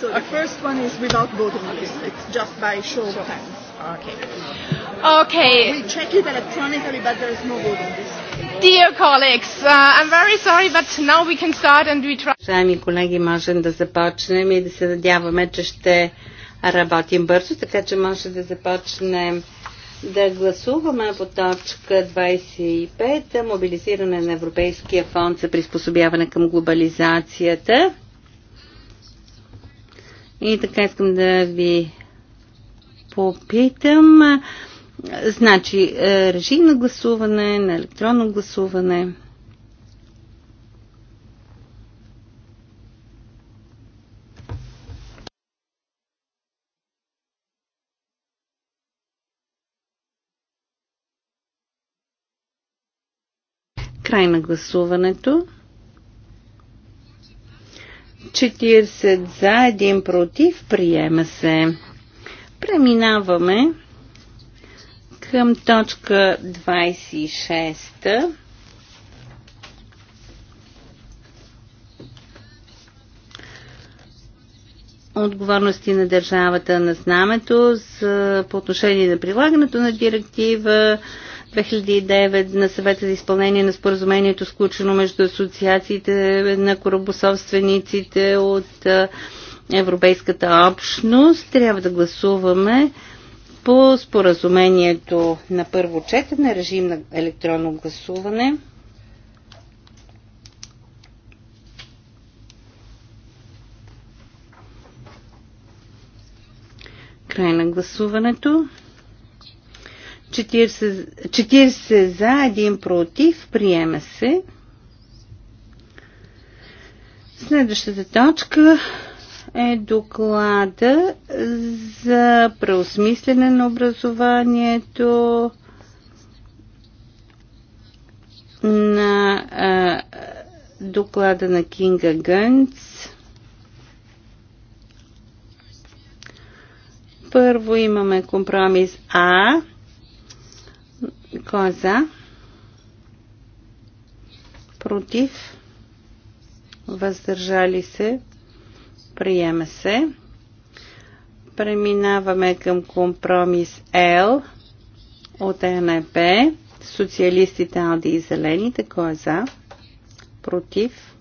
So the first one is without voting list. It's just by show of hands. Okay. Okay. We check it electronically, but there is no voting list. Dear colleagues, uh, I'm very sorry, but now we can start and we try. Уважаеми колеги, можем да започнем и да се надяваме, че ще работим бързо, така че може да започнем да гласуваме по точка 25 мобилизиране на Европейския фонд за приспособяване към глобализацията. И така искам да ви попитам. Значи, е, режим на гласуване, на електронно гласуване. Край на гласуването. 40 за, един против, приема се. Преминаваме към точка 26. отговорности на държавата на знамето за, по отношение на прилагането на директива 2009 на съвета за изпълнение на споразумението, сключено между асоциациите на корабособствениците от Европейската общност. Трябва да гласуваме по споразумението на първо четене, режим на електронно гласуване. Край на гласуването. 40, за, 1 против, приема се. Следващата точка е доклада за преосмислене на образованието на а, доклада на Кинга Гънц. Първо имаме компромис А кой е за? Против? Въздържали се? Приема се. Преминаваме към компромис L от НП. Социалистите, Алди и Зелените. Кой е за? Против?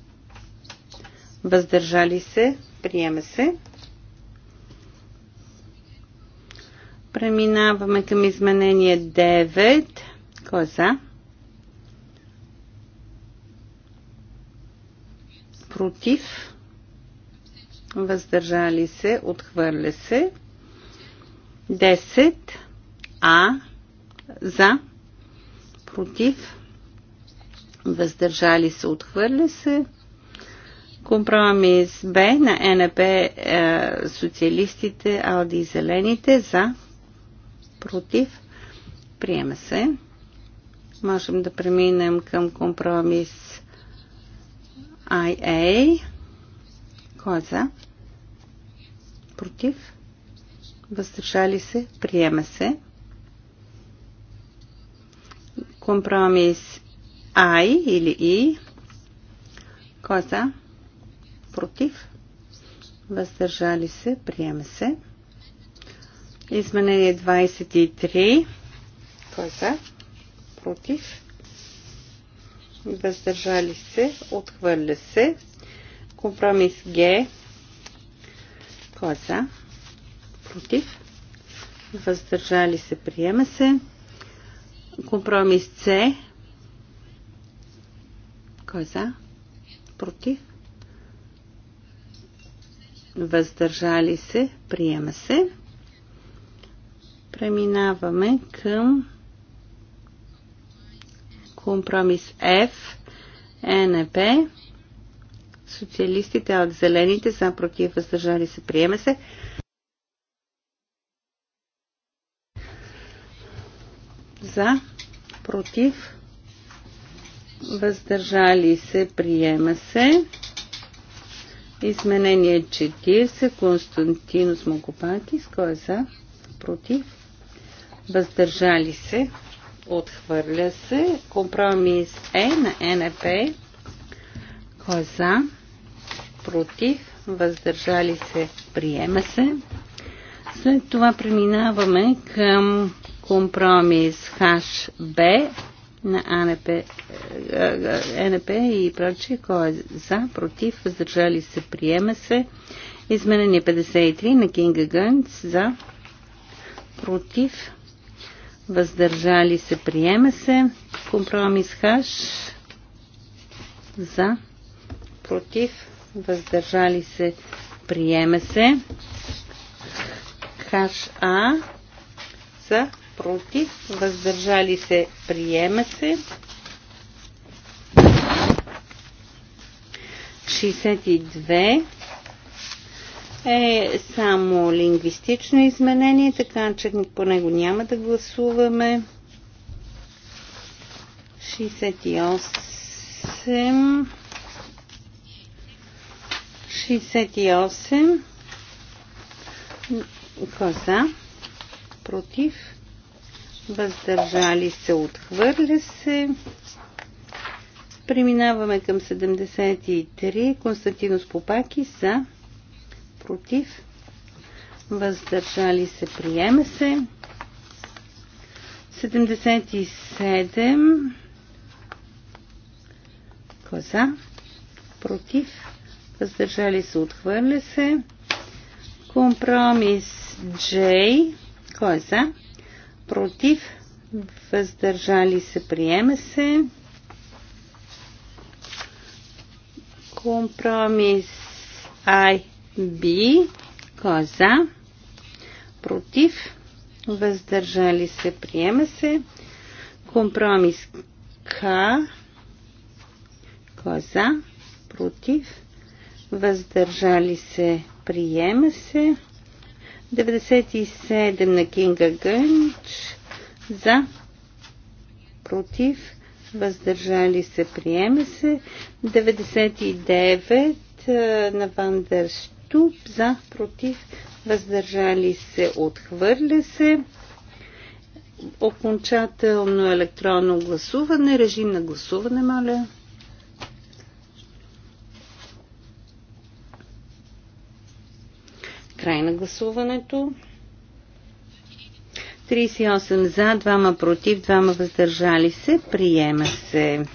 Въздържали се? Приема се. Преминаваме към изменение 9. Кой е за? Против. Въздържали се. Отхвърля се. 10. А. За. Против. Въздържали се. Отхвърля се компромис Б на НП е, социалистите, Алди и Зелените за против, приема се. Можем да преминем към компромис IA. Кой е за? Против? Въздържали се? Приема се. Компромис I или I. Кой е за? Против? Въздържали се? Приема се. Изменение 23. Кой е за? Против. Въздържали се. Отхвърля се. Компромис Г. Кой е за? Против. Въздържали се. Приема се. Компромис С. Кой е за? Против. Въздържали се. Приема се. Преминаваме към компромис F, НП, социалистите от зелените, за против, въздържали се, приеме се. За, против, въздържали се, приема се. Изменение 40, Константинус Могопакис, кой е за, против, въздържали се, отхвърля се. Компромис Е на НП, кой е за, против, въздържали се, приема се. След това преминаваме към компромис ХБ на АНП, е, е, НП и прочие, кой е за, против, въздържали се, приема се. Изменение 53 на Кинга Гънц за, против, въздържали се, приема се. Компромис хаш за, против, въздържали се, приема се. Хаш А за, против, въздържали се, приема се. 62 е само лингвистично изменение, така че по него няма да гласуваме. 68 68 коза против въздържали се отхвърля се преминаваме към 73 Константинос Попаки за против, въздържали се, приема се. 77 коза, е против, въздържали се, отхвърля се. Компромис J, коза е Против, въздържали се, приема се. Компромис I, би, коза е за, против, въздържали се, приема се. Компромис К, Коза, е за, против, въздържали се, приема се. 97 на Кинга Гънч, за, против, въздържали се, приема се. 99 на Вандерш нито за, против, въздържали се, отхвърля се. Окончателно електронно гласуване. Режим на гласуване, моля. Край на гласуването. 38 за, 2 против, 2 въздържали се. Приема се.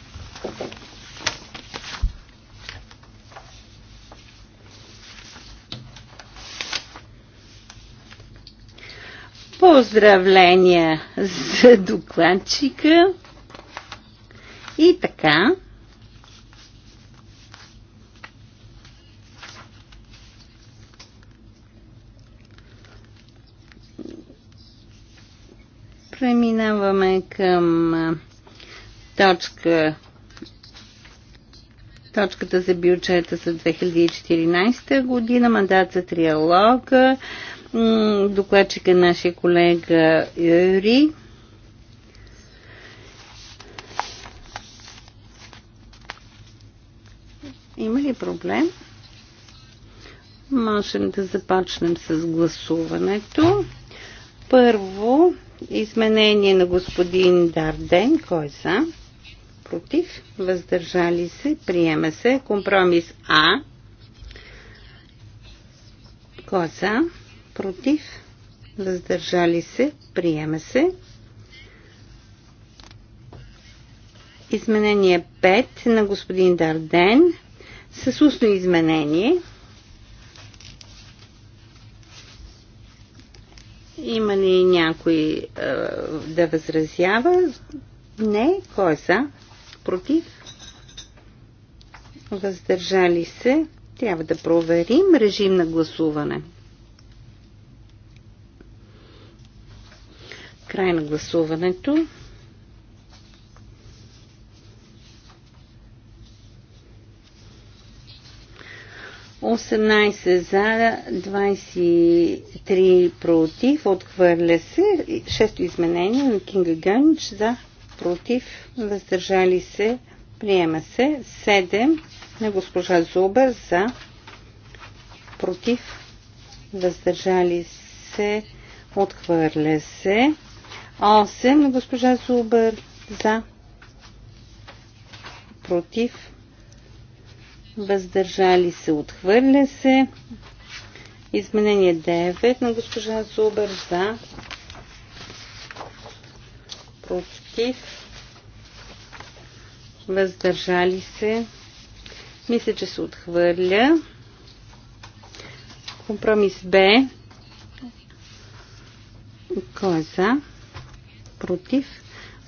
Поздравления за докладчика. И така. Преминаваме към точка точката за бюджета за 2014 година, мандат за триалога, Докладчик е нашия колега Юри. Има ли проблем? Можем да започнем с гласуването. Първо, изменение на господин Дарден. Кой е за? Против? Въздържали се? Приема се. Компромис А. Кой са? Е против, въздържали се, приема се. Изменение 5 на господин Дарден с устно изменение. Има ли някой е, да възразява? Не. Кой е за? Против? Въздържали се? Трябва да проверим режим на гласуване. Край на гласуването. Осемнайсет за, 23 против, отхвърля се. Шесто изменение на Кинга Гънч за, против, въздържали се, приема се. Седем на госпожа Зубер за, против, въздържали се, отхвърля се. 8 на госпожа Зубър за против въздържали се отхвърля се изменение 9 на госпожа Зубър за против въздържали се мисля, че се отхвърля компромис Б кой е за против,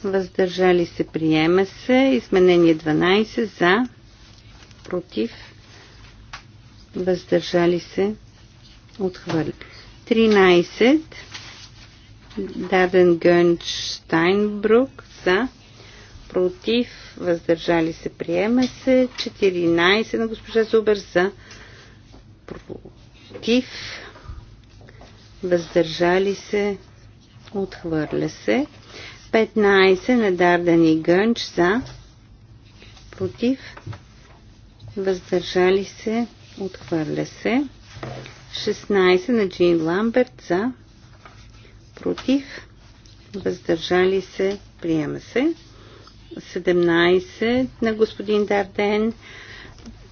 въздържали се, приема се. Изменение 12 за, против, въздържали се, отхвърля. 13 Даден Гънч Штайнбрук за, против, въздържали се, приема се. 14 на госпожа Зубер за, против, въздържали се, отхвърля се. 15 на Дардан и Гънч за, против, въздържали се, отхвърля се. 16 на Джин Ламберт за, против, въздържали се, приема се. 17 на господин Дарден.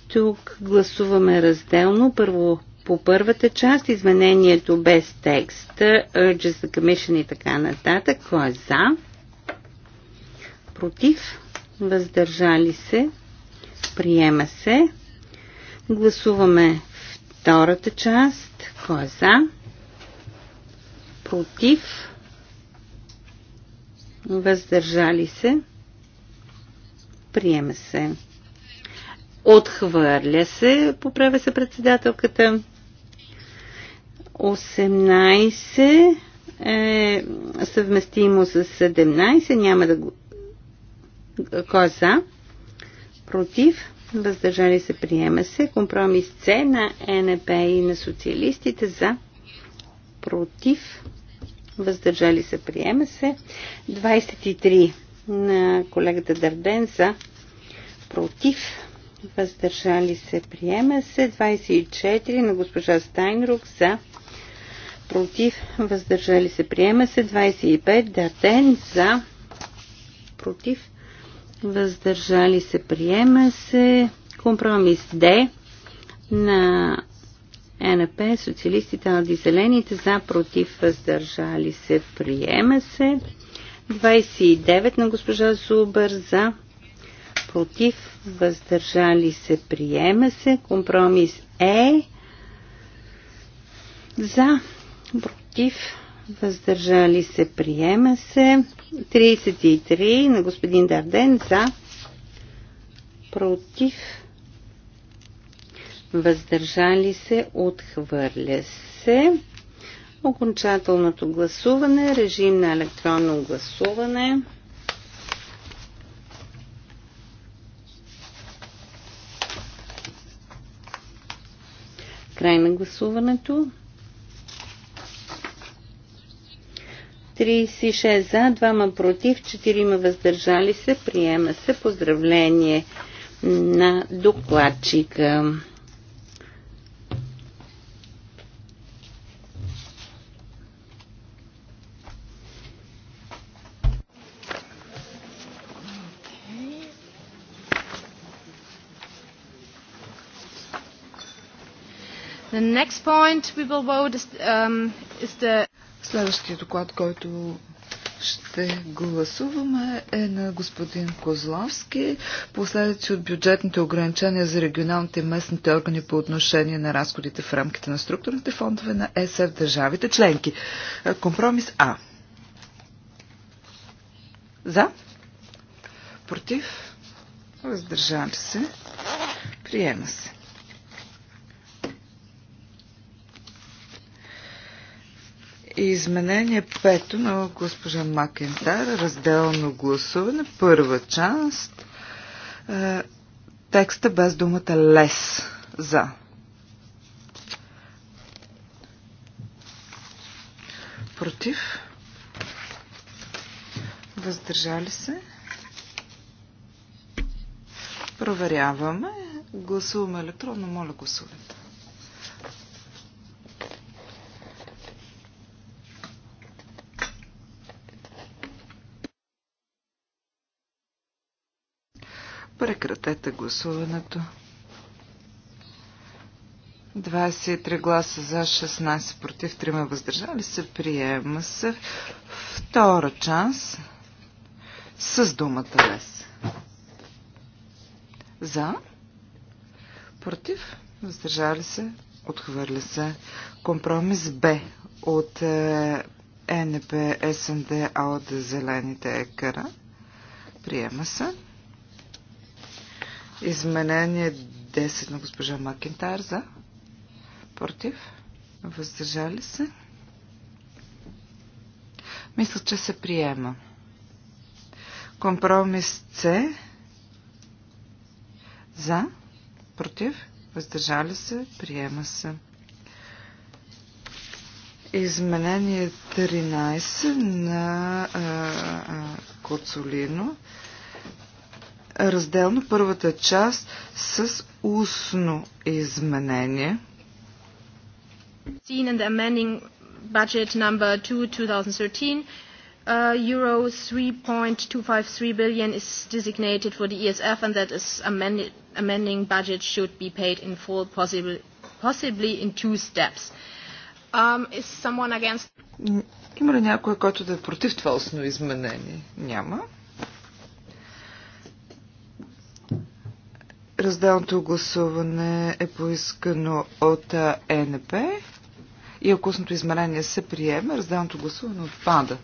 Тук гласуваме разделно. Първо по първата част, изменението без текст, urges the commission и така нататък. Кой е за? против, въздържали се, приема се. Гласуваме втората част. Кой е за? Против, въздържали се, приема се. Отхвърля се, поправя се председателката. 18 е съвместимо с 17, няма да го кой е за? Против? Въздържали се, приема се. Компромис С на НП и на социалистите за. Против? Въздържали се, приема се. 23 на колегата Дърден за. Против? Въздържали се, приема се. 24 на госпожа Стайнрук за против, въздържали се, приема се 25, Дърден за, против, въздържали се, приема се. Компромис Д на НП, социалистите на зелените за, против, въздържали се, приема се. 29 на госпожа Зубър за, против, въздържали се, приема се. Компромис Е за, против, въздържали се, приема се. 33 на господин Дарден за, против, въздържали се, отхвърля се. Окончателното гласуване, режим на електронно гласуване. Край на гласуването. 36 за, 2 против, 4 въздържали се. Приема се. Поздравление на докладчика. The next point we will vote is, um, is the Следващия доклад, който ще гласуваме е на господин Козловски. Последици от бюджетните ограничения за регионалните и местните органи по отношение на разходите в рамките на структурните фондове на ЕСФ държавите членки. Е, компромис А. За? Против? Въздържали се? Приема се. Изменение пето на госпожа Макентар, разделно гласуване, първа част, е, текста без думата лес за. Против. Въздържали се. Проверяваме. Гласуваме електронно. Моля, гласувайте. Прекратете гласуването. 23 гласа за, 16 против, 3 въздържали се. Приема се втора част с думата лес. За, против, въздържали се, отхвърля се. Компромис Б от е, е НП, СНД, АОД, Зелените екара. Приема се. Изменение 10 на госпожа Макентар за. Против. Въздържали се. Мисля, че се приема. Компромис С. За. Против. Въздържали се. Приема се. Изменение 13 на а, а, Коцолино разделно първата част с устно изменение. Seen in the amending budget number 2 2013 Uh, euro 3.253 billion is designated for the ESF, and that is amend amending budget should be paid in full, possibly, possibly in two steps. Um, is someone against? Има ли някой, който да е против това основно изменение? Няма. Разделното гласуване е поискано от е НП и ако устното измерение се приеме, разделното гласуване отпада.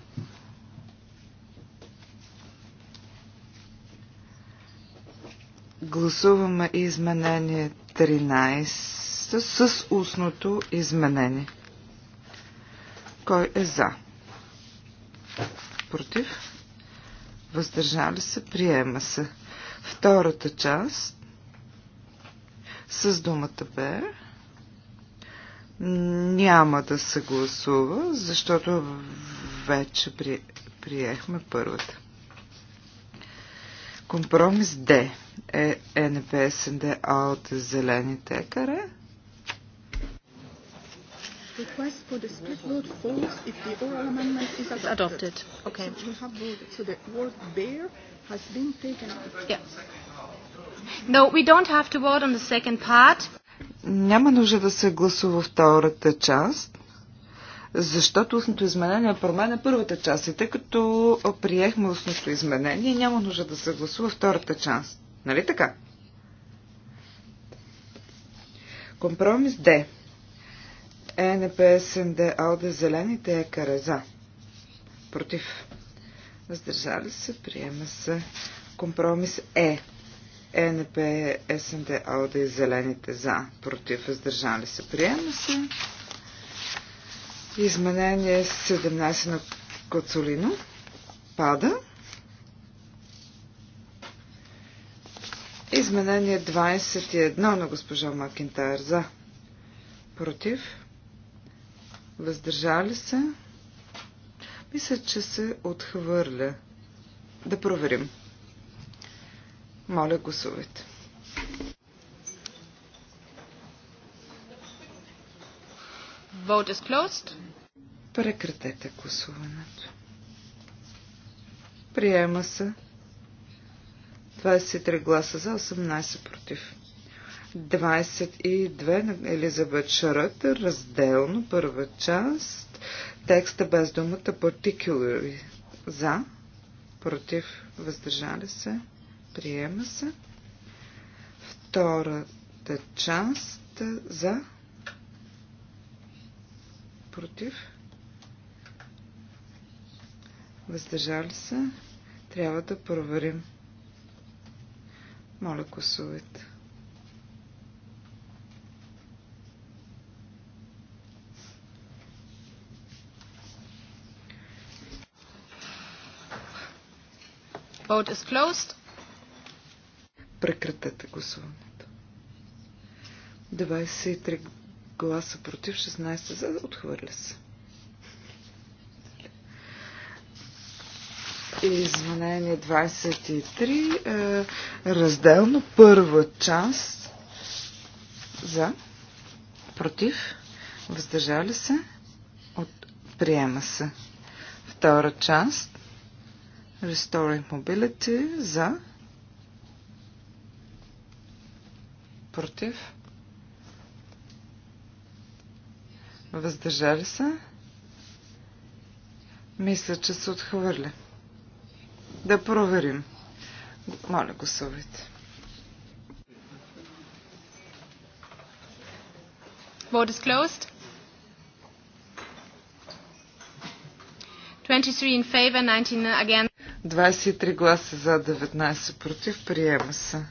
Гласуваме изменение 13 с устното изменение. Кой е за? Против? Въздържали се? Приема се. Втората част с думата Бер няма да се гласува, защото вече при, приехме първата. Компромис Д е НП, СНД, А от зелените каре. Request for the split vote falls if the oral amendment is adopted. adopted. Okay. So, we have voted. so the word bear has been taken out. Yeah. No, we don't have to vote on the second part. Няма нужда да се гласува втората част, защото устното изменение е променя първата част. И тъй като приехме устното изменение, няма нужда да се гласува втората част. Нали така? Компромис Д. ЕНП, СНД, АЛДЕ, Зелените е Кареза. Против. Въздържали се, приема се. Компромис Е. E. ЕНП, СНД, АОД и Зелените за, против, въздържали се. Приема се. Изменение 17 на Коцолино. Пада. Изменение 21 на госпожа Макинтайр за. Против. Въздържали се. Мисля, че се отхвърля. Да проверим. Моля, гласувайте. Vote is closed. Прекратете гласуването. Приема се 23 гласа за, 18 против. 22 на Елизабет Шарът, разделно, първа част, текста без думата particularly. За, против, въздържали се, Приема се. Втората част за против. Въздържали се. Трябва да проверим. Моля, косовете. Vote is closed. Прекратете гласуването. 23 гласа против, 16 за. Отхвърля се. Изменение 23. Е, разделно първа част. За. Против. Въздържали се. От... Приема се. Втора част. Restoring Mobility. За Против. Въздържали се. Мисля, че се отхвърля. Да проверим. Моля, гласувайте. Vote is closed. 23 in favor, 19 23 гласа за, 19 против. Приема се.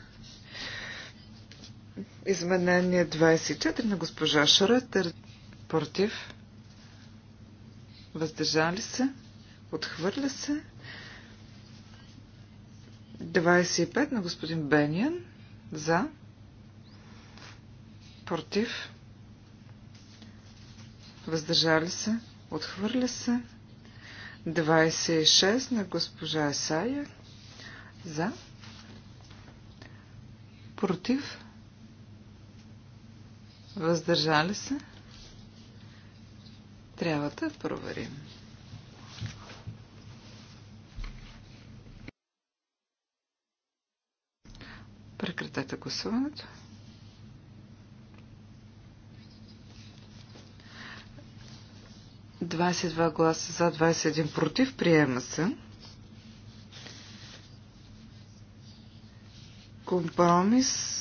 Изменение 24 на госпожа Шаретер. Против. Въздържали се. Отхвърля се. 25 на господин Бениан. За. Против. Въздържали се. Отхвърля се. 26 на госпожа Есая. За. Против. Въздържали се? Трябва да проверим. Прекратете гласуването. Двадесет два гласа за, 21 против. Приема се. Компромис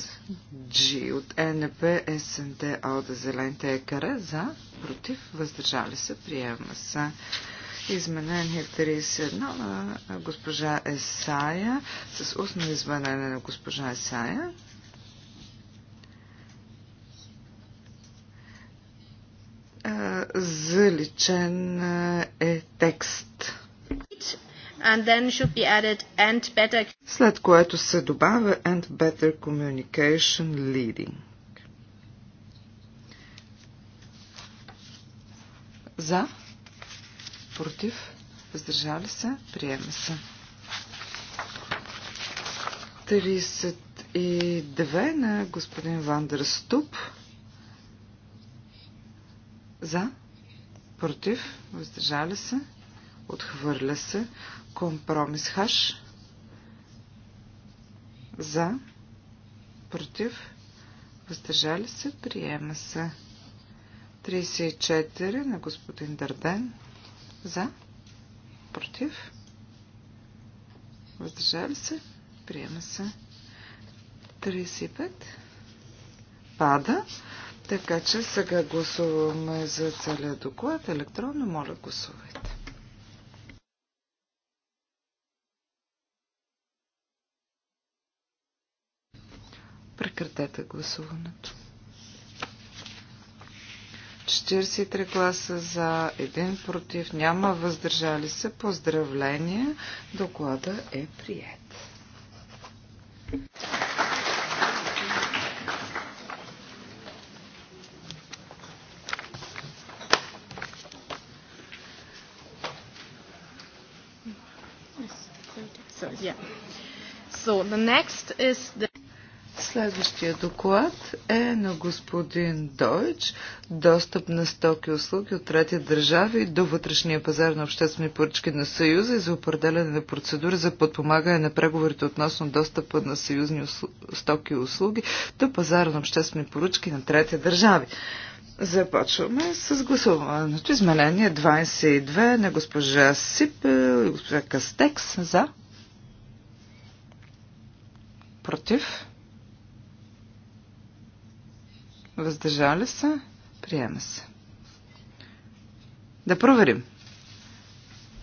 G от е НП, СНТ Алда зелен текара. за, против, въздържали се, приема се. Изменение 31 на госпожа Есая, с устно изменение на госпожа Есая. Е, заличен е текст and then should be added and better... След което се добавя and better communication leading. За, против, въздържали се, приема се. 32 на господин Ступ. За, против, въздържали се, отхвърля се. Компромис хаш. За. Против. Въздържали се. Приема се. 34 на господин Дърден. За. Против. Въздържали се. Приема се. 35. Пада. Така че сега гласуваме за целият доклад. Електронно моля гласувайте. Прекратете гласуването. 43 гласа за, 1 против, няма въздържали се. Поздравления. Доклада е прият. So, yeah. So the next is the Следващия доклад е на господин Дойч. Достъп на стоки и услуги от трети държави до вътрешния пазар на обществени поръчки на Съюза и за определяне на процедури за подпомагане на преговорите относно достъпа на съюзни стоки и услуги до пазара на обществени поръчки на трети държави. Започваме с гласуването. Изменение 22 на госпожа Сипел и госпожа Кастекс за против. Въздържали се? Приема се. Да проверим.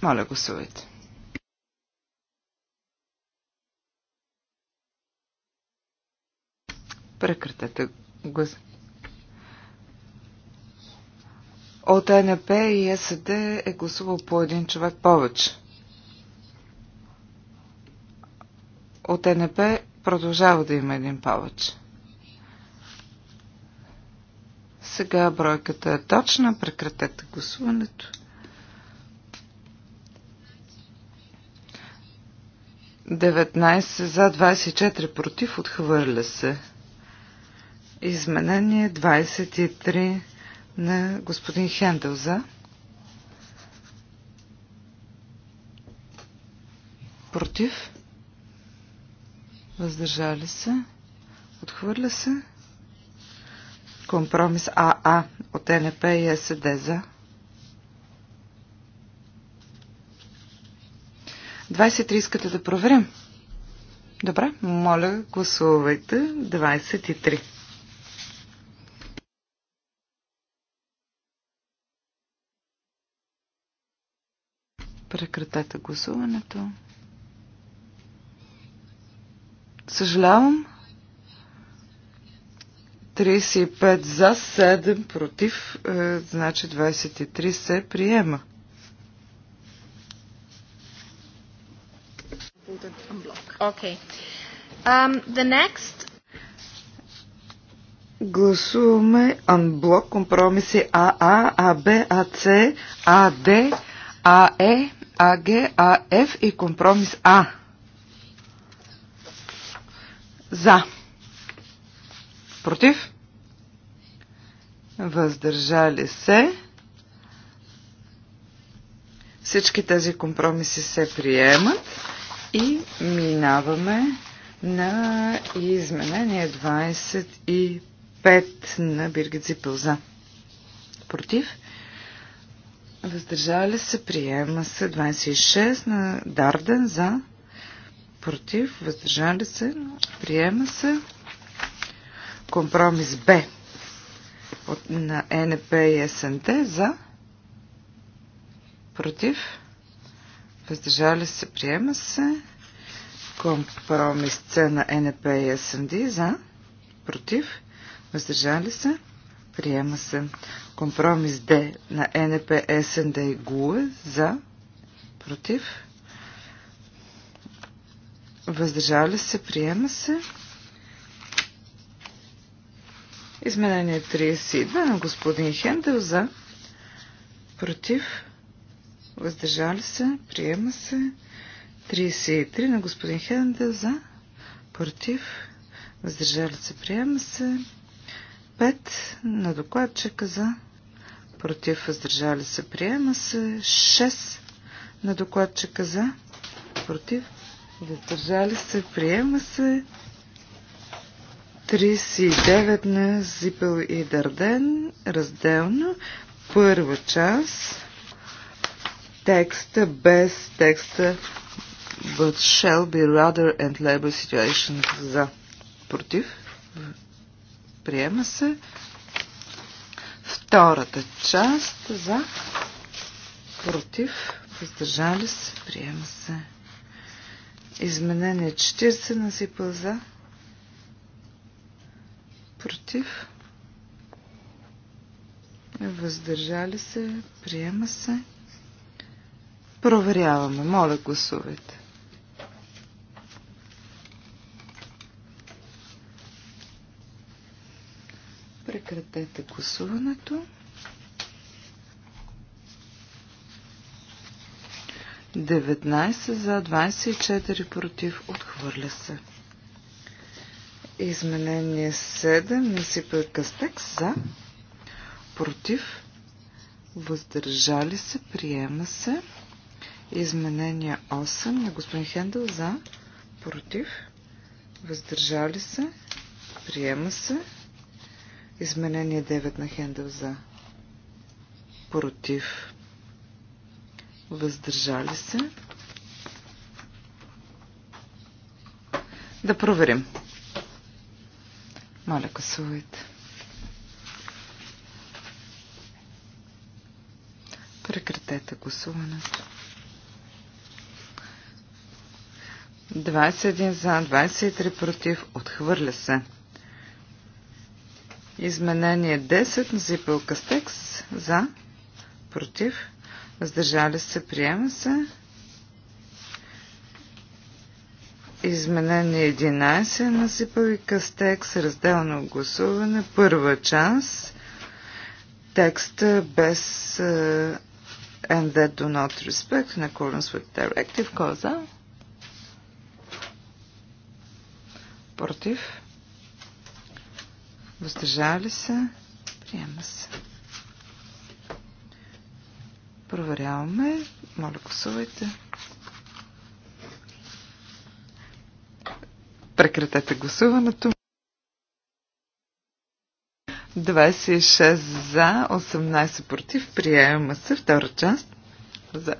Моля, гласувайте. Прекратете глас. От НП и СД е гласувал по един човек повече. От НП продължава да има един повече. Сега бройката е точна. Прекратете гласуването. 19 за 24 против отхвърля се. Изменение 23 на господин Хендел за. Против. Въздържали се. Отхвърля се. Компромис АА от НП и СД за. 23 искате да проверим? Добре, моля, гласувайте 23. Прекратете гласуването. Съжалявам, 35 за, 7 против, е, значи 23 се приема. Okay. Um, the next... Гласуваме анблок компромиси АА, АБ, АЦ, АД, АЕ, АГ, АФ и компромис А. За. Против? Въздържали се. Всички тези компромиси се приемат и минаваме на изменение 25 на Биргит Зипълза. Против? Въздържали се, приема се 26 на Дарден за. Против, въздържали се, приема се Компромис Б от, на НП и СНТ за против. Въздържали се, приема се. Компромис С на НП и СНД за против. Въздържали се, приема се. Компромис Д на НП, СНД и ГУЕ за против. Въздържали се, приема се. Изменение 32 на господин Хендел за против. Въздържали се. Приема се. 33 на господин Хендел за против. Въздържали се. Приема се. 5 на докладчика за против. Въздържали се. Приема се. 6 на докладчика за против. Въздържали се. Приема се. 39 на Зипел и Дарден, разделно. Първа част, текста без текста but shall be rather and labor situation за. Против. Приема се. Втората част за. Против. Въздържали се. Приема се. Изменение 40 на Зипел за против, въздържали се, приема се. Проверяваме. Моля, гласувайте. Прекратете гласуването. 19 за 24 против. Отхвърля се. Изменение 7 на сипа Кастекс за. Против. Въздържали се. Приема се. Изменение 8 на господин Хендъл за. Против. Въздържали се. Приема се. Изменение 9 на Хендъл за. Против. Въздържали се. Да проверим. Моля, гласувайте. Прекратете гласуването. 21 за, 23 против. Отхвърля се. Изменение 10 на зипълка с текст за, против, въздържали се, приема се. Изменение 11 на Сипави Кастекс, разделно гласуване, първа част, текст е, без uh, and that do not respect in accordance with directive. Е за? Против? Въздържали се? Приема се. Проверяваме. Моля, гласувайте. Прекратете гласуването. 26 за, 18 против. Приема се втора част. За.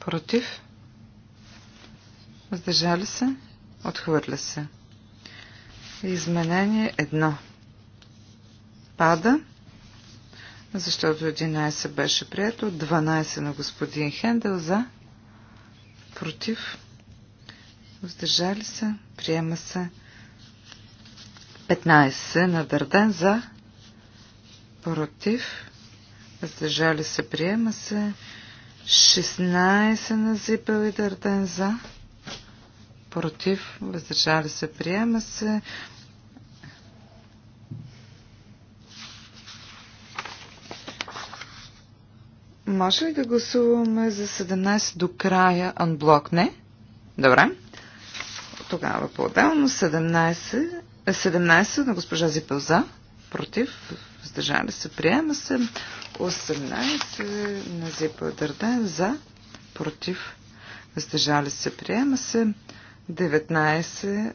Против. Въздържали се. Отхвърля се. Изменение 1. Пада. Защото 11 беше прието, 12 на господин Хендел за, против, въздържали се, приема се 15 на Дърден за, против, въздържали се, приема се 16 на Зипел и Дърден за, против, въздържали се, приема се Може ли да гласуваме за 17 до края анблок? Не? Добре. Тогава по-отделно 17, 17 на госпожа Зипълза. Против. Въздържали се. Приема се. 18 на зипа Дърден. За. Против. Въздържали се. Приема се. 19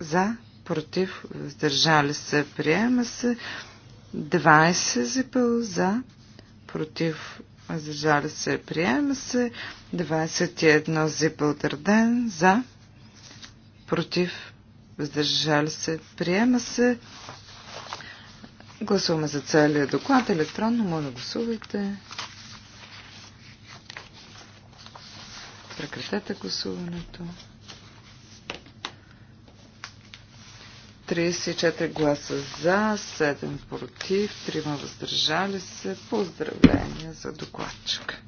за. Против. Въздържали се. Приема се. 20 Зипъл за. Против въздържали се, приема се. 21 Зипълдърден за, против, въздържали се, приема се. Гласуваме за целият доклад. Електронно, моля, гласувайте. Прекратете гласуването. 34 гласа за, 7 против, 3 въздържали се. Поздравления за докладчика.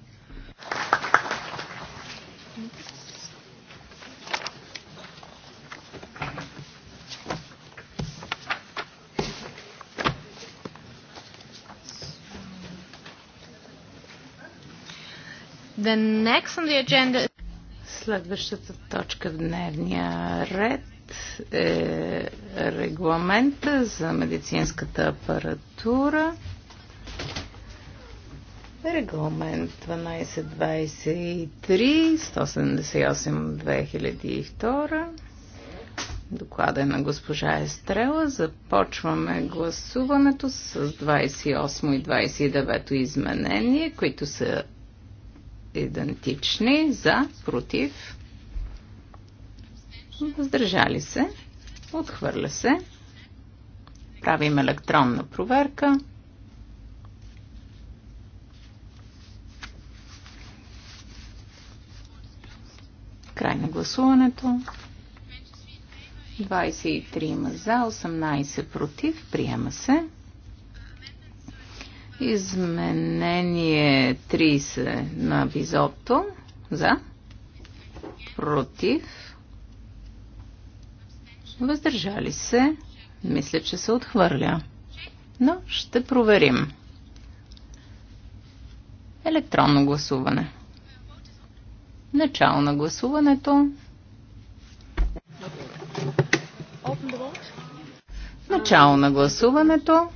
The next on the agenda Следващата точка в дневния ред е регламента за медицинската апаратура. Регламент 1223-178-2002. Доклада е на госпожа Естрела. Започваме гласуването с 28 и 29 изменение, които са идентични за, против, Въздържали се. Отхвърля се. Правим електронна проверка. Край на гласуването. 23 за, 18 против. Приема се. Изменение 30 на визото. За. Против Въздържали се. Мисля, че се отхвърля. Но ще проверим. Електронно гласуване. Начало на гласуването. Начало на гласуването.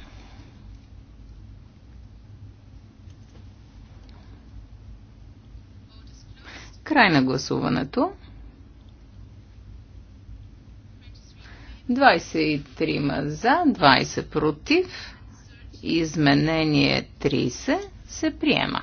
Край на гласуването. 23 за, 20 против. Изменение 30 се приема.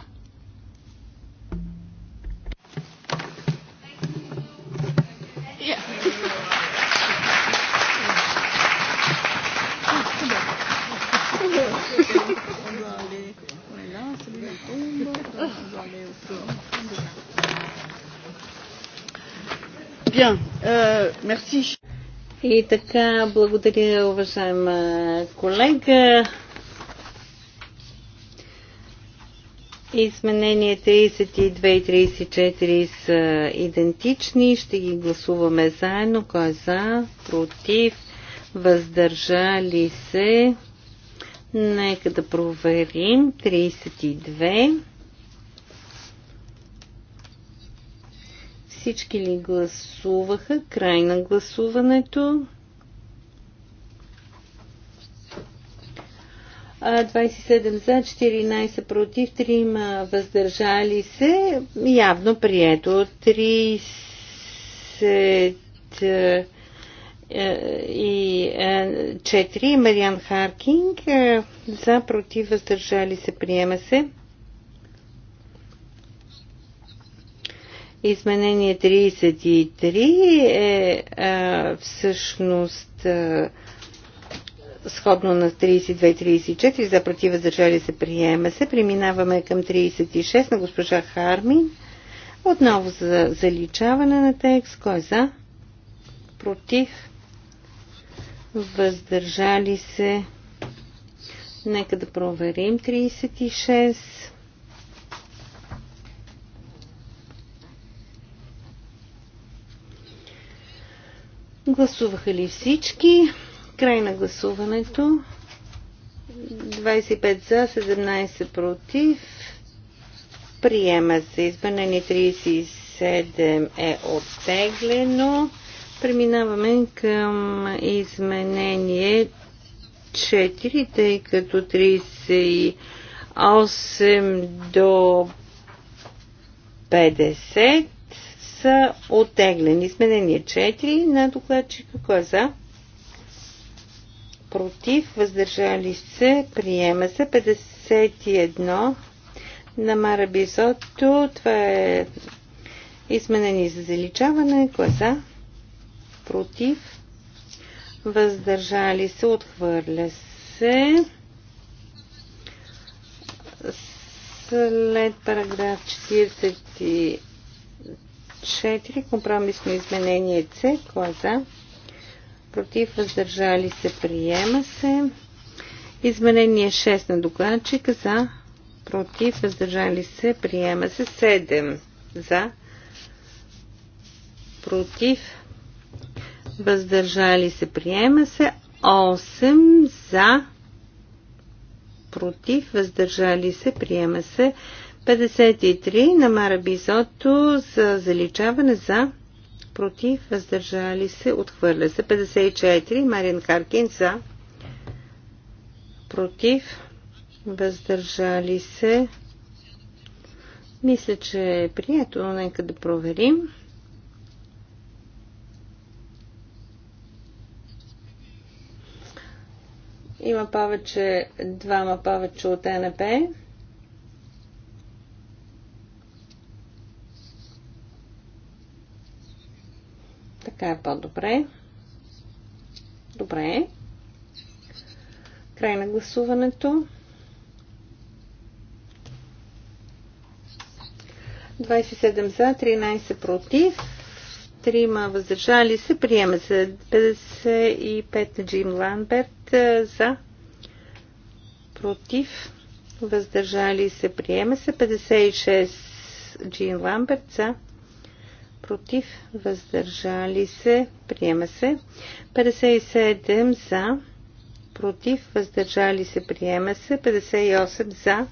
Bien, euh, merci. И така, благодаря, уважаема колега. Изменения 32 и 34 са идентични. Ще ги гласуваме заедно. Кой е за? Против? Въздържали се? Нека да проверим. 32. Всички ли гласуваха? Край на гласуването. 27 за, 14 против, 3 въздържали се. Явно прието. 3,4 е, е, Мариан Харкинг е, за против въздържали се приема се. Изменение 33 е а, е, всъщност а, е, сходно на 32-34 за против въздържали се приема се. Преминаваме към 36 на госпожа Хармин. Отново за заличаване на текст. Кой е за? Против? Въздържали се? Нека да проверим 36. Гласуваха ли всички? Край на гласуването. 25 за, 17 против. Приема се. Избране 37 е оттеглено. Преминаваме към изменение 4, тъй като 38 до 50 са отеглени. Изменение 4 на докладчика. Кой е за? Против. Въздържали се. Приема се. 51 на Мара Бизото. Това е изменение за заличаване. Кой е за? Против. Въздържали се. Отхвърля се. След параграф 40 4. Компромисно изменение С. Кой е за? Против. Въздържали се. Приема се. Изменение 6 на докладчика за. Против. Въздържали се. Приема се. 7. За. Против. Въздържали се. Приема се. 8. За. Против. Въздържали се. Приема се. 53 на Мара Бизото за заличаване за против, въздържали се, отхвърля се. 54 Мариан Харкин за против, въздържали се. Мисля, че е прието, но нека да проверим. Има повече, двама повече от НП. Така е по-добре. Добре. Край на гласуването. 27 за, 13 против, 3 въздържали се. Приема се 55 Джим Ламберт за, против, въздържали се. Приема се 56 Джин Ламберт за, против, въздържали се, приема се. 57 за, против, въздържали се, приема се. 58 за,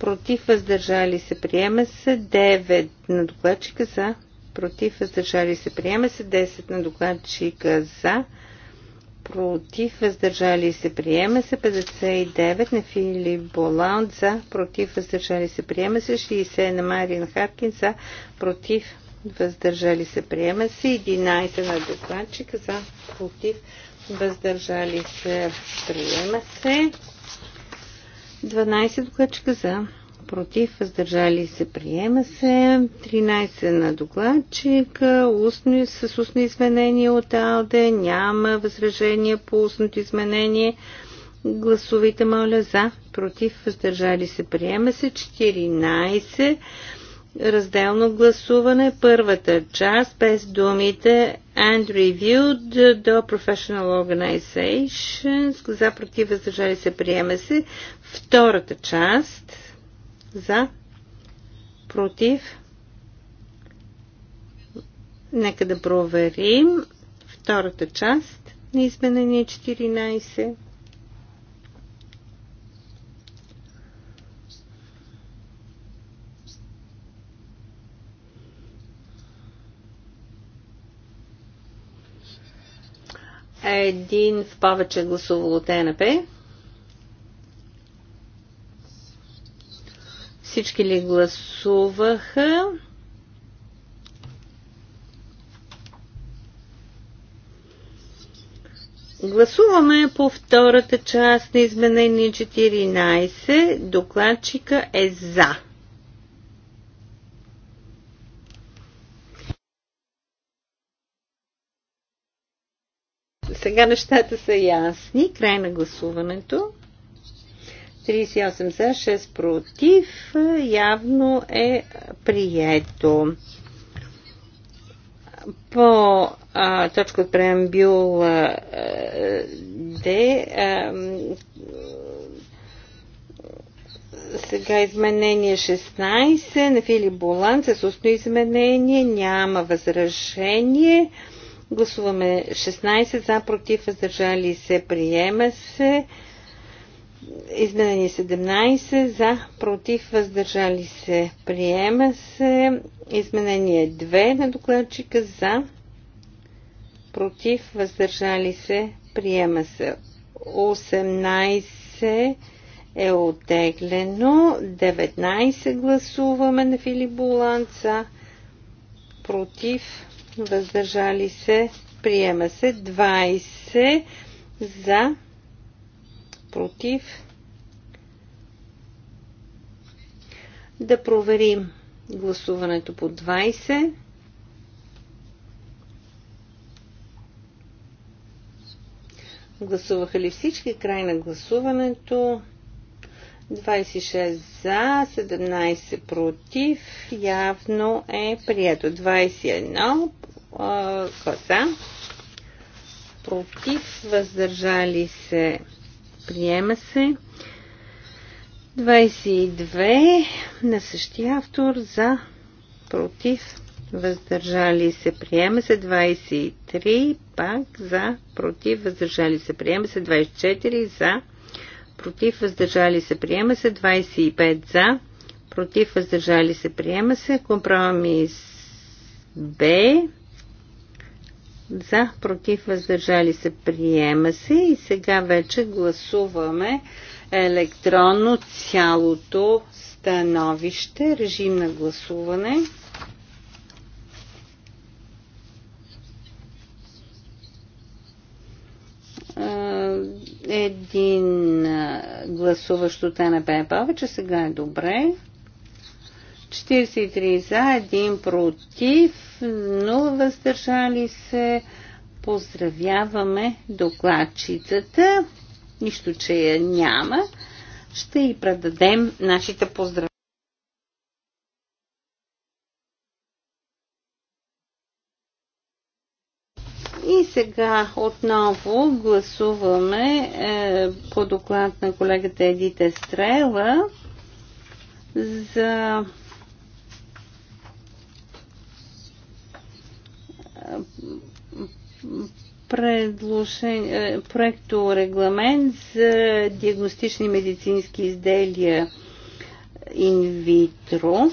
против, въздържали се, приема се. 9 на докладчика за, против, въздържали се, приема се. 10 на докладчика за, против, въздържали се, приема се. 59 на Филип Боланд за, против, въздържали се, приема се. 60 на Марин Харкин за, против, въздържали се, приема се. 11 на докладчика за, против, въздържали се, приема се. 12 докладчика за, против, въздържали се, приема се. 13 на докладчика, устно, с устно изменение от АЛДЕ, няма възражение по устното изменение. Гласовите моля за, против, въздържали се, приема се. 14 разделно гласуване. Първата част без думите and reviewed до professional organizations. За против въздържали се приема се. Втората част за против. Нека да проверим втората част на изменение 14. Един в повече гласувал от ЕНП. Всички ли гласуваха? Гласуваме по втората част на изменение 14. Докладчика е за. Сега нещата са ясни. Край на гласуването. 38 за, 6 против. Явно е прието. По а, точка от преамбюл а, Д а, сега изменение 16 на Филип Болан с устно изменение. Няма възражение. Гласуваме 16 за, против, въздържали се, приема се. Изменение 17 за, против, въздържали се, приема се. Изменение 2 на докладчика за, против, въздържали се, приема се. 18 е отеглено. 19 гласуваме на Филип Буланца. Против въздържали се, приема се 20 за, против. Да проверим гласуването по 20. Гласуваха ли всички? Край на гласуването. 26 за, 17 против, явно е прието. 21 коза, против, въздържали се, приема се. 22 на същия автор за, против, въздържали се, приема се 23, пак за, против, въздържали се, приема се 24, за, против, въздържали се, приема се. 25 за, против, въздържали се, приема се. Компромис Б. За, против, въздържали се, приема се. И сега вече гласуваме електронно цялото становище. Режим на гласуване един гласуващ от НБ е повече. Сега е добре. 43 за, един против, 0 въздържали се. Поздравяваме докладчицата. Нищо, че я няма. Ще и предадем нашите поздравления. Сега отново гласуваме е, по доклад на колегата Едите Стрела за е, предложен... Е, проекто регламент за диагностични медицински изделия инвитро.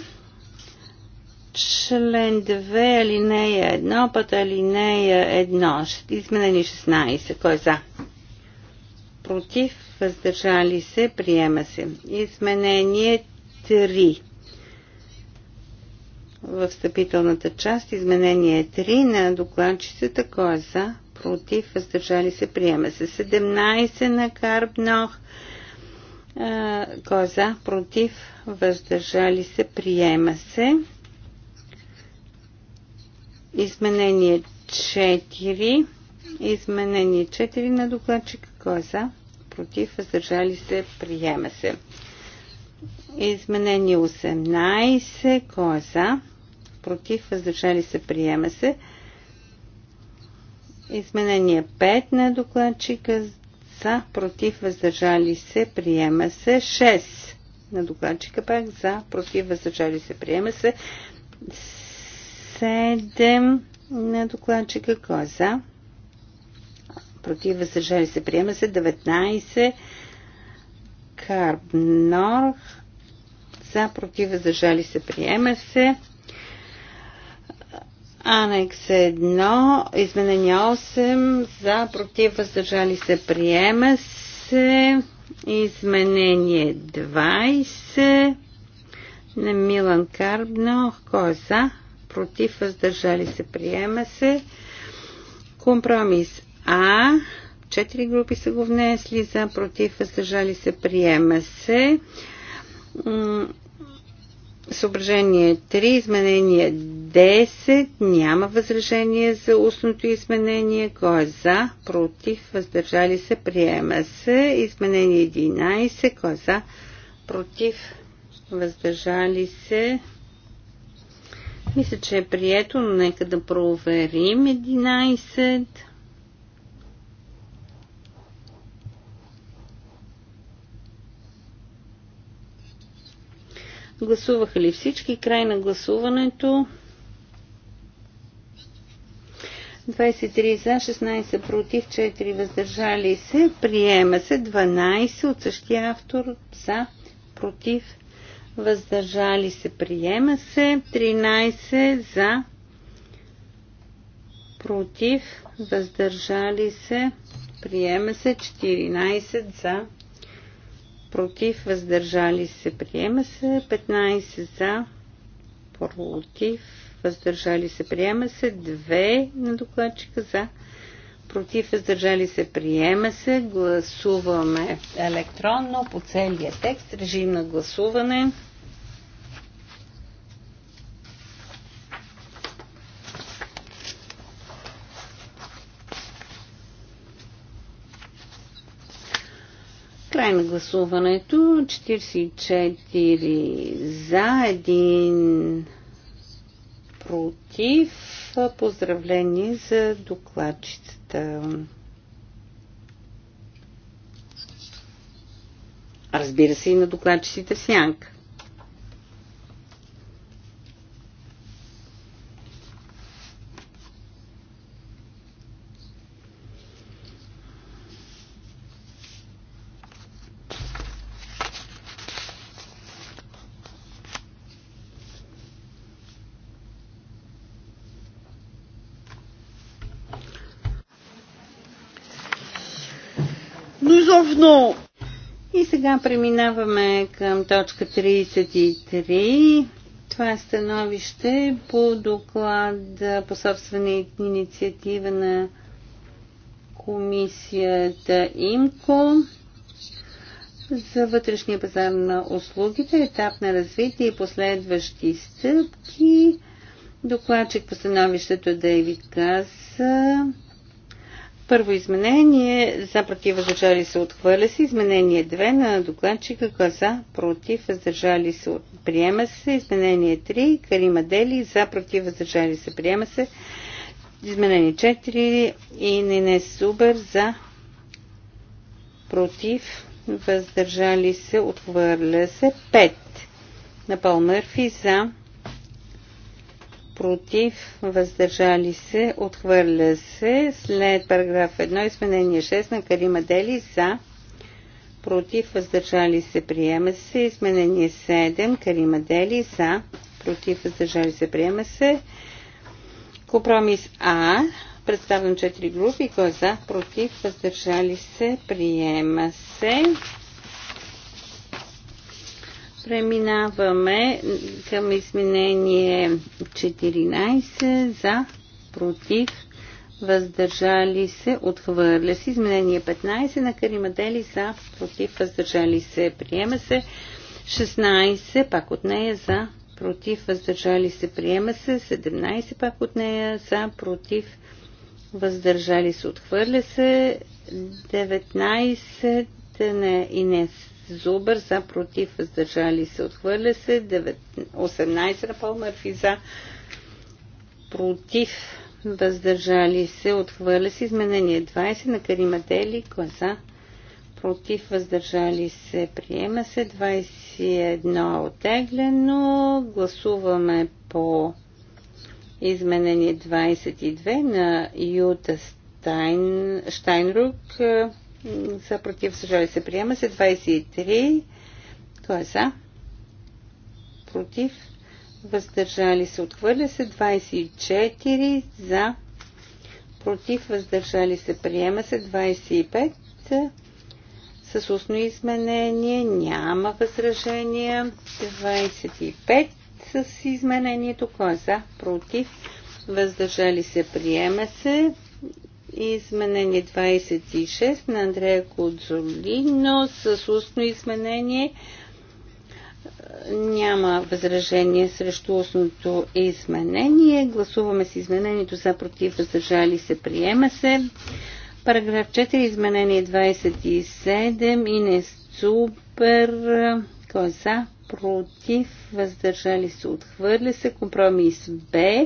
Член 2, алинея 1, път алинея 1, изменени 16. Кой е за? Против, въздържали се, приема се. Изменение 3. В встъпителната част, изменение 3 на докладчицата, кой е за? Против, въздържали се, приема се. 17 на Карбнох. Коза е Против, въздържали се, приема се. Изменение 4. Изменение 4 на докладчика. Кой е за? Против. Въздържали се. Приема се. Изменение 18. Кой е за? Против. Въздържали се. Приема се. Изменение 5 на докладчика. За. Против. Въздържали се. Приема се. 6 на докладчика пак. За. Против. Въздържали се. Приема се. 7 на докладчика. Коза. Е за? Против въздържали се. Приема се 19. Карбнор. За против въздържали се. Приема се. Анекс 1, изменение 8, за, против, въздържали се, приема се, изменение 20, на Милан Карбно, кой е за, против, въздържали се, приема се. Компромис А. Четири групи са го внесли за, против, въздържали се, приема се. Съображение 3, изменение 10, няма възражение за устното изменение, кой е за, против, въздържали се, приема се. Изменение 11, кой е за, против, въздържали се, мисля, че е прието, но нека да проверим 11. Гласуваха ли всички? Край на гласуването. 23 за, 16 против, 4 въздържали се. Приема се 12 от същия автор за, против, въздържали се, приема се, 13 за, против, въздържали се, приема се, 14 за, против, въздържали се, приема се, 15 за, против, въздържали се, приема се, 2 на докладчика за, против, въздържали се, приема се. Гласуваме електронно по целия текст. Режим на гласуване. Край на гласуването. 44 за, 1 против. Поздравление за докладчицата. Е, разбира се и на докладчиците в сянка. Сега преминаваме към точка 33. Това е становище по доклад по собствена инициатива на комисията ИМКО за вътрешния пазар на услугите, етап на развитие и последващи стъпки. Докладчик по становището Дейвид Каза първо изменение за против въздържали се отхвърля се. Изменение 2 на докладчика каза е против въздържали се приема се. Изменение 3 Карима Дели за против въздържали се приема се. Изменение 4 и Нинес Субер за против въздържали се отхвърля се. 5 на Пол Мърфи за против, въздържали се, отхвърля се. След параграф 1, изменение 6 на Карима Дели за, против, въздържали се, приема се. Изменение 7, Карима Дели за, против, въздържали се, приема се. Компромис А, представям 4 групи, кой е за, против, въздържали се, приема се. Преминаваме към изменение 14 за против въздържали се, отхвърля се. Изменение 15 на Каримадели за против въздържали се, приема се. 16 пак от нея за против въздържали се, приема се. 17 пак от нея за против въздържали се, отхвърля се. 19 и не Зубър за против въздържали се отхвърля се 9, 18 на Пол Мърфи за против въздържали се отхвърля се изменение 20 на Карима Дели е за против въздържали се приема се 21 е отеглено гласуваме по изменение 22 на Юта Стайн, Штайнрук за против съжали се приема се 23 то е за против въздържали се отхвърля се 24 за против въздържали се приема се 25 с устно изменение няма възражения 25 с изменението кое е за против въздържали се приема се Изменение 26 на Андрея Кодзолино с устно изменение. Няма възражение срещу устното изменение. Гласуваме с изменението за против въздържали се. Приема се. Параграф 4, изменение 27. не Супер. Коза, за? Против. Въздържали се. Отхвърля се. Компромис Б.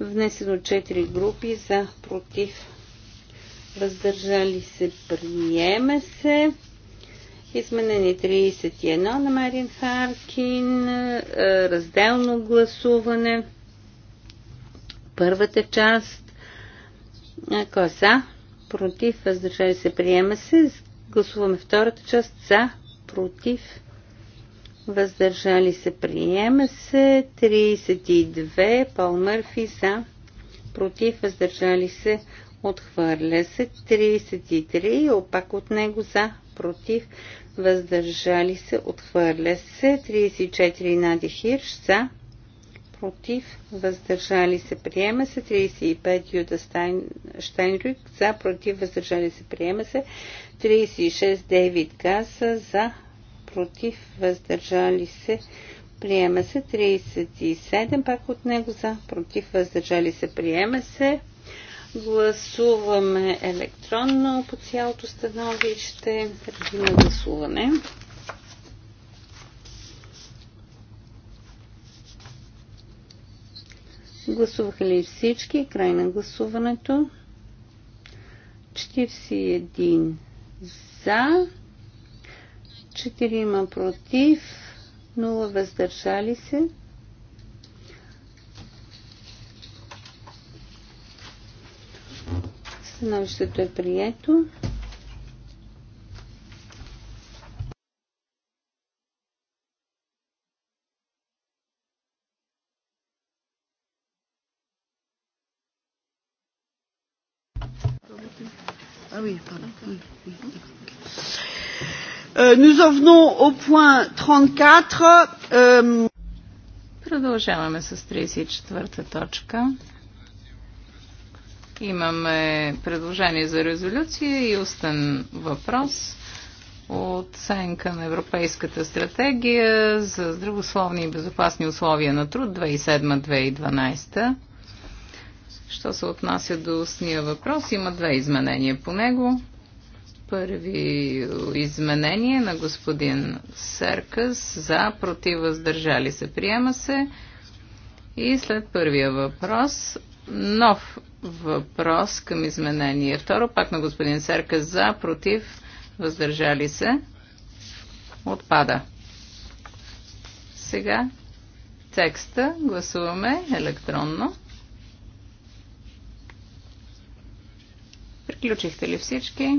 Внесено 4 групи за против въздържали се, приема се. Изменени 31 на Марин Харкин, е, разделно гласуване. Първата част, кой е за, против, въздържали се, приема се. Гласуваме втората част, за, против, въздържали се, приема се. 32, Пол Мърфи, за, против, въздържали се, Отхвърля се 33, опак от него за, против, въздържали се, отхвърля се 34 Нади Хирш за, против, въздържали се, приема се 35 Юда Стайн, Штайнрюк за, против, въздържали се, приема се 36 Дейвид Каса за, против, въздържали се, приема се 37 пак от него за, против, въздържали се, приема се Гласуваме електронно по цялото становище. Режим на гласуване. Гласуваха ли всички? Край на гласуването. 41 за, 4 против, 0 въздържали се. Становището е прието. Ah euh, nous en venons au point 34. Euh, Продължаваме с 34-та точка. Имаме предложение за резолюция и устен въпрос Сенка на Европейската стратегия за здравословни и безопасни условия на труд 2007-2012. Що се отнася до устния въпрос, има две изменения по него. Първи изменение на господин Серкас за против въздържали се приема се. И след първия въпрос нов въпрос към изменение. Второ, пак на господин Серка за, против, въздържали се. Отпада. Сега текста гласуваме електронно. Приключихте ли всички?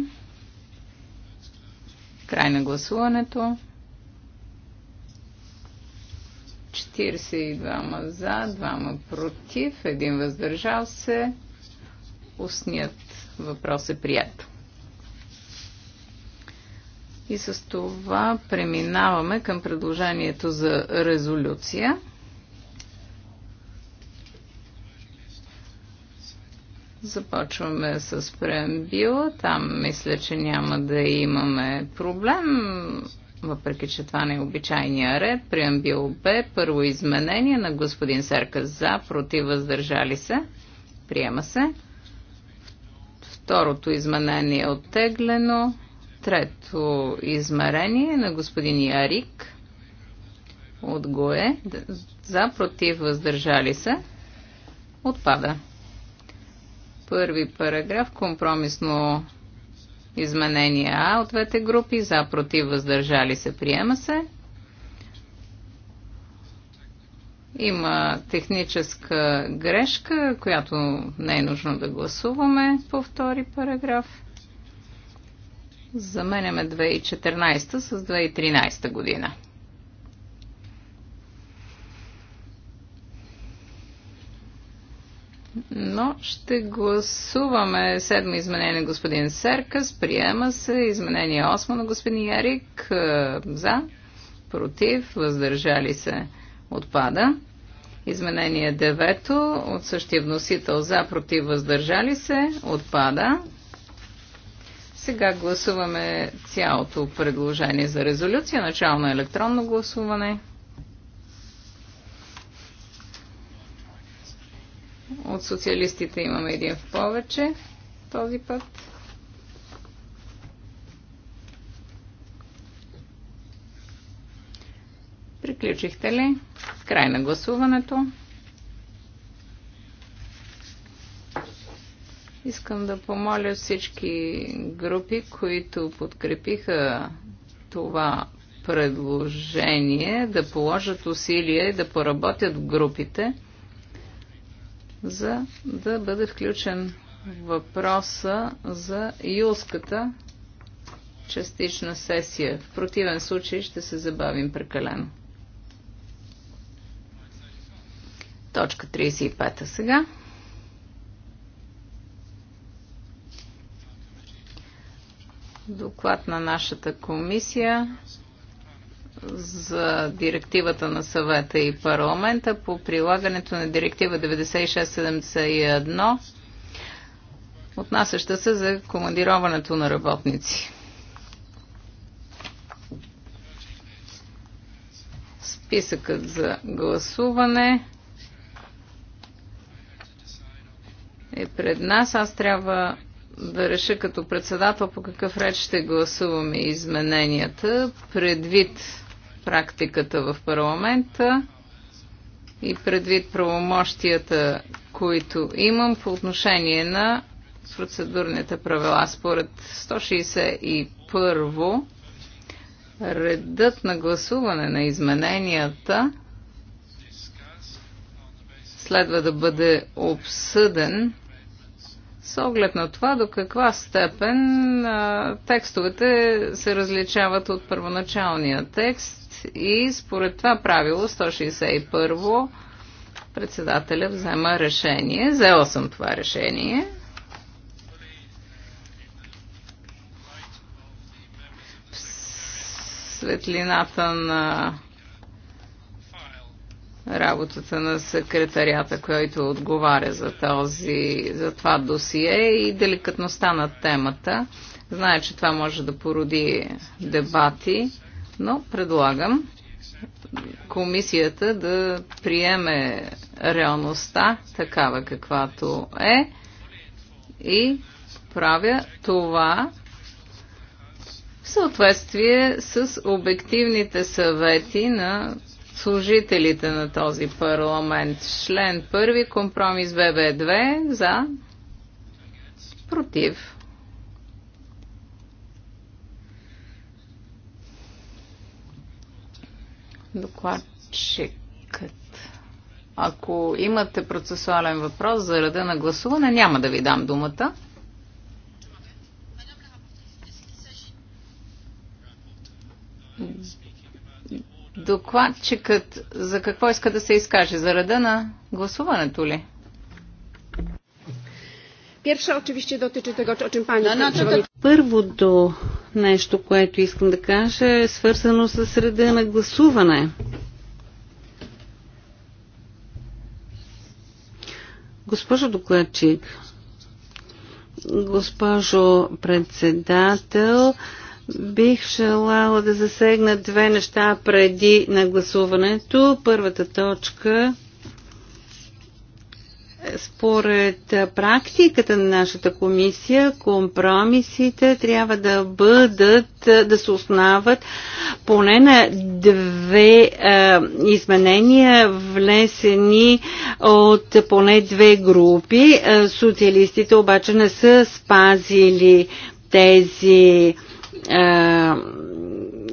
Край на гласуването. 42 за, 2 против, 1 въздържал се. Устният въпрос е прият. И с това преминаваме към предложението за резолюция. Започваме с преамбила. Там мисля, че няма да имаме проблем въпреки че това не е обичайния ред, бил Б, първо изменение на господин Серка за, против, въздържали се, приема се. Второто изменение е оттеглено. Трето измерение на господин Ярик от ГОЕ за, против, въздържали се, отпада. Първи параграф, компромисно Изменение А от двете групи. За, против, въздържали се, приема се. Има техническа грешка, която не е нужно да гласуваме по втори параграф. Заменяме 2014 с 2013 година. но ще гласуваме седмо изменение на господин Серкас, приема се, изменение 8 на господин Ярик, е, за, против, въздържали се, отпада. Изменение 9 от същия вносител за, против, въздържали се, отпада. Сега гласуваме цялото предложение за резолюция, начало на електронно гласуване. От социалистите имаме един в повече този път. Приключихте ли? Край на гласуването. Искам да помоля всички групи, които подкрепиха това предложение, да положат усилия и да поработят в групите – за да бъде включен въпроса за юлската частична сесия. В противен случай ще се забавим прекалено. Точка 35 сега. Доклад на нашата комисия за директивата на съвета и парламента по прилагането на директива 9671, отнасяща се за командироването на работници. Списъкът за гласуване е пред нас. Аз трябва да реша като председател по какъв ред ще гласуваме измененията, предвид практиката в парламента и предвид правомощията, които имам по отношение на процедурните правила. Според 161 редът на гласуване на измененията следва да бъде обсъден с оглед на това до каква степен а, текстовете се различават от първоначалния текст и според това правило 161 председателя взема решение. Взела съм това решение. В светлината на работата на секретарията, който отговаря за, този, за това досие и деликатността на темата. Знае, че това може да породи дебати. Но предлагам комисията да приеме реалността такава каквато е и правя това в съответствие с обективните съвети на служителите на този парламент. Член първи, компромис ББ2 за против. докладчикът. Ако имате процесуален въпрос за реда на гласуване, няма да ви дам думата. Докладчикът за какво иска да се изкаже? За реда на гласуването ли? Pierwsza oczywiście dotyczy tego, o czym Pani Първото нещо, което искам да кажа, е свързано с среда на гласуване. Госпожо докладчик, госпожо председател, Бих желала да засегна две неща преди на гласуването. Първата точка според практиката на нашата комисия, компромисите трябва да бъдат, да се основат поне на две е, изменения, внесени от поне две групи. Е, социалистите обаче не са спазили тези е,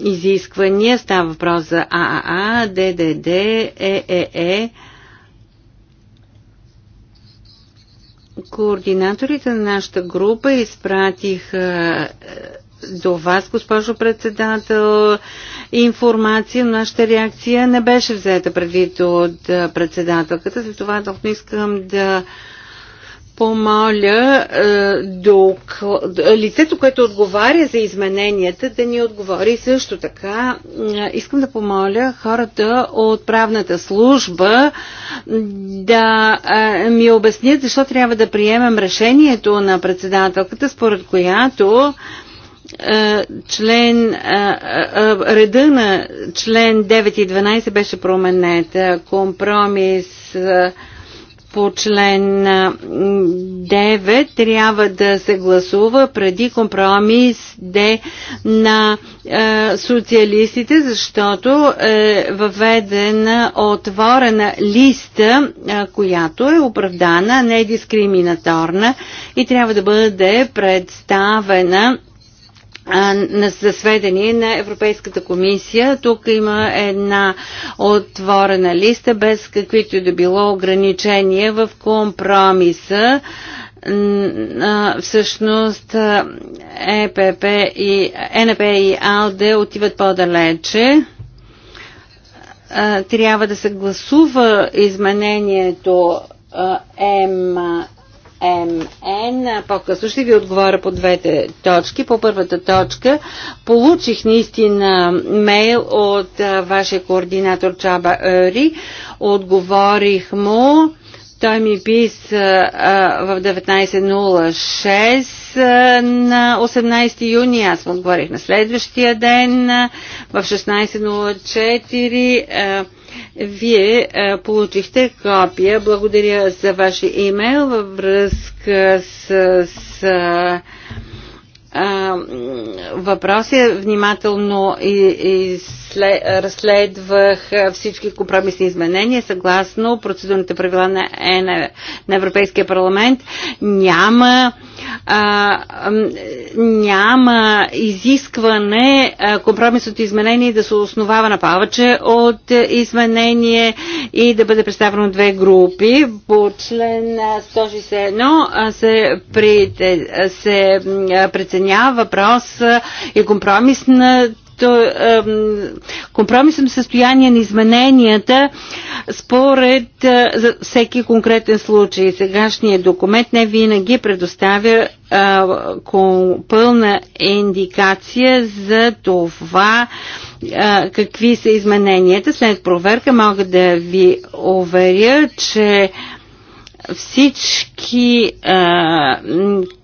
изисквания. Става въпрос за ААА, ДДД, ЕЕЕ. Е, Координаторите на нашата група изпратиха е, до вас, госпожо председател, информация, но нашата реакция не беше взета предвид от е, председателката, затова не искам да помоля е, до, е, лицето, което отговаря за измененията, да ни отговори също така. Е, искам да помоля хората от правната служба да ми обяснят защо трябва да приемем решението на председателката, според която член, реда на член 9 и 12 беше променета. Компромис по член 9 трябва да се гласува преди компромис Д на е, социалистите, защото е въведена отворена листа, е, която е оправдана, не дискриминаторна и трябва да бъде представена за сведение на Европейската комисия. Тук има една отворена листа без каквито и да било ограничения в компромиса. Всъщност ЕПП и НП и АЛДЕ отиват по-далече трябва да се гласува изменението М МН. По-късно ще ви отговоря по двете точки. По първата точка получих наистина мейл от вашия координатор Чаба Ери. Отговорих му той ми писа в 19.06 на 18 юни. Аз му отговорих на следващия ден в 16.04. вие получихте копия. Благодаря за вашия имейл във връзка с. с а, въпроси. Е, внимателно и, и след, разследвах всички компромисни изменения съгласно процедурните правила на, е, на, на Европейския парламент. Няма, а, няма изискване компромисното изменение да се основава на повече от изменение и да бъде представено две групи. По член 161 се, при, се преценява спомена въпрос и компромис на компромисно състояние на измененията според за всеки конкретен случай. Сегашният документ не винаги предоставя пълна индикация за това какви са измененията. След проверка мога да ви уверя, че всички а,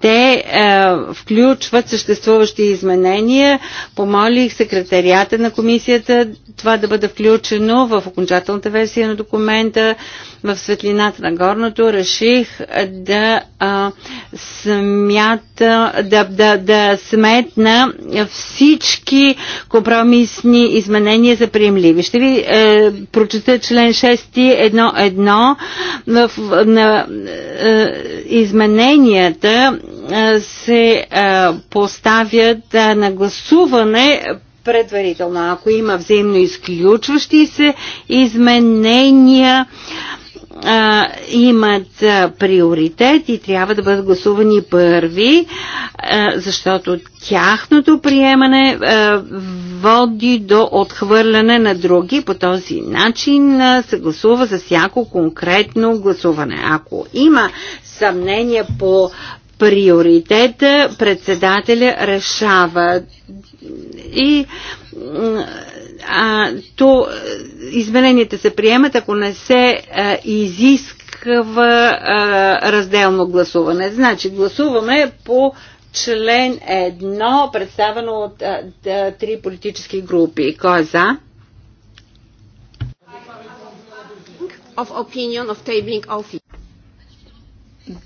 те а, включват съществуващи изменения. Помолих секретарията на комисията това да бъде включено в окончателната версия на документа. А, в светлината на горното реших да а, смята, да, да, да сметна всички компромисни изменения за приемливи. Ще ви е, прочета член 6.1.1 в, на е, измененията е, се е, поставят е, на гласуване предварително. Ако има взаимно изключващи се изменения, а, имат а, приоритет и трябва да бъдат гласувани първи, а, защото тяхното приемане а, води до отхвърляне на други. По този начин а, се гласува за всяко конкретно гласуване. Ако има съмнение по приоритета, председателя решава и а, то е, измененията се приемат, ако не се а, е, изисква а, е, разделно гласуване. Значи гласуваме по член 1, представено от а, да, три политически групи. Кой е за? Of opinion of tabling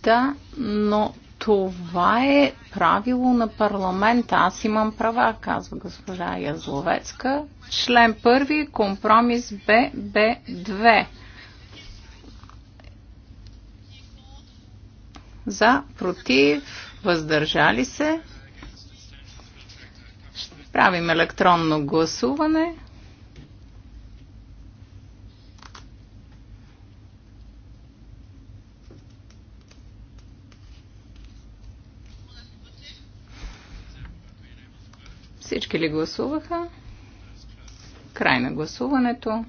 Да, но това е правило на парламента. Аз имам права, казва госпожа Язловецка. Член първи, компромис ББ2. За, против, въздържали се. Ще правим електронно гласуване. Всички ли гласуваха? Край на гласуването.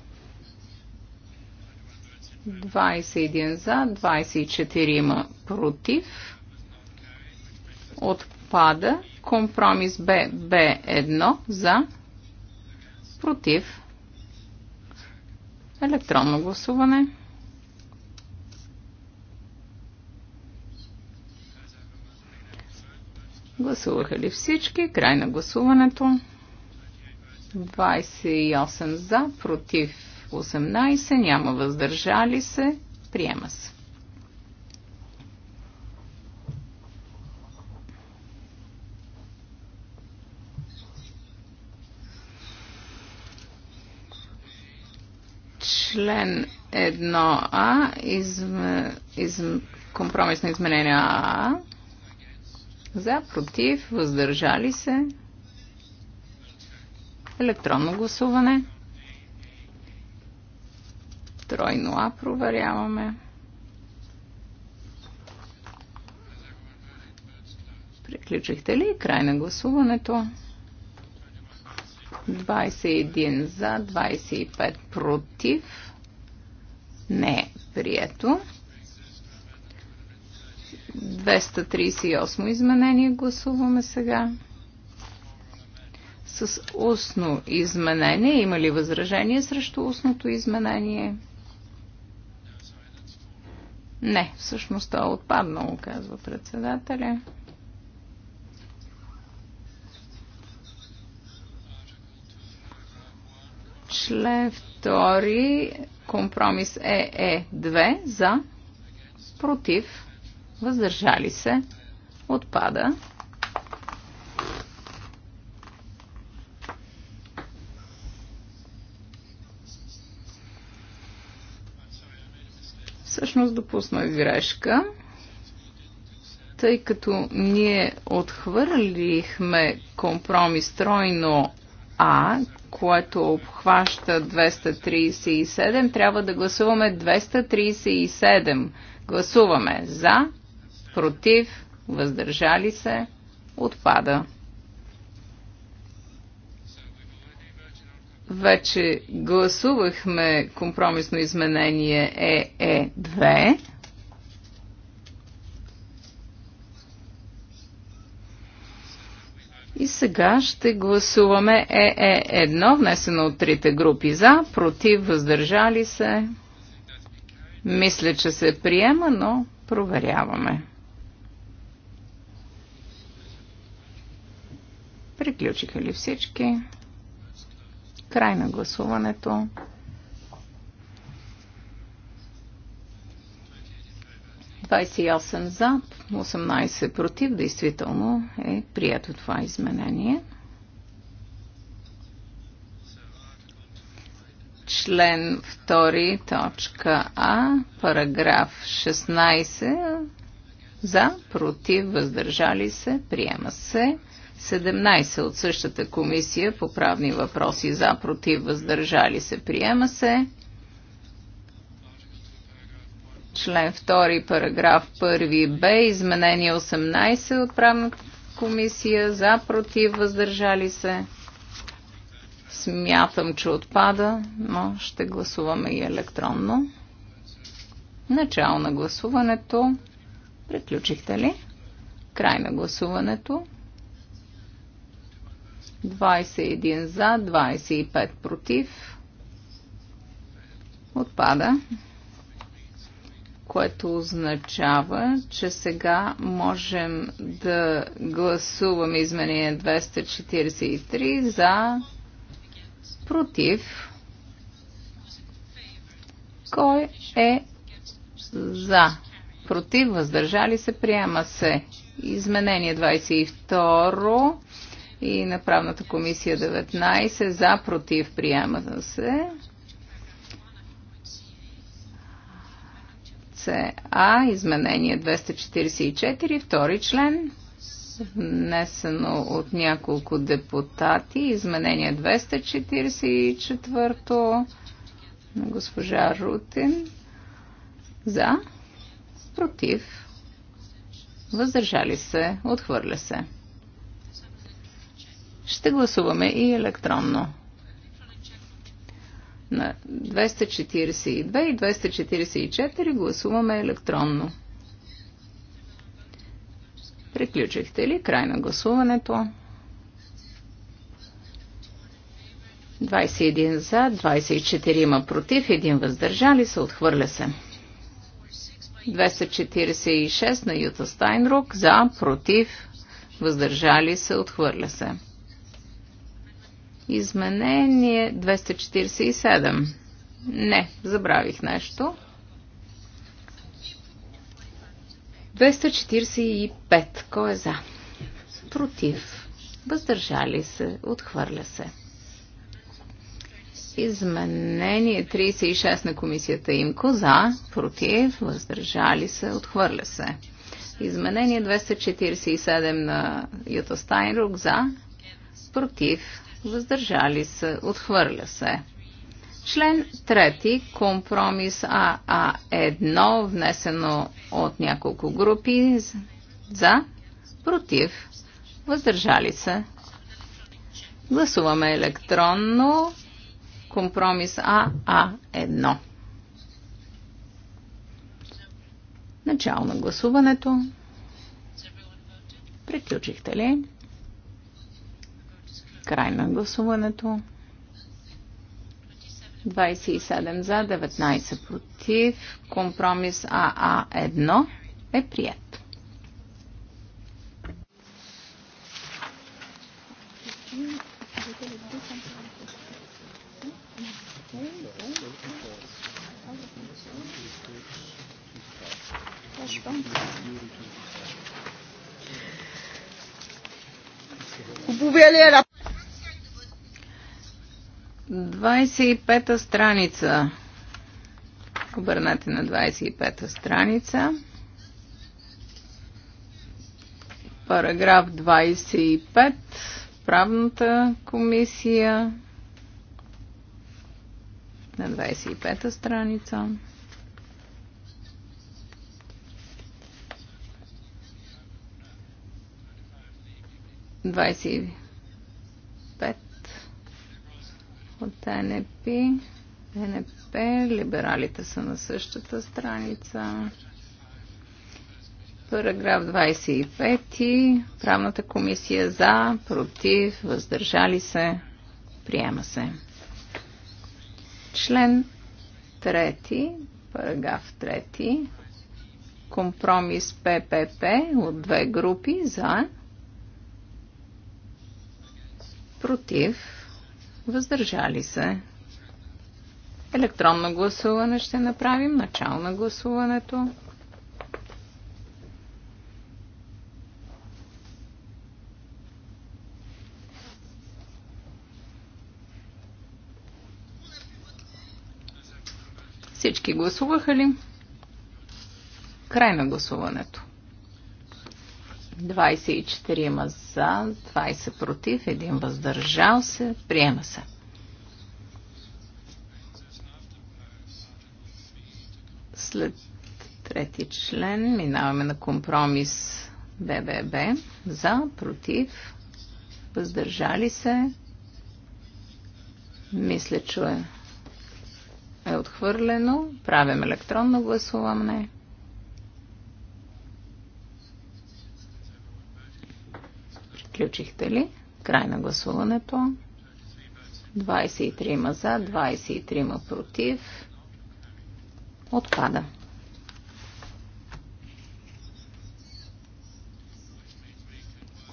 21 за, 24 има против. Отпада. Компромис Б, Б1 за, против. Електронно гласуване. Гласуваха ли всички? Край на гласуването. 28 за, против 18, няма въздържали се. Приема се. член 1А, изм, изм, компромисно изменение АА, за, против, въздържали се. Електронно гласуване. Тройно А проверяваме. Приключихте ли край на гласуването? 21 за, 25 против. Не е прието. 238 изменение гласуваме сега. С устно изменение. Има ли възражение срещу устното изменение? Не, всъщност то е отпаднало, казва председателя. Член 2, компромис ЕЕ2 за, против, въздържали се, отпада. Всъщност допусна грешка, тъй като ние отхвърлихме компромис тройно А, което обхваща 237, трябва да гласуваме 237. Гласуваме за, против, въздържали се, отпада. Вече гласувахме компромисно изменение ЕЕ2. И сега ще гласуваме ЕЕ1, внесено от трите групи за, против, въздържали се. Мисля, че се приема, но проверяваме. Приключиха ли всички? Край на гласуването. за, 18 против. Действително е прието това изменение. член 2, точка А, параграф 16, за, против, въздържали се, приема се. 17 от същата комисия по правни въпроси за, против, въздържали се, приема се. Член 2, параграф 1 Б, изменение 18 от правната комисия за, против, въздържали се. Смятам, че отпада, но ще гласуваме и електронно. Начало на гласуването. Приключихте ли? Край на гласуването. 21 за, 25 против. Отпада. Което означава, че сега можем да гласуваме изменение 243 за, против. Кой е за? Против, въздържали се, приема се. Изменение 22 и на правната комисия 19 за против приема се. ЦА изменение 244 втори член внесено от няколко депутати изменение 244 на госпожа Рутин за против въздържали се отхвърля се ще гласуваме и електронно. На 242 и 244 гласуваме електронно. Приключихте ли край на гласуването? 21 за, 24 има против, 1 въздържали се, отхвърля се. 246 на Юта Стайнрук за, против, въздържали се, отхвърля се. Изменение 247. Не, забравих нещо. 245. Кой е за? Против. Въздържали се. Отхвърля се. Изменение 36 на комисията Имко. За. Против. Въздържали се. Отхвърля се. Изменение 247 на Юта Стайнрук. За. Против въздържали се, отхвърля се. Член 3. Компромис АА1, внесено от няколко групи за, против, въздържали се. Гласуваме електронно. Компромис АА1. Начало на гласуването. Приключихте ли? Край на гласуването. 27 за, 19 против. Компромис АА1 е прият. Vous pouvez aller à la... 25-та страница. Обърнете на 25-та страница. Параграф 25. Правната комисия. На 25-та страница. Двадесет от НП. НП, либералите са на същата страница. Параграф 25. Правната комисия за, против, въздържали се, приема се. Член 3, параграф 3. Компромис ППП от две групи за, против, въздържали се. Електронно гласуване ще направим, начало на гласуването. Всички гласуваха ли? Край на гласуването. 24 ма за, 20 против, един въздържал се, приема се. След трети член минаваме на компромис БББ за, против, въздържали се. Мисля, че е отхвърлено. Правим електронно гласуване. Приключихте ли? Край на гласуването. 23 ма за, 23 ма против. Отпада.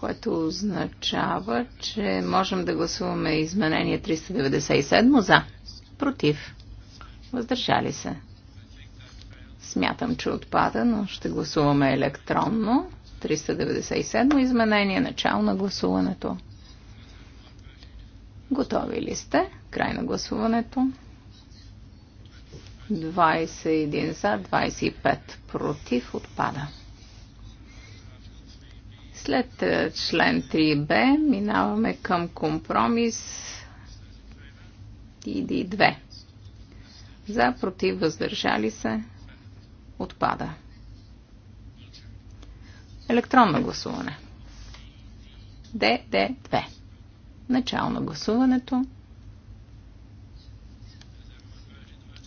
Което означава, че можем да гласуваме изменение 397 за, против. Въздържали се. Смятам, че отпада, но ще гласуваме електронно. 397 изменение, начало на гласуването. Готови ли сте? Край на гласуването. 21 за, 25 против, отпада. След е, член 3b минаваме към компромис ИД2. За, против, въздържали се, отпада. Електронно гласуване. ДД2. Начало на гласуването.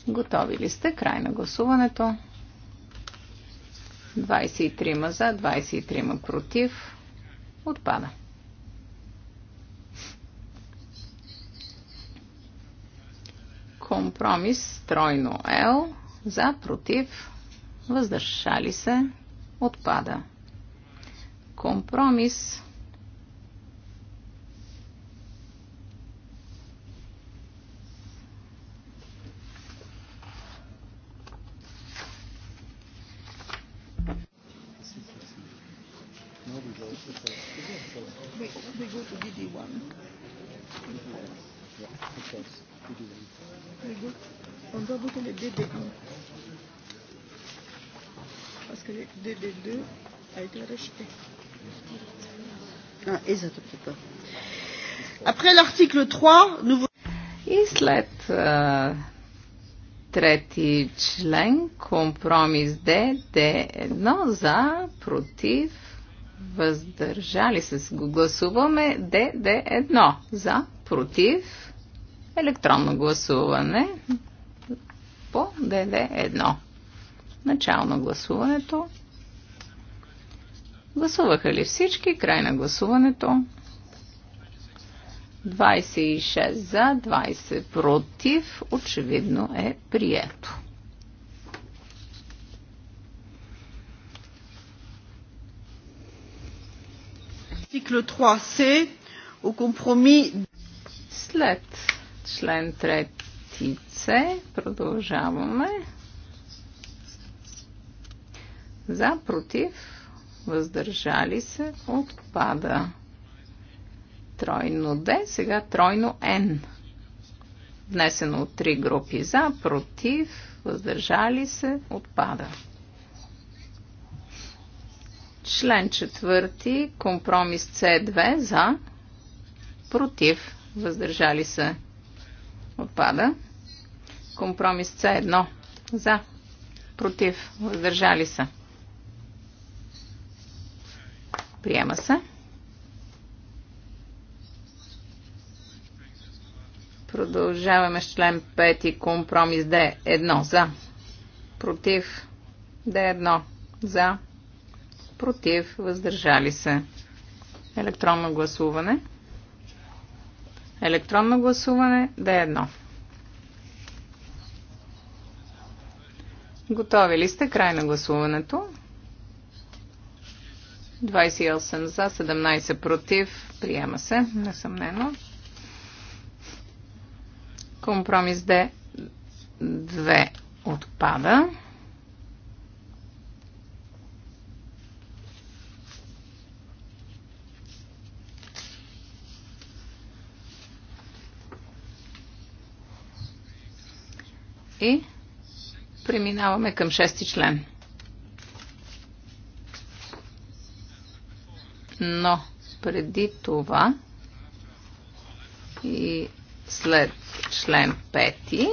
Готови ли сте? Край на гласуването. 23 за, 23 ма против. Отпада. Компромис тройно L за, против, въздържали се, отпада компромис. On doit voter le DD1. Parce que le DD2 a été rejeté. Ah, Après l'article 3, nous... И след uh, трети член, компромис Д, Д1 за, против, въздържали се. Гласуваме Д, Д1 за, против, електронно гласуване по ДД1. Начало на гласуването. Гласуваха ли всички? Край на гласуването. 26 за, 20 против. Очевидно е прието. Артикъл 3C au След член 3C продължаваме. За, против, въздържали се, отпада. Тройно Д, сега тройно Н. Внесено от три групи за, против, въздържали се, отпада. Член четвърти, компромис С2 за, против, въздържали се, отпада. Компромис С1 за, против, въздържали се, Приема се. Продължаваме с член 5 компромис Д1 за. Против Д1 за. Против въздържали се. Електронно гласуване. Електронно гласуване Д1. Готови ли сте край на гласуването? 28 за, 17 против. Приема се, несъмнено. Компромис Д 2 отпада. И преминаваме към шести член. Но преди това и след член 5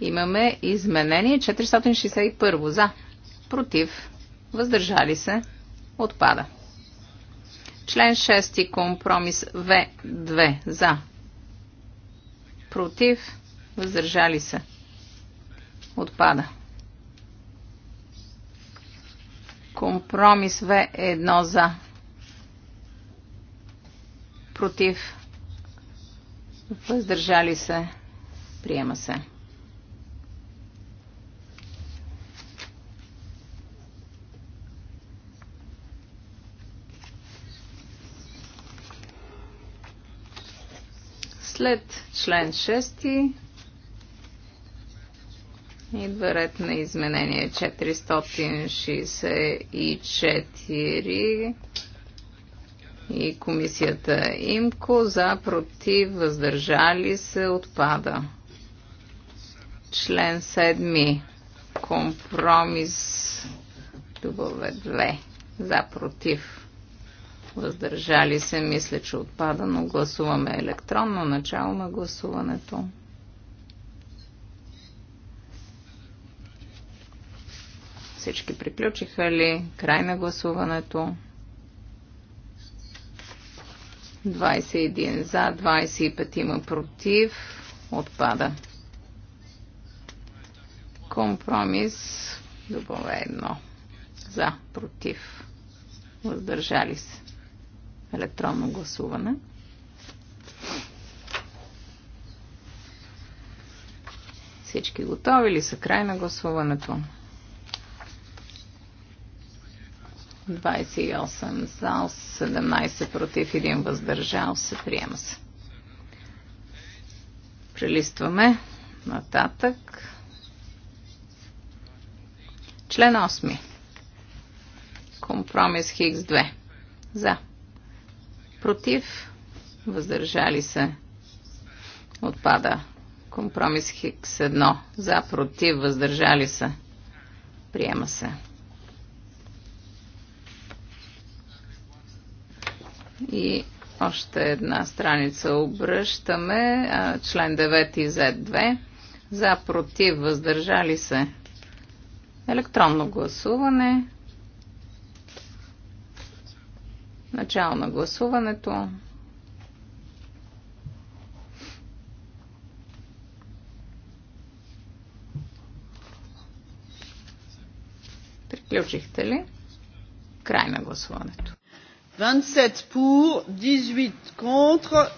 имаме изменение 461 за, против, въздържали се, отпада. Член 6 компромис В2 за, против, въздържали се, отпада. Компромис В1 за, против, въздържали се, приема се. След член 6 идва ред на изменение 464 и комисията ИМКО за против въздържали се отпада. Член 7. Компромис Дубове 2 за против. Въздържали се, мисля, че отпада, но гласуваме електронно начало на гласуването. Всички приключиха ли? Край на гласуването. 21 за, 25 има против. Отпада. Компромис. Добавя е едно. За, против. Въздържали се. Електронно гласуване. Всички готови ли са край на гласуването? 28 за, 17 против, 1 въздържал се. Приема се. Прелистваме нататък. Член 8. Компромис Хикс 2. За. Против. Въздържали се. Отпада. Компромис Хикс 1. За. Против. Въздържали се. Приема се. И още една страница обръщаме. Член 9 Z2. За, против, въздържали се. Електронно гласуване. Начало на гласуването. Приключихте ли? Край на гласуването. 27 pour, dix contre.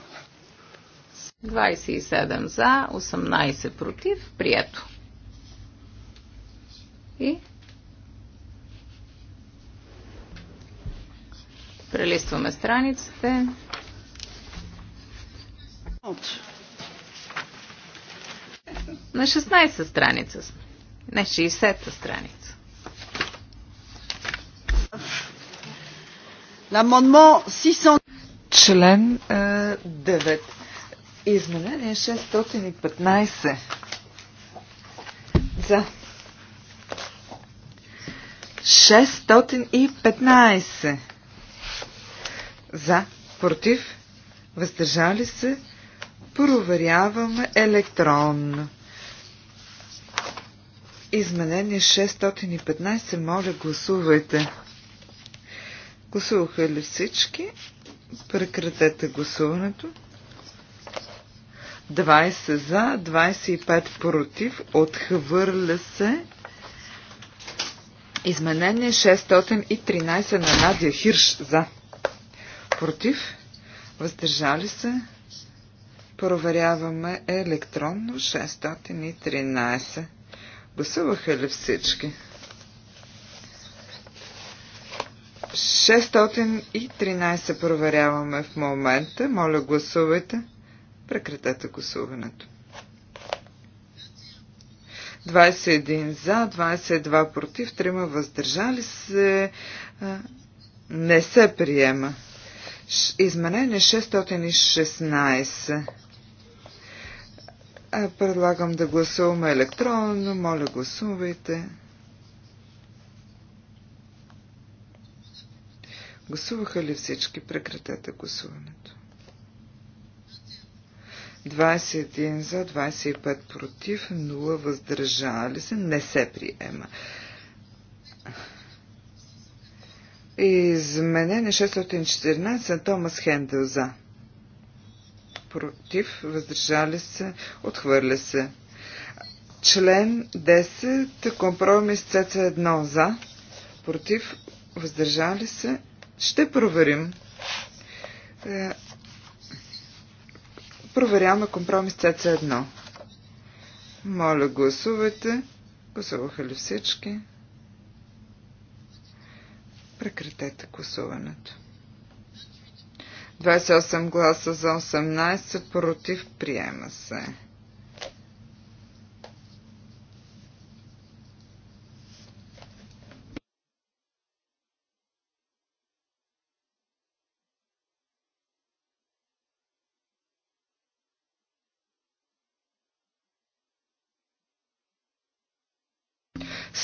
27 за, 18 против, прието. И прелистваме страниците. На 16 страница сме. Не, 60 страница. Член 9. Е, Изменение 615. За. 615. За. Против. Въздържали се. Проверяваме електронно. Изменение 615. Моля, гласувайте. Гласуваха ли всички? Прекратете гласуването. 20 за, 25 против, отхвърля се изменение 613 на Надя Хирш за. Против, въздържали се, проверяваме електронно 613. Гласуваха ли всички? 613 проверяваме в момента. Моля, гласувайте. Прекратете гласуването. 21 за, 22 против, 3 въздържали се. Не се приема. Изменение 616. Предлагам да гласуваме електронно. Моля, гласувайте. Гласуваха ли всички? Прекратете гласуването. 21 за, 25 против, 0 въздържали се. Не се приема. Изменение 614 Томас Хендел за. Против, въздържали се, отхвърля се. Член 10, компромис ЦЦ1 за. Против, въздържали се, ще проверим. Е, проверяваме компромис CC1. Моля, гласувайте. Гласуваха ли всички? Прекратете гласуването. 28 гласа за 18 против приема се.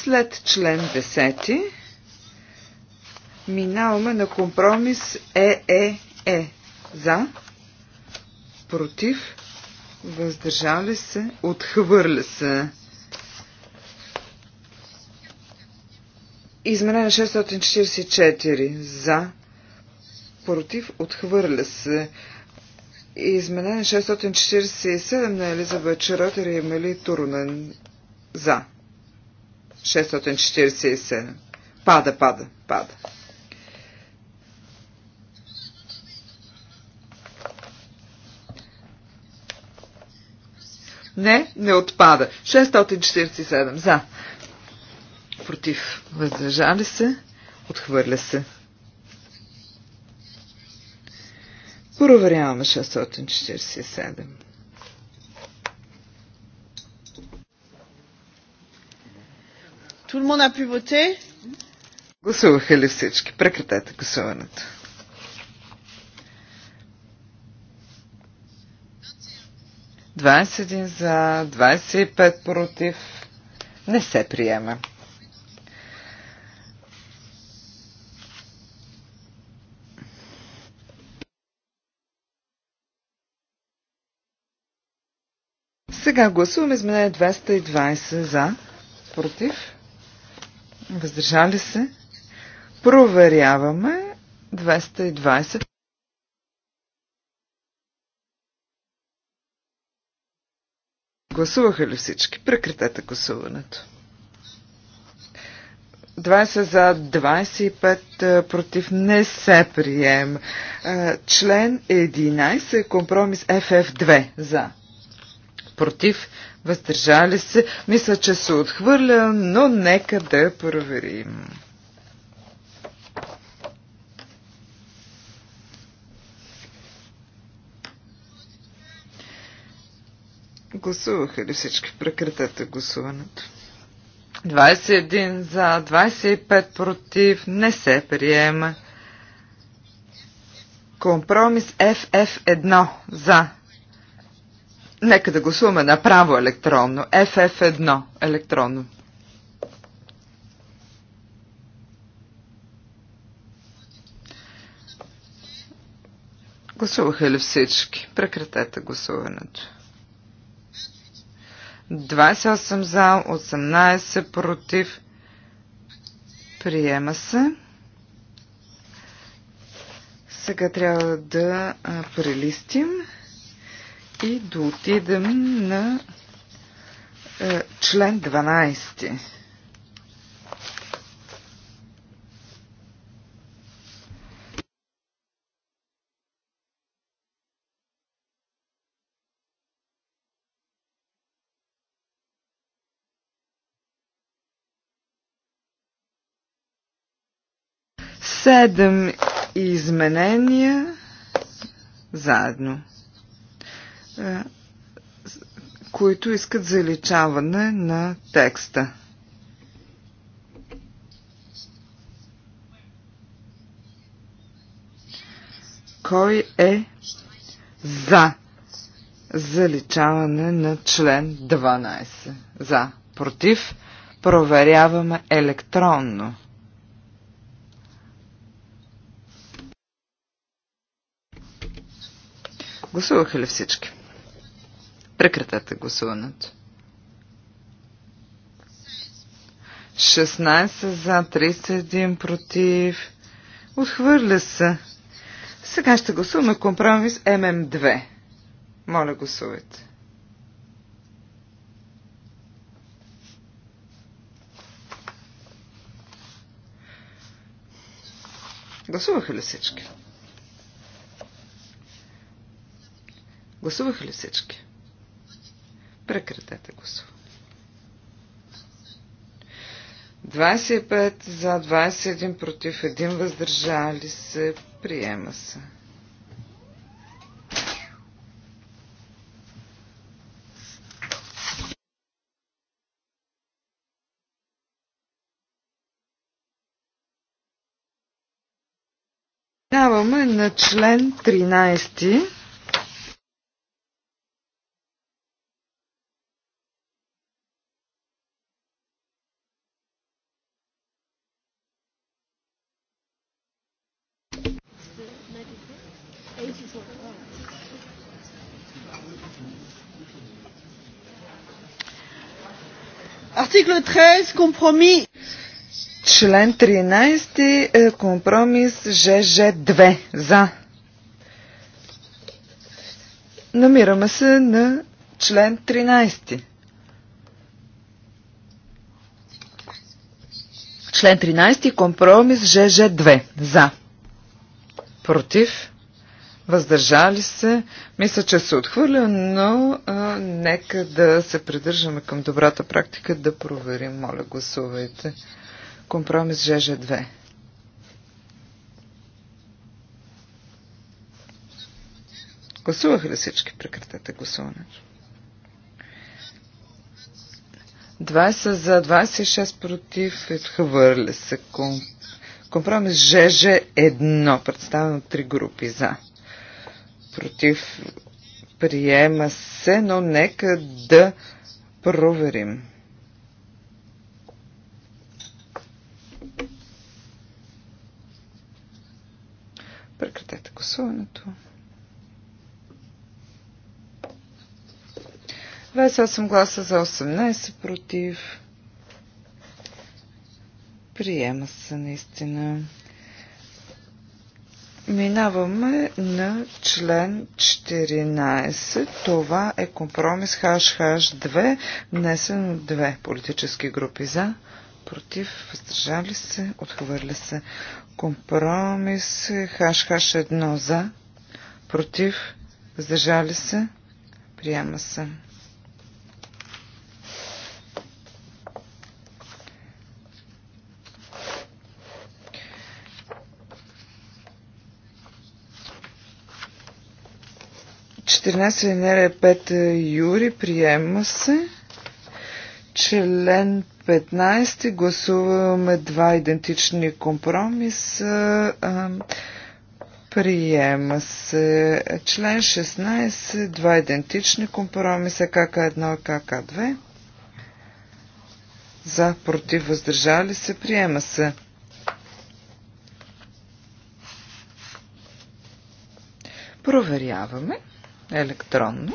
След член 10 минаваме на компромис ЕЕЕ. Е е. За, против, въздържали се, отхвърля се. Изменение 644. За, против, отхвърля се. Изменение 647 на Елизабет Чаротери и Мели Турунен. За. 647. Пада, пада, пада. Не, не отпада. 647 за. Против. Въздържали се. Отхвърля се. Проверяваме 647. Tout le monde Гласуваха ли всички? Прекратете гласуването. 21 за, 25 против. Не се приема. Сега гласуваме изменение 220 за, против. Въздържали се. Проверяваме. 220. Гласуваха ли всички? Прекратете гласуването. 20 за 25 е, против не се прием. Е, член 11 компромис FF2 за. Против въздържали се. Мисля, че се отхвърля, но нека да проверим. Гласуваха ли всички? Прекратете гласуването. 21 за, 25 против, не се приема. Компромис FF1 за, Нека да гласуваме направо електронно. FF1 електронно. Гласуваха ли всички? Прекратете гласуването. 28 за, 18 против. Приема се. Сега трябва да прилистим и да отидем на е, член 12. Седем изменения заедно. Е, които искат заличаване на текста. Кой е за заличаване на член 12? За. Против. Проверяваме електронно. Гласуваха ли всички? Прекратете гласуването. 16 за, 31 против. Отхвърля се. Сега ще гласуваме компромис ММ2. Моля, гласувайте. Гласуваха ли всички? Гласуваха ли всички? Прекратете гласуване. 25 за 21 против 1 въздържали се. Приема се. Минаваме на член 13. Article 13, compromis. Член 13, е, компромис ЖЖ2. За. Намираме се на член 13. Член 13, компромис ЖЖ2. За. Против въздържали се. Мисля, че се отхвърля, но а, нека да се придържаме към добрата практика, да проверим. Моля, гласувайте. Компромис ЖЖ 2. Гласуваха ли всички? Прекратете гласуването. 20 за 26 против. Хвърля се. Компромис ЖЖ 1, представен от три групи за против, приема се, но нека да проверим. Прекратете гласуването. 28 гласа за 18 против. Приема се наистина. Минаваме на член 14. Това е компромис HH2, внесен от две политически групи за, против, въздържали се, отхвърля се. Компромис HH1 за, против, въздържали се, приема се. 14 Венера 5 Юри приема се. Член 15 гласуваме два идентични компромиса. Приема се член 16, два идентични компромиса, КК1 и КК2. За, против, въздържали се, приема се. Проверяваме електронно.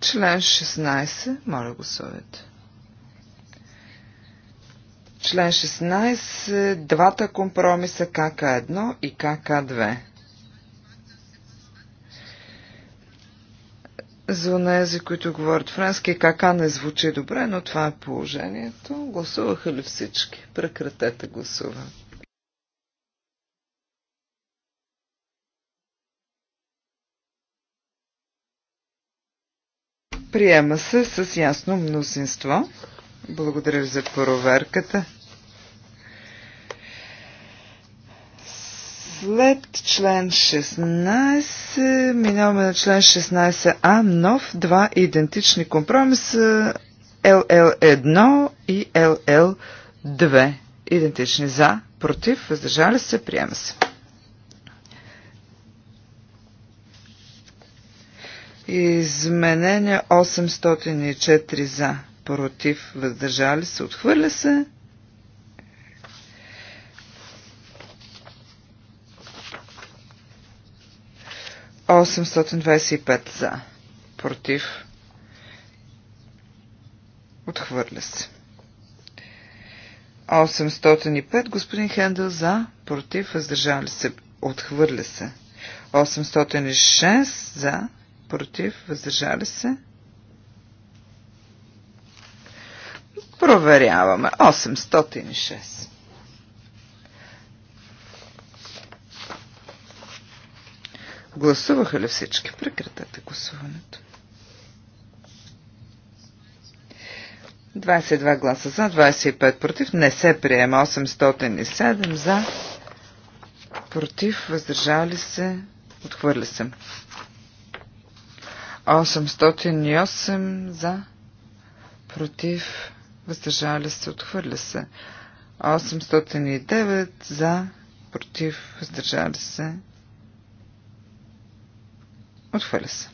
Член 16, моля гласувайте. Член 16, двата компромиса КК1 и КК2. За онези, които говорят френски, КК не звучи добре, но това е положението. Гласуваха ли всички? Прекратете гласуването. Приема се с ясно мнозинство. Благодаря за проверката. След член 16 минаваме на член 16А, нов, два идентични компромиса ЛЛ1 и ЛЛ2. Идентични за, против, въздържали се, приема се. Изменение 804 за, против, въздържали се, отхвърля се. Осемстотин за, против, отхвърля се. 805 господин Хендел за, против, въздържали се, отхвърля се. 806 за, против, въздържали се. Проверяваме. 806. Гласуваха ли всички? Прекратете гласуването. 22 гласа за, 25 против. Не се приема. 807 за, против, въздържали се, отхвърля се. 808 за, против, въздържали се, отхвърля се. 809 за, против, въздържали се, отхвърля се.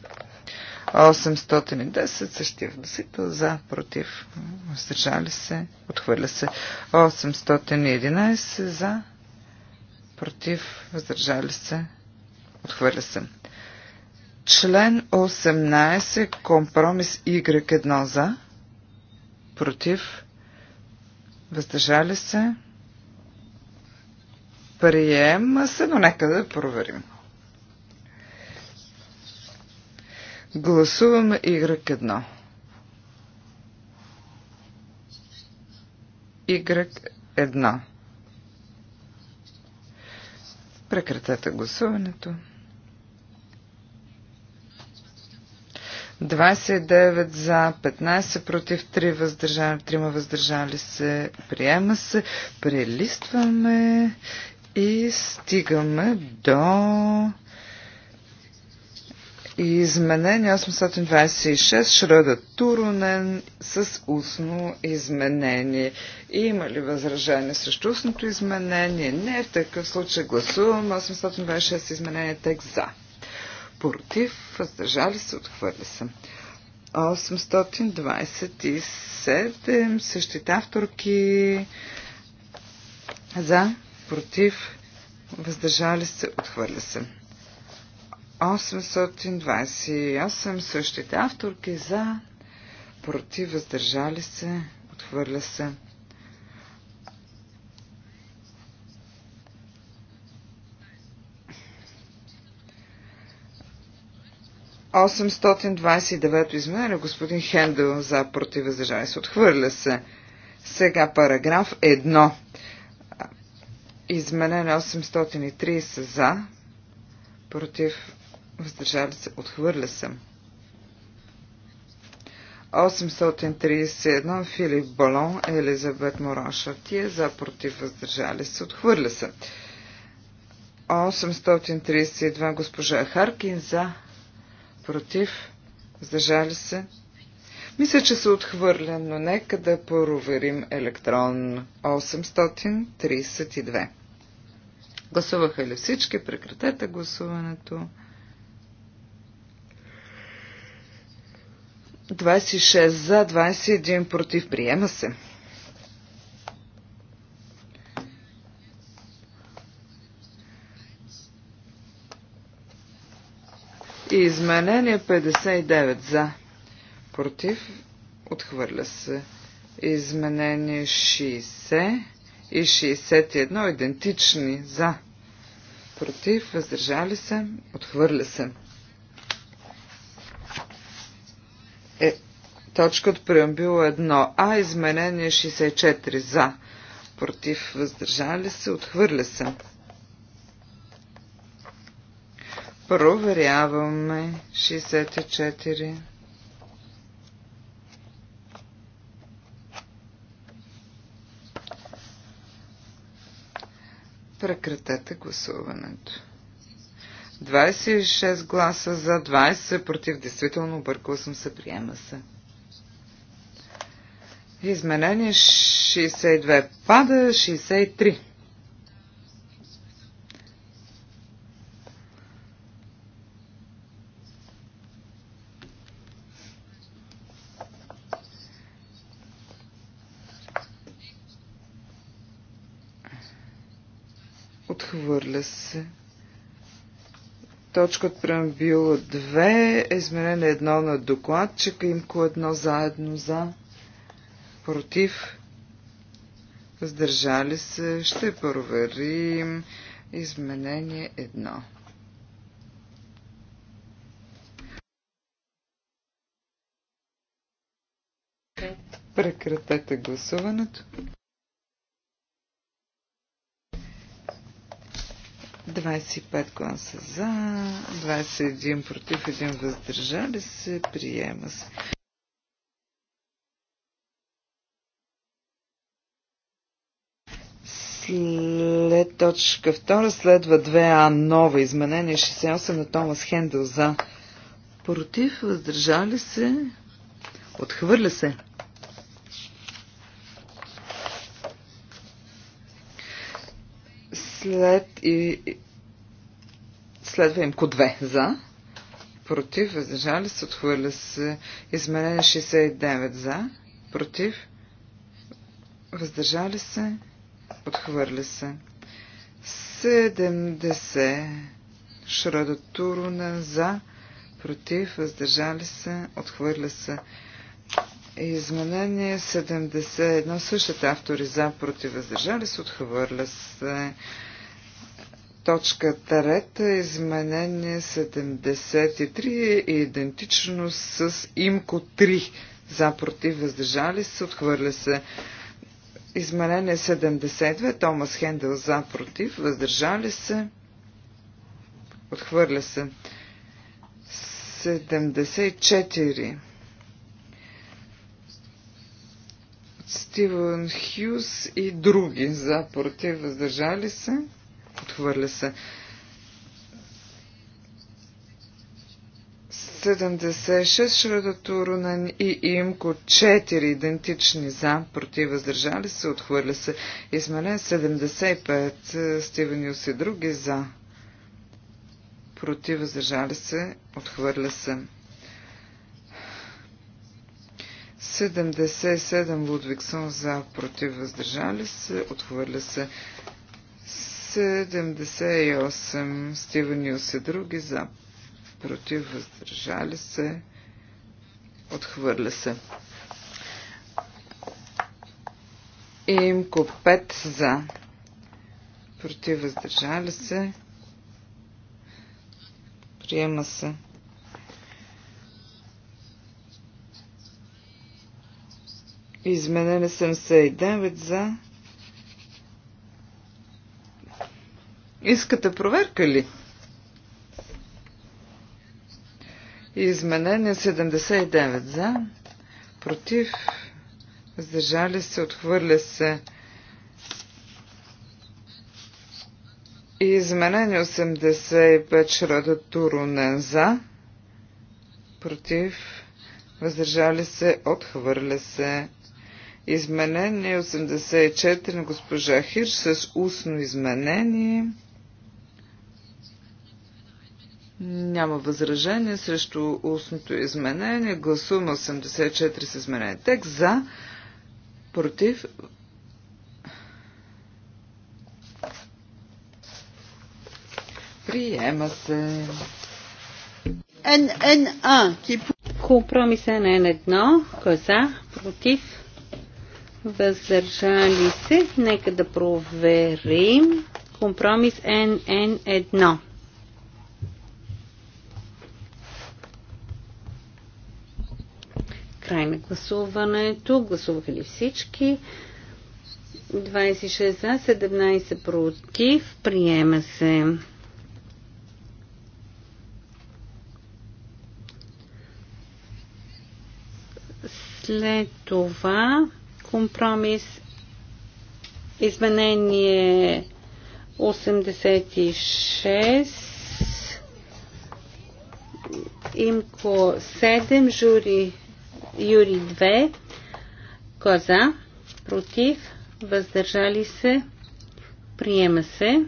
810 същия вносител за, против, въздържали се, отхвърля се. 811 за, против, въздържали се, отхвърля се. Член 18, компромис Y1 за, против, въздържали се, приема се, но нека да проверим. Гласуваме Y1. Y1. Прекратете гласуването. 29 за, 15 против, 3 въздържали, 3 въздържали се. Приема се. Прелистваме и стигаме до изменение 826 Шреда Турунен с устно изменение. Има ли възражение срещу устното изменение? Не, в такъв случай гласувам 826 изменение текст за против, въздържали се, отхвърли се. 827, същите авторки за, против, въздържали се, отхвърля се. 828, същите авторки за, против, въздържали се, отхвърля се. 829 изменение, господин Хендел за против се. Отхвърля се. Сега параграф 1. Изменение 830 за против въздържали се. Отхвърля се. 831 Филип Балон, Елизабет Моран Шартия за против въздържали се. Отхвърля се. 832 госпожа Харкин за против, Зажали се. Мисля, че се отхвърля, но нека да проверим електронно. 832. Гласуваха ли всички? Прекратете гласуването. 26 за, 21 против. Приема се. Изменение 59 за. Против. Отхвърля се. Изменение 60 и 61 идентични за. Против. Въздържали се. Отхвърля се. Е, точка от преамбил 1А. Изменение 64 за. Против. Въздържали се. Отхвърля се. Проверяваме 64. Прекратете гласуването. 26 гласа за 20 против. Действително объркал съм се. Приема се. Изменение 62 пада 63. Отхвърля се. Точка от преамбила 2. изменена едно на докладчика. Имко едно заедно за. Против. Въздържали се. Ще проверим. Изменение едно. Прекратете гласуването. 25 гласа за, 21 против, 1 въздържали се, приема се. След точка 2 следва 2А нова изменение 68 на Томас Хендел за против, въздържали се, отхвърля се. След и... Следва имко 2 за. Против. Въздържали се. Отхвърля се. Изменение 69 за. Против. Въздържали се. Отхвърля се. 70 Шрода Туруна за. Против. Въздържали се. Отхвърля се. Изменение 71. Същите автори за. Против. Въздържали се. Отхвърля се точка трета, изменение 73 е идентично с имко 3. За против въздържали се, отхвърля се. Изменение 72, Томас Хендел за против, въздържали се, отхвърля се. 74. Стивън Хюс и други за против, въздържали се. Отхвърля се. 76 Шрадатурунен и Имко 4 идентични за, против въздържали се, отхвърля се. Измене 75 Стивен Юс и други за, против въздържали се, отхвърля се. 77 Лудвиксон за, против въздържали се, отхвърля се. 78. Стивен се. и други за. Против. Въздържали се. Отхвърля се. Имко 5 за. Против. Въздържали се. Приема се. Изменени 79 за Искате проверка ли? Изменение 79 за, против, въздържали се, отхвърля се. изменение 85 Шрада Турунен за, против, въздържали се, отхвърля се. Изменение 84 на госпожа Хирш с устно изменение. Няма възражение срещу устното изменение. Гласуваме 84 с изменение. Текст за, против, Приема се. ННА. Компромис НН1. Коза. Е против. Въздържали се. Нека да проверим. Компромис НН1. Край на гласуването. Гласуваха ли всички? 26 за, 17 против. Приема се. След това компромис изменение 86 имко 7 жури Юри 2. коза, е Против. Въздържали се. Приема се.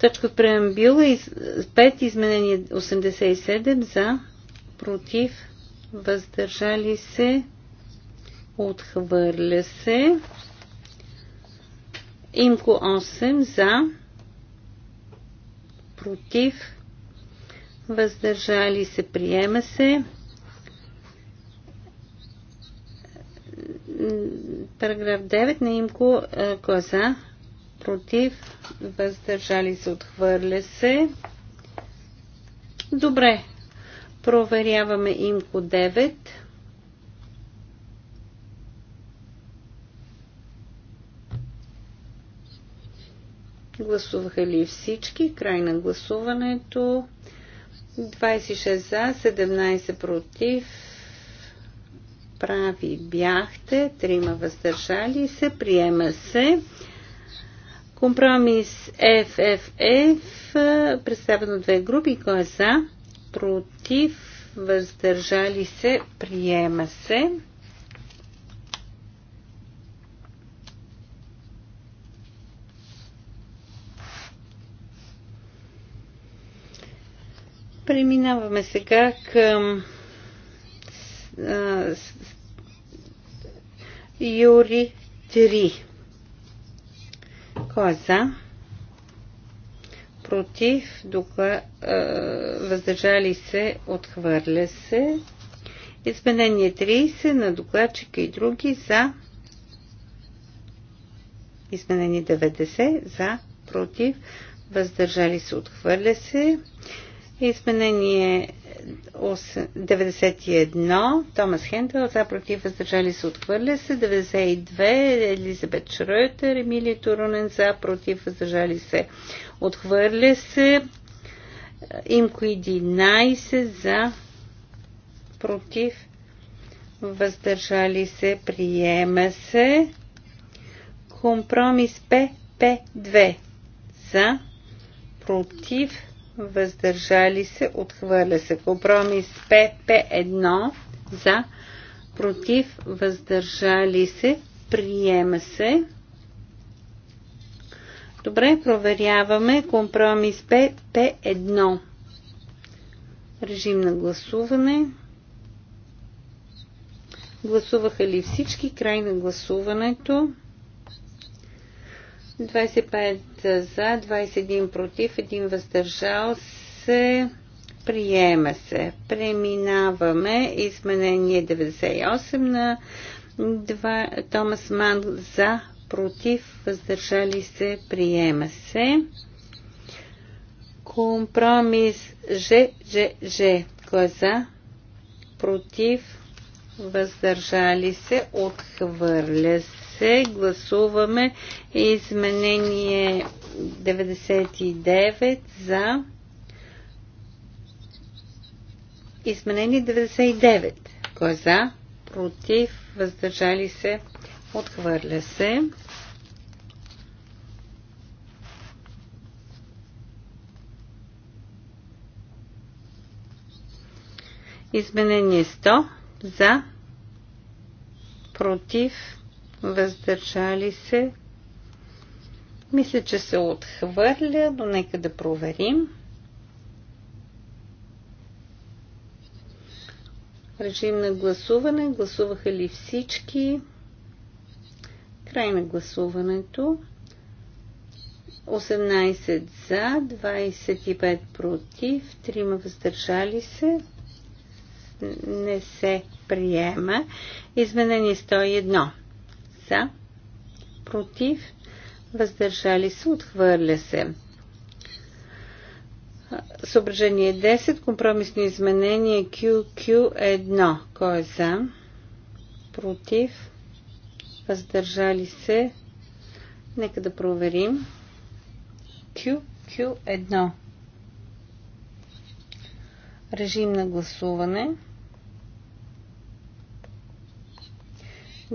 Точка от 5 изменение 87 за против въздържали се отхвърля се имко 8 за против въздържали се приема се Параграф 9 на имко е, кой е Против. Въздържали се. Отхвърля се. Добре. Проверяваме имко 9. Гласуваха ли всички? Край на гласуването. 26 за, 17 против, прави бяхте, трима въздържали се, приема се. Компромис FFF, представено две групи, кой е за, против, въздържали се, приема се. Преминаваме сега към Юри 3. Кой е за? Против, Дока, е, въздържали се, отхвърля се. Изменение 30 на докладчика и други за. Изменение 90 за, против, въздържали се, отхвърля се. Изменение 91, Томас Хендел, за против въздържали се отхвърля се. 92, Елизабет Шройтер, Емилия Турунен, за против въздържали се отхвърля се. Имко 11, за против въздържали се приема се. Компромис ПП2 за против въздържали се, отхвърля се. Компромис ПП1 за, против, въздържали се, приема се. Добре, проверяваме компромис ПП1. Режим на гласуване. Гласуваха ли всички? Край на гласуването. 25 за, 21 против, 1 въздържал се. Приема се. Преминаваме изменение 98 на 2, Томас Ман за, против, въздържали се. Приема се. Компромис Ж, Ж, Ж. Кой е за? Против, въздържали се. Отхвърля се се. Гласуваме изменение 99 за изменение 99. Кой е за? Против? Въздържали се? Отхвърля се. Изменение 100 за против въздържали се. Мисля, че се отхвърля, но нека да проверим. Режим на гласуване. Гласуваха ли всички? Край на гласуването. 18 за, 25 против, 3 въздържали се. Не се приема. Изменение 101 за, против, въздържали се, отхвърля се. Съображение 10. Компромисно изменение QQ1. Кой е за? Против? Въздържали се? Нека да проверим. QQ1. Режим на гласуване.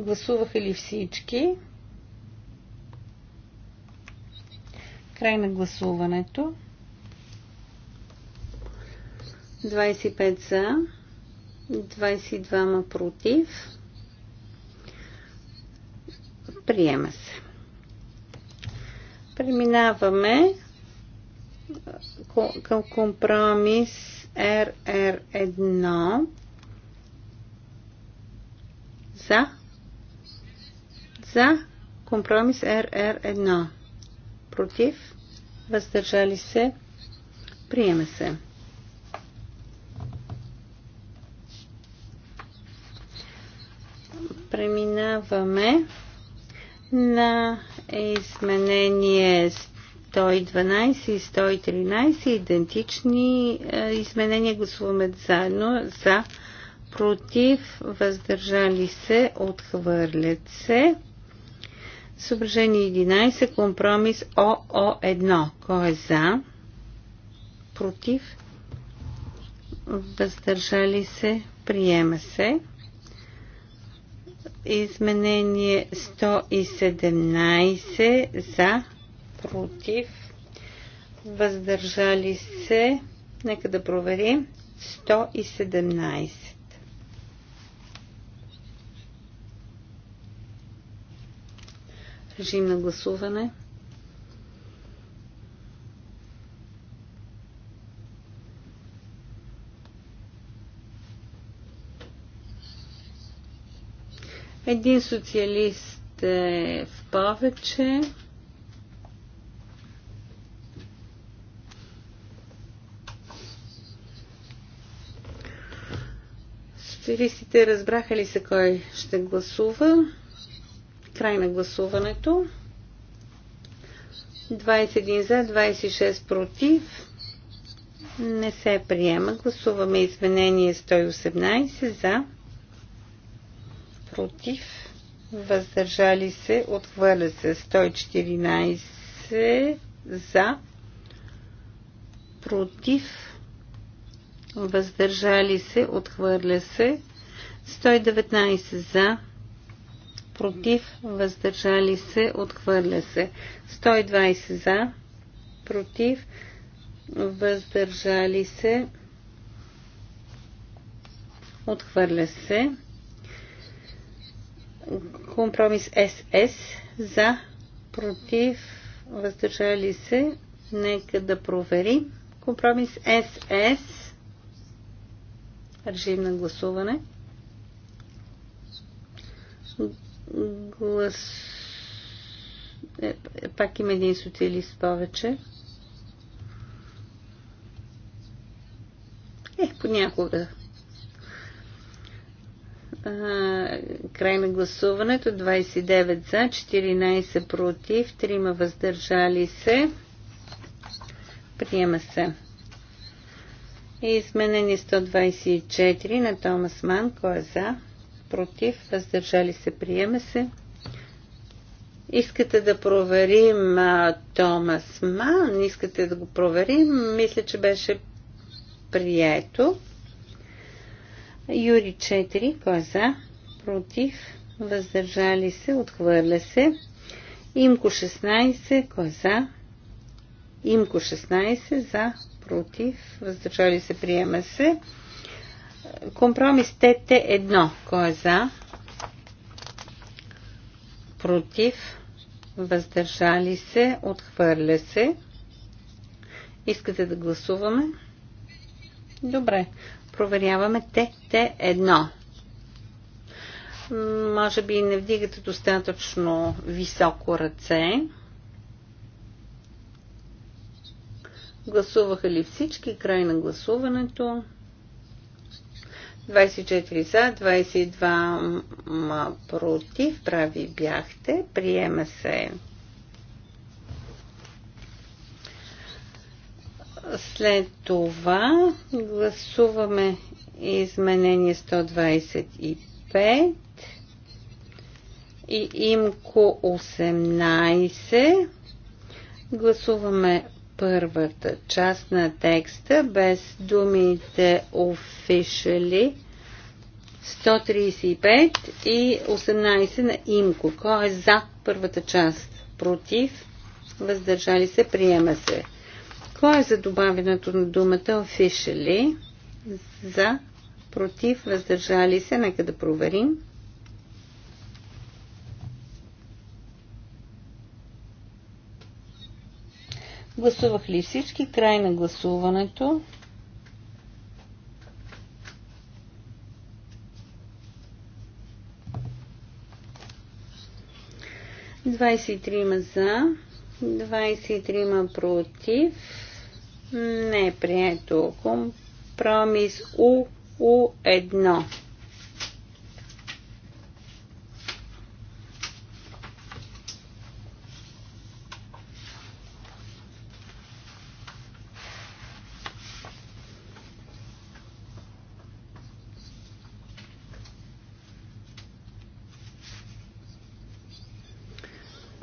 Гласуваха ли всички? Край на гласуването. 25 за, 22 ма против. Приема се. Преминаваме към компромис rr 1 за за компромис РР1. Против. Въздържали се. Приема се. Преминаваме на изменение 112 и 113 идентични е, изменения гласуваме заедно за против въздържали се отхвърлят се Съображение 11. Компромис ОО1. Кой е за? Против? Въздържали се? Приема се. Изменение 117 за, против, въздържали се. Нека да проверим. 117. Режим на гласуване. Един социалист е в повече. Социалистите разбраха ли се кой ще гласува? Край на гласуването. 21 за, 26 против. Не се приема. Гласуваме изменение 118 за, против, въздържали се, отхвърля се 114 за, против, въздържали се, отхвърля се 119 за, против, въздържали се, отхвърля се. 120 за, против, въздържали се, отхвърля се. Компромис СС за, против, въздържали се. Нека да проверим. Компромис СС. Режим на гласуване. Глас... Е, е, пак има един социалист повече. Е, понякога. А, край на гласуването 29 за, 14 против, 3 въздържали се. Приема се. И изменени 124 на Томас Ман. Кой е за? против, въздържали се, приема се. Искате да проверим а, Томас Ман, искате да го проверим, мисля, че беше прието. Юри 4, кой е за? Против, въздържали се, отхвърля се. Имко 16, кой е за? Имко 16, за, против, въздържали се, приема се. Компромис ТТ1. Кой е за? Против. Въздържали се. Отхвърля се. Искате да гласуваме? Добре. Проверяваме ТТ1. Може би не вдигате достатъчно високо ръце. Гласуваха ли всички? Край на гласуването. 24 за, 22 против, прави бяхте, приема се. След това гласуваме изменение 125 и имко 18. Гласуваме първата част на текста без думите officially 135 и 18 на имко. Кой е за първата част? Против? Въздържали се? Приема се. Кой е за добавянето на думата officially? За? Против? Въздържали се? Нека да проверим. Гласувах ли всички? Край на гласуването. Двадесет трима за, 23 против. Не е прието. Компромис У, у едно.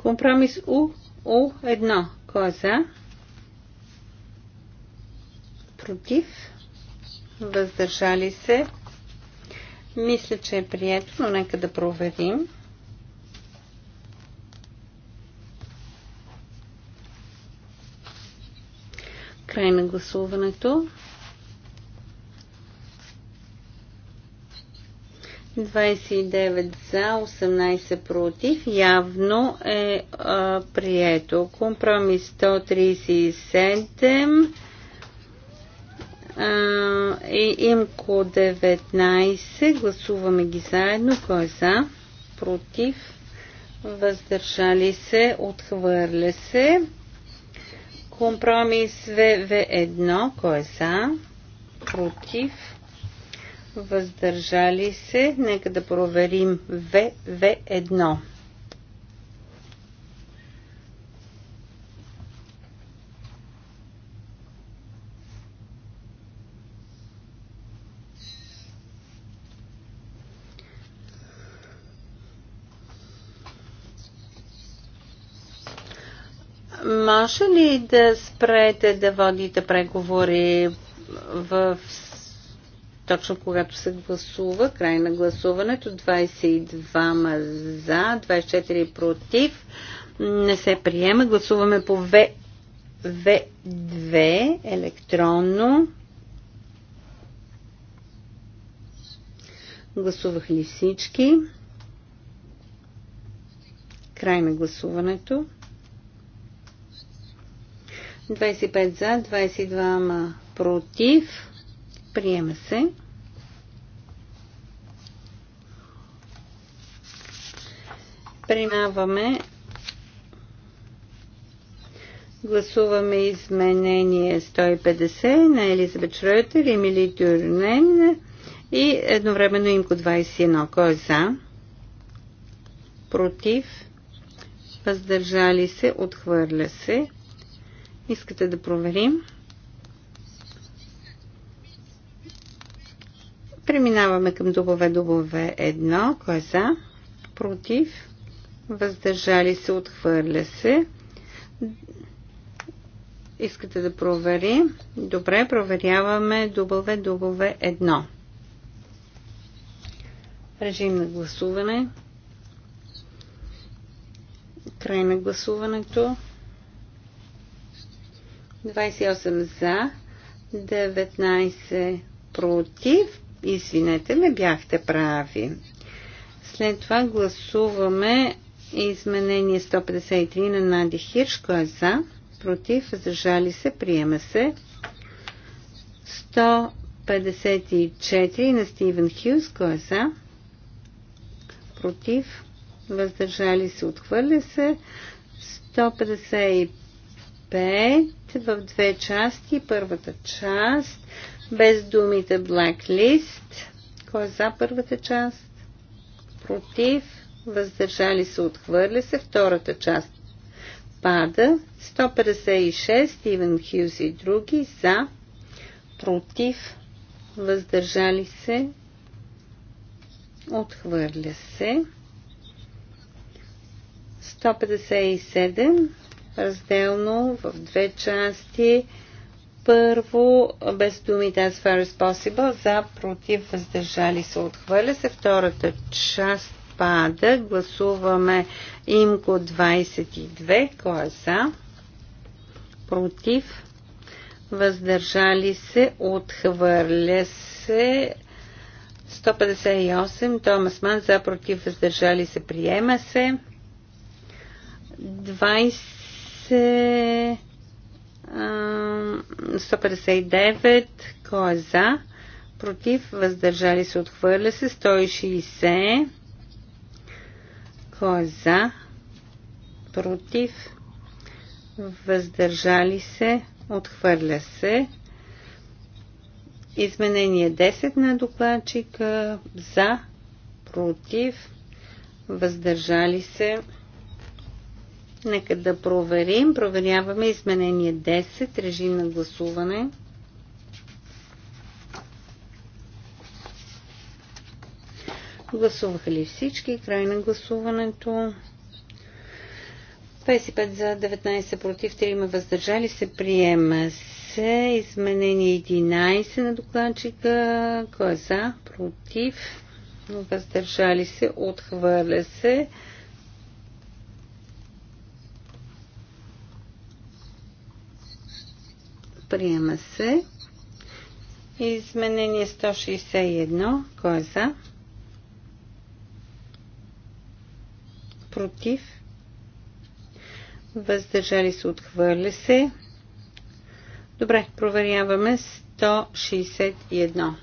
Компромис У, у едно. Кой е за? Против? Въздържали се? Мисля, че е прието, но нека да проверим. Край на гласуването. 29 за, 18 против. Явно е а, прието. Компромис 137 а, и имко 19. Гласуваме ги заедно. Кой е за? Против. Въздържали се. Отхвърля се. Компромис ВВ1. Кой е за? Против въздържали се. Нека да проверим ВВ1. Може ли да спрете да водите преговори в точно когато се гласува. Край на гласуването. 22 за, 24 против. Не се приема. Гласуваме по В... В2 електронно. Гласувах ли всички? Край на гласуването. 25 за, 22 против. Приема се. Примаваме. Гласуваме изменение 150 на Елизабет Шройтер и Мили Дюрнен и едновременно имко 21. Кой е за? Против? Въздържали се? Отхвърля се? Искате да проверим? Преминаваме към дубове дубове 1. Кой е за? Против? Въздържали се? Отхвърля се. Искате да провери? Добре, проверяваме дубове дубове 1. Режим на гласуване. Край на гласуването. 28 за, 19 против. Извинете ме, бяхте прави. След това гласуваме изменение 153 на Нади Хирш, кой е за, против, въздържали се, приема се. 154 на Стивен Хюз, кой е за, против, въздържали се, отхвърля се. 155 в две части, първата част – без думите blacklist. Кой е за първата част? Против. Въздържали се, отхвърля се. Втората част пада. 156, Стивен Хюз и други за, против, въздържали се, отхвърля се. 157, разделно в две части. Първо, без думите as far as possible, за, против, въздържали се, отхвърля се. Втората част пада. Гласуваме имко 22. Кой е за? Против, въздържали се, отхвърля се. 158. Томас Ман за против въздържали се приема се. 20. 159. Кой е за? Против. Въздържали се. Отхвърля се. 160. Кой е за? Против. Въздържали се. Отхвърля се. Изменение 10 на докладчика. За. Против. Въздържали се. Нека да проверим. Проверяваме изменение 10, режим на гласуване. Гласуваха ли всички? Край на гласуването. 25 за, 19 против, 3 въздържали се. Приема се изменение 11 на докладчика. Кой е за? Против. Въздържали се. Отхвърля се. Приема се. Изменение 161. Кой е за? Против. Въздържали се. Отхвърля се. Добре, проверяваме 161.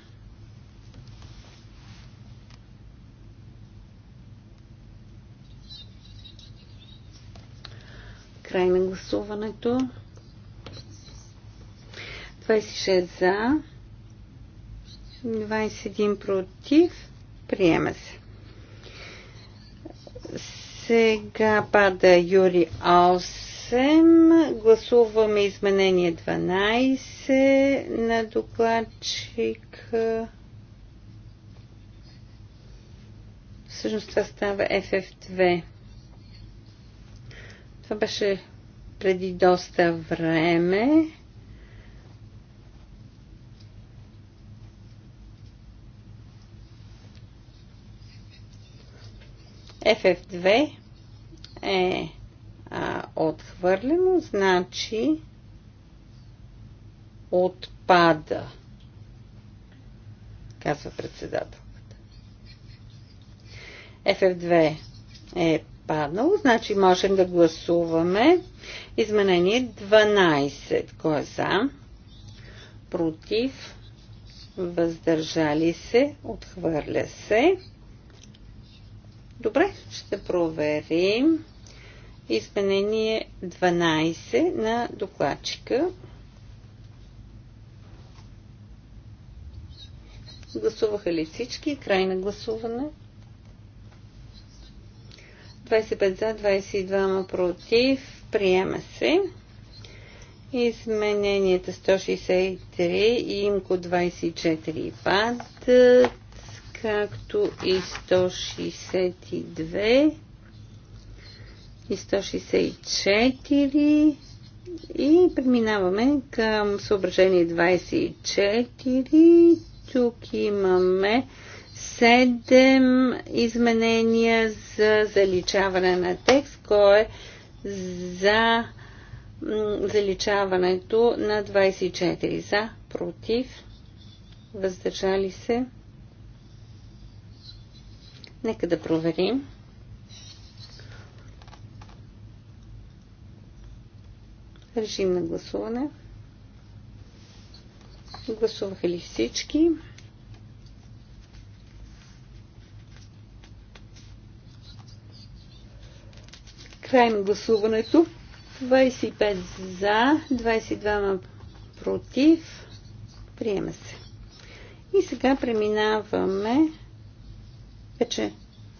Край на гласуването. 26 за, 21 против, приема се. Сега пада Юри 8. Гласуваме изменение 12 на докладчик. Всъщност това става FF2. Това беше преди доста време. FF2 е а, отхвърлено, значи отпада, казва председателката. FF2 е паднало, значи можем да гласуваме изменение 12. Кой е за? Против? Въздържали се? Отхвърля се. Добре, ще проверим. Изменение 12 на докладчика. Гласуваха ли всички? Край на гласуване. 25 за, 22 против. Приема се. Измененията 163 и имко 24 падат както и 162 и 164 и преминаваме към съображение 24. Тук имаме 7 изменения за заличаване на текст, кой е за заличаването на 24. За, против, въздържали се, Нека да проверим. Режим на гласуване. Гласуваха ли всички? Край на гласуването. 25 за, 22 против. Приема се. И сега преминаваме вече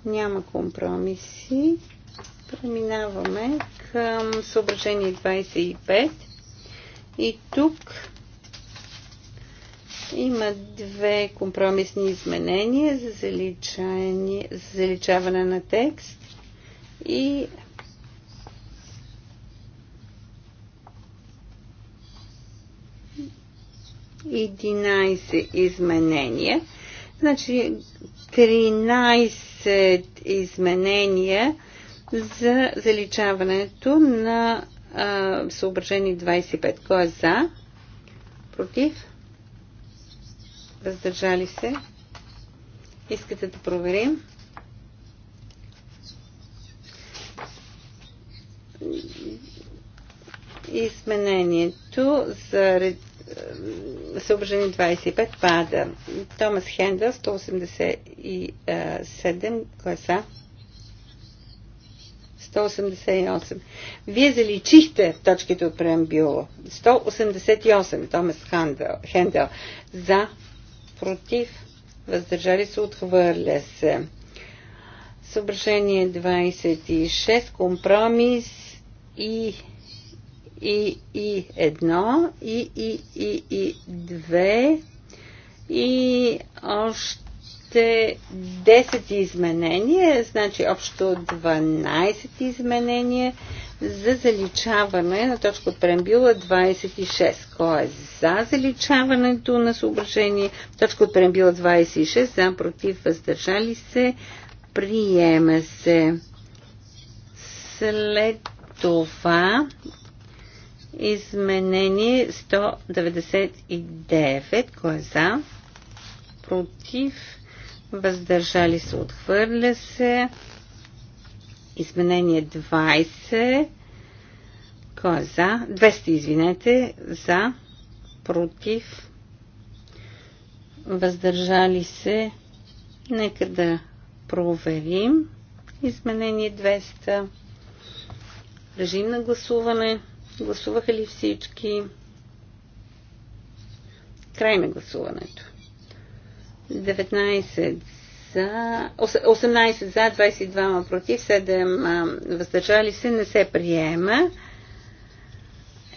няма компромиси. Преминаваме към съображение 25. И тук има две компромисни изменения за, за заличаване на текст и Единайсе изменения. Значи 13 изменения за заличаването на а, 25. Кой е за? Против? Въздържали се? Искате да проверим? Изменението за съображение 25 пада. Томас Хендъл, 187, класа. 188. Вие заличихте точките от преамбюла. 188, Томас Хендъл, Хендъл. За, против, въздържали се, отхвърля се. Съображение 26, компромис и и и едно, и и и и две и още 10 изменения, значи общо 12 изменения за заличаване на точка от преамбюла 26. Кой е за заличаването на съображение? Точка от преамбюла 26, за, против, въздържали се, приема се. След това Изменение 199. Кой е за? Против. Въздържали се. Отхвърля се. Изменение 20. Кой е за? 200, извинете. За. Против. Въздържали се. Нека да проверим. Изменение 200. Режим на гласуване. Гласуваха ли всички? Край на гласуването. 19 за, 18 за, 22 против, 7 въздържали се, не се приема.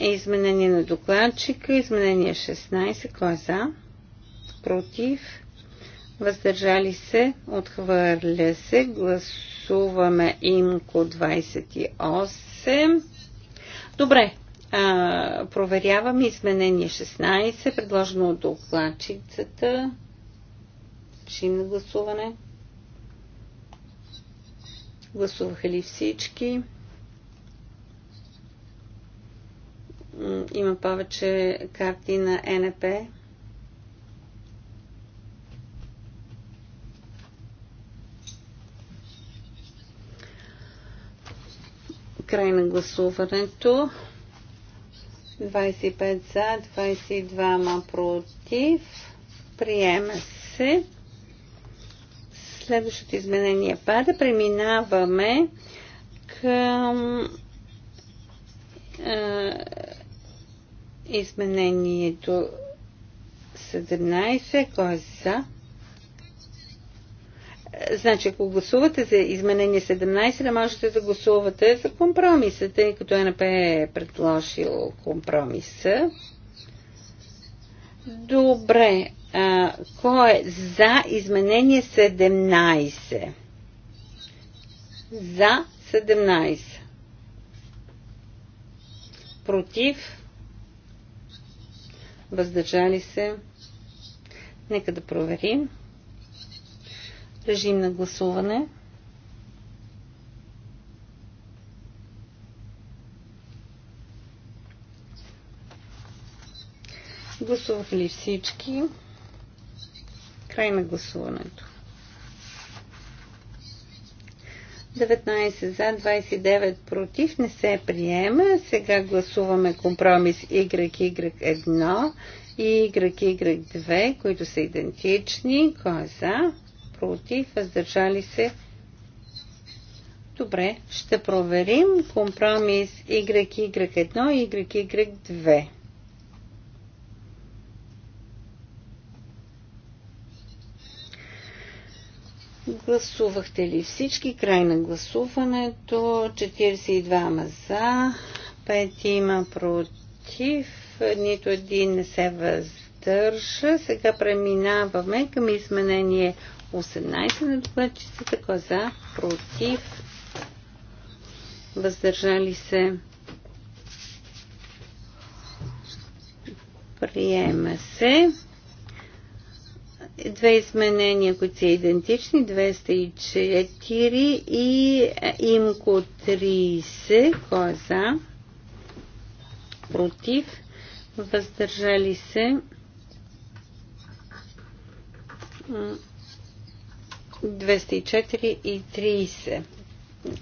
Изменение на докладчика, изменение 16, кой е за? Против, въздържали се, отхвърля се, гласуваме имко 28. Добре, а, проверяваме изменение 16, предложено от докладчицата. Чин на гласуване. Гласуваха ли всички? Има повече карти на НП. Край на гласуването. 25 за, 22 ма против. Приема се. Следващото изменение пада. Преминаваме към е, изменението 17. Кой е за? Е, значи, ако гласувате за изменение 17, не можете да гласувате за компромиса, тъй като НП е, е предложил компромиса. Добре. А, кой е за изменение 17? За 17. Против. Въздържали се. Нека да проверим. Режим на гласуване. Гласуват ли всички? Край на гласуването. 19 за, 29 против, не се приема. Сега гласуваме компромис y 1 и y 2 които са идентични. Кой е за? против, въздържали се. Добре, ще проверим компромис y 1 и y 2 Гласувахте ли всички? Край на гласуването. 42 за, 5 има против, нито един не се въздържа. Сега преминаваме към изменение 18 на докладчицата, кой е за, против, въздържали се, приема се. Две изменения, които са идентични, 204 и е, имко 30, кой е за, против, въздържали се, 204 и 30.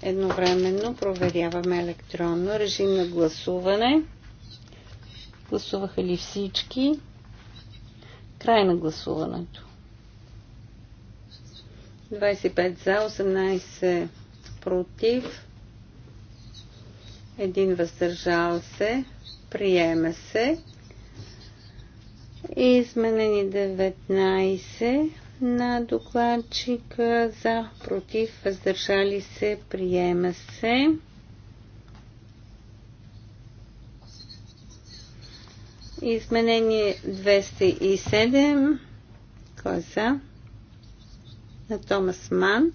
Едновременно проверяваме електронно режим на гласуване. Гласуваха ли всички? Край на гласуването. 25 за, 18 против, Един въздържал се, приема се. Изменени 19 на докладчика за против въздържали се приема се. Изменение 207 кой е за? на Томас Ман.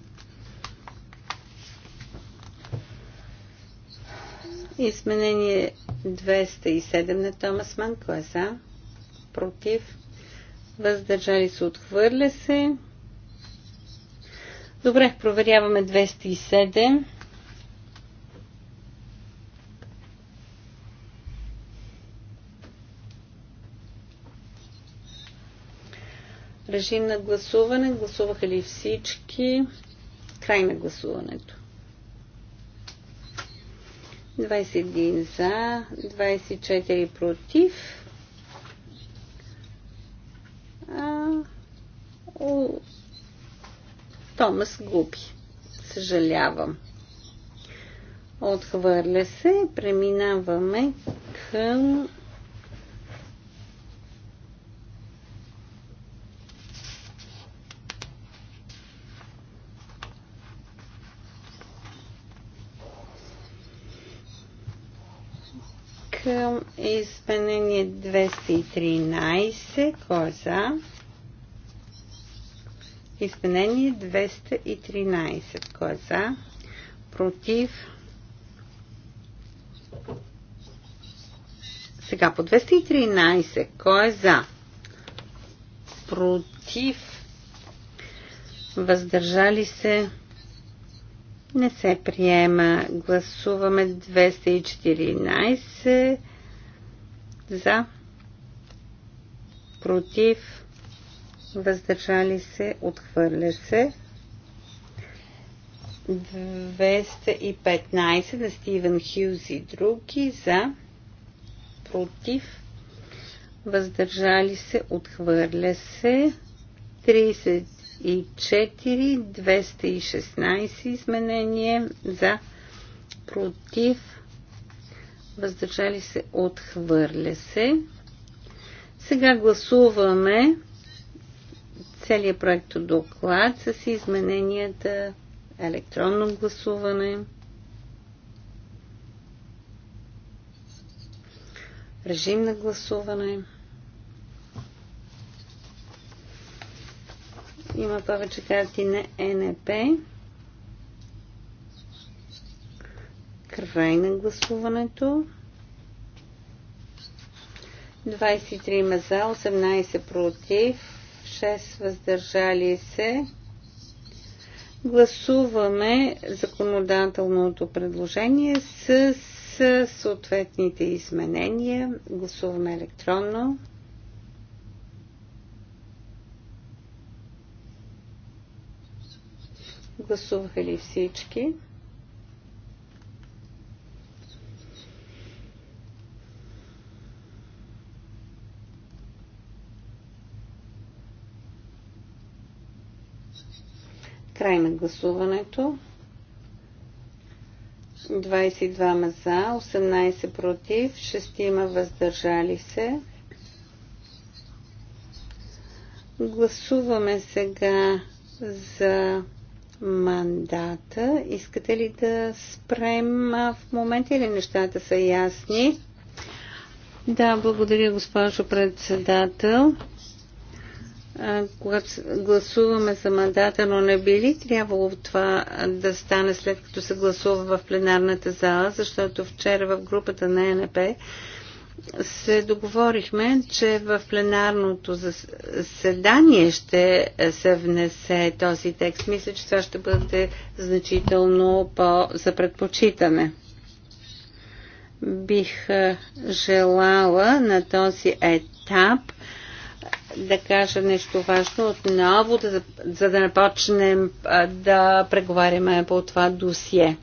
Изменение 207 на Томас Ман кой е за? против въздържали се, отхвърля се. Добре, проверяваме 207. Режим на гласуване. Гласуваха ли всички? Край на гласуването. 21 за, 24 против. Томас губи. Съжалявам. Отхвърля се. Преминаваме към към изменение 213. Коза? Е за? Изменение 213. Кой е за? Против. Сега по 213. Кой е за? Против. Въздържали се. Не се приема. Гласуваме 214. За. Против въздържали се, отхвърля се. 215 на Стивен Хюз и други за, против, въздържали се, отхвърля се. 34 216 изменение за, против, въздържали се, отхвърля се. Сега гласуваме целият проект от доклад с измененията, електронно гласуване. Режим на гласуване. Има повече карти на НП. Край на гласуването. 23 ма за, 18 против, 6 въздържали се. Гласуваме законодателното предложение с съответните изменения. Гласуваме електронно. Гласуваха ли всички? Край на гласуването. 22 за, 18 против, 6 въздържали се. Гласуваме сега за мандата. Искате ли да спрем в момента или нещата са ясни? Да, благодаря, госпожо председател когато гласуваме за мандата, но не би ли трябвало това да стане след като се гласува в пленарната зала, защото вчера в групата на ЕНП се договорихме, че в пленарното заседание ще се внесе този текст. Мисля, че това ще бъде значително по- за предпочитане. Бих желала на този етап да кажа нещо важно отново, за, за да започнем да преговаряме по това досие.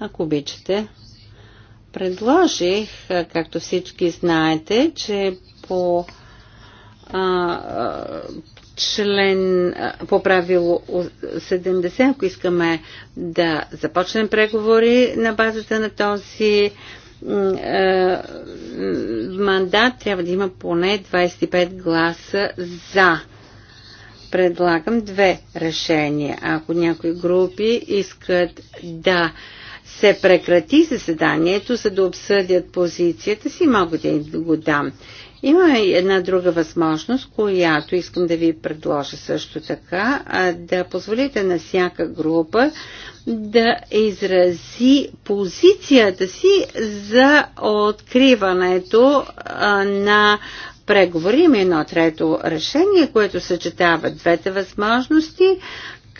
Ако обичате, предложих, както всички знаете, че по а, член по правило 70, ако искаме да започнем преговори на базата на този е, мандат трябва да има поне 25 гласа за. Предлагам две решения. Ако някои групи искат да се прекрати заседанието, за да обсъдят позицията си, мога да им го дам. Има и една друга възможност, която искам да ви предложа също така, да позволите на всяка група да изрази позицията си за откриването на преговори. Има едно трето решение, което съчетава двете възможности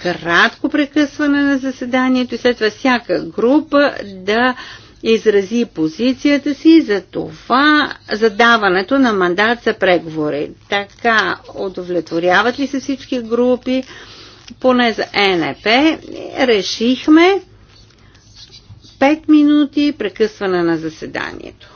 кратко прекъсване на заседанието и след това всяка група да изрази позицията си за това, за даването на мандат за преговори. Така удовлетворяват ли се всички групи, поне за ЕНП, решихме 5 минути прекъсване на заседанието.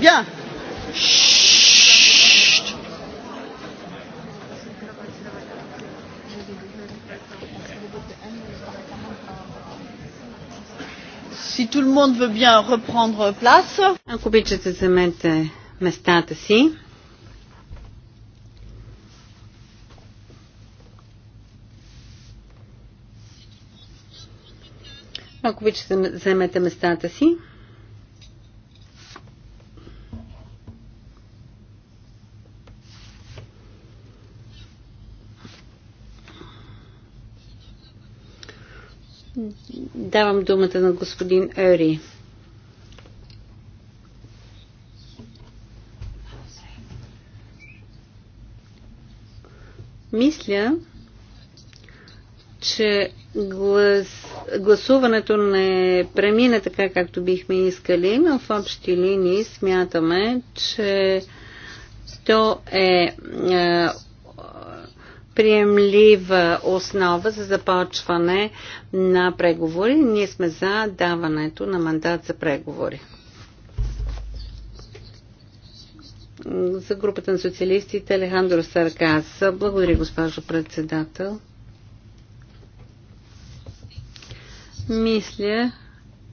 Bien. Chut. Si tout le monde veut bien reprendre place. Ако обичате, замете местата си. Ако обичате, заемете местата си. Давам думата на господин Ери. Мисля, че глас, гласуването не премина така, както бихме искали, но в общи линии смятаме, че то е, е приемлива основа за започване на преговори. Ние сме за даването на мандат за преговори. За групата на социалистите Алехандро Саркас. Благодаря, госпожо председател. Мисля,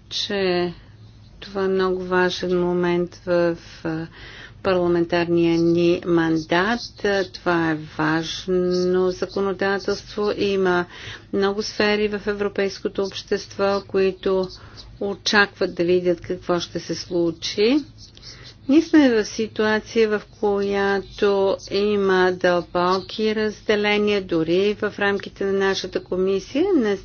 че това е много важен момент в парламентарния ни мандат. Това е важно законодателство. Има много сфери в европейското общество, които очакват да видят какво ще се случи. Ние сме в ситуация, в която има дълбоки разделения, дори в рамките на нашата комисия. Не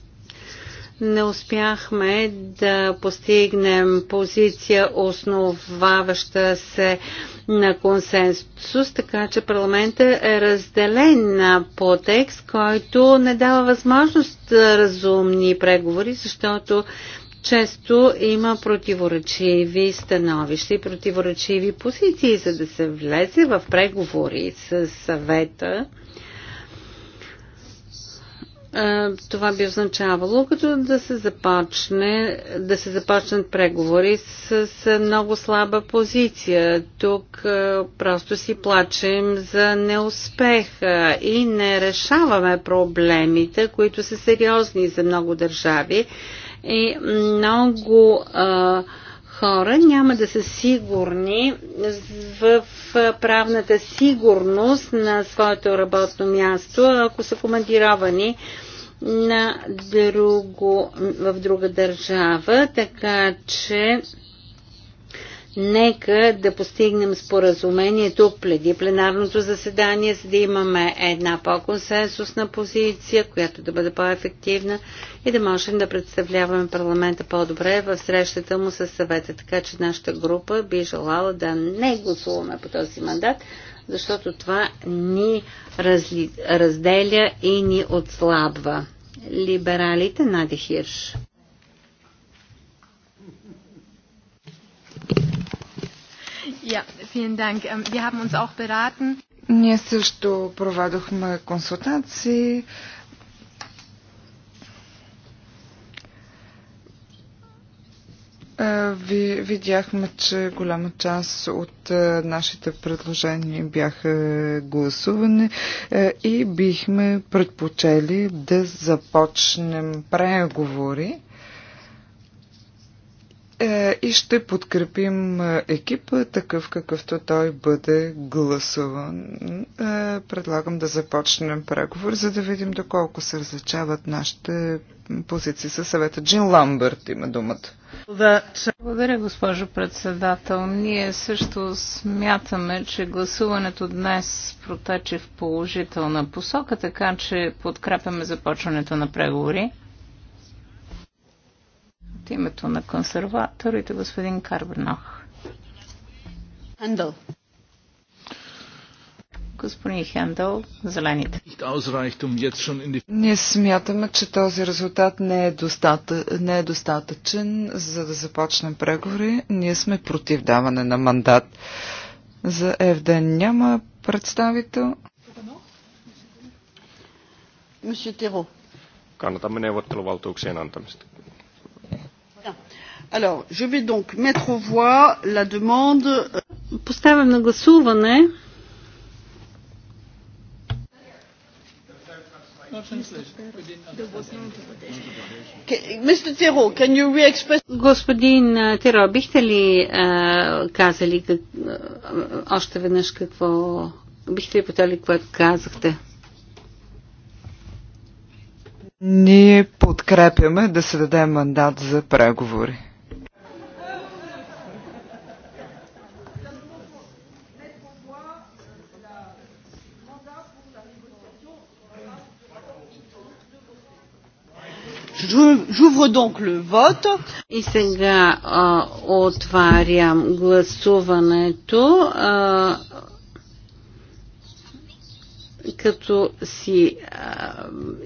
не успяхме да постигнем позиция, основаваща се на консенсус, така че парламента е разделен на текст, който не дава възможност разумни преговори, защото често има противоречиви становища и противоречиви позиции, за да се влезе в преговори с съвета това би означавало като да се започне да се започнат преговори с, с много слаба позиция. Тук просто си плачем за неуспеха и не решаваме проблемите, които са сериозни за много държави и много а, хора няма да са сигурни в правната сигурност на своето работно място, ако са командировани на друго, в друга държава, така че Нека да постигнем споразумение тук преди пленарното заседание, за да имаме една по-консенсусна позиция, която да бъде по-ефективна и да можем да представляваме парламента по-добре в срещата му с съвета. Така че нашата група би желала да не гласуваме по този мандат, защото това ни разли... разделя и ни отслабва. Либералите Нади Хирш. Ähm, Ние също проведохме консултации. Е, ви, видяхме, че голяма част от е, нашите предложения бяха гласувани е, и бихме предпочели да започнем преговори е, и ще подкрепим е, екипа такъв какъвто той бъде гласуван. Е, предлагам да започнем преговор, за да видим доколко се различават нашите позиции със съвета. Джин Ламбърт има думата. Благодаря, госпожо председател. Ние също смятаме, че гласуването днес протече в положителна посока, така че подкрепяме започването на преговори името на консерваторите господин Карбнах. Хендъл. Господин Хендъл, зелените. Um Ние смятаме, че този резултат не е, достатъ... не е достатъчен, за да започнем преговори. Ние сме против даване на мандат. За ФД няма представител. Мисю Теро. Kannatamme neuvotteluvaltuuksien antamista. Alors, je vais donc mettre voix la demande. Euh, Поставям на гласуване. Господин Теро, бихте ли казали още веднъж какво... Бихте ли потали което казахте? Ние подкрепяме да се даде мандат за преговори. J'ouvre donc le vote. И сега а, отварям гласуването. А, като си а,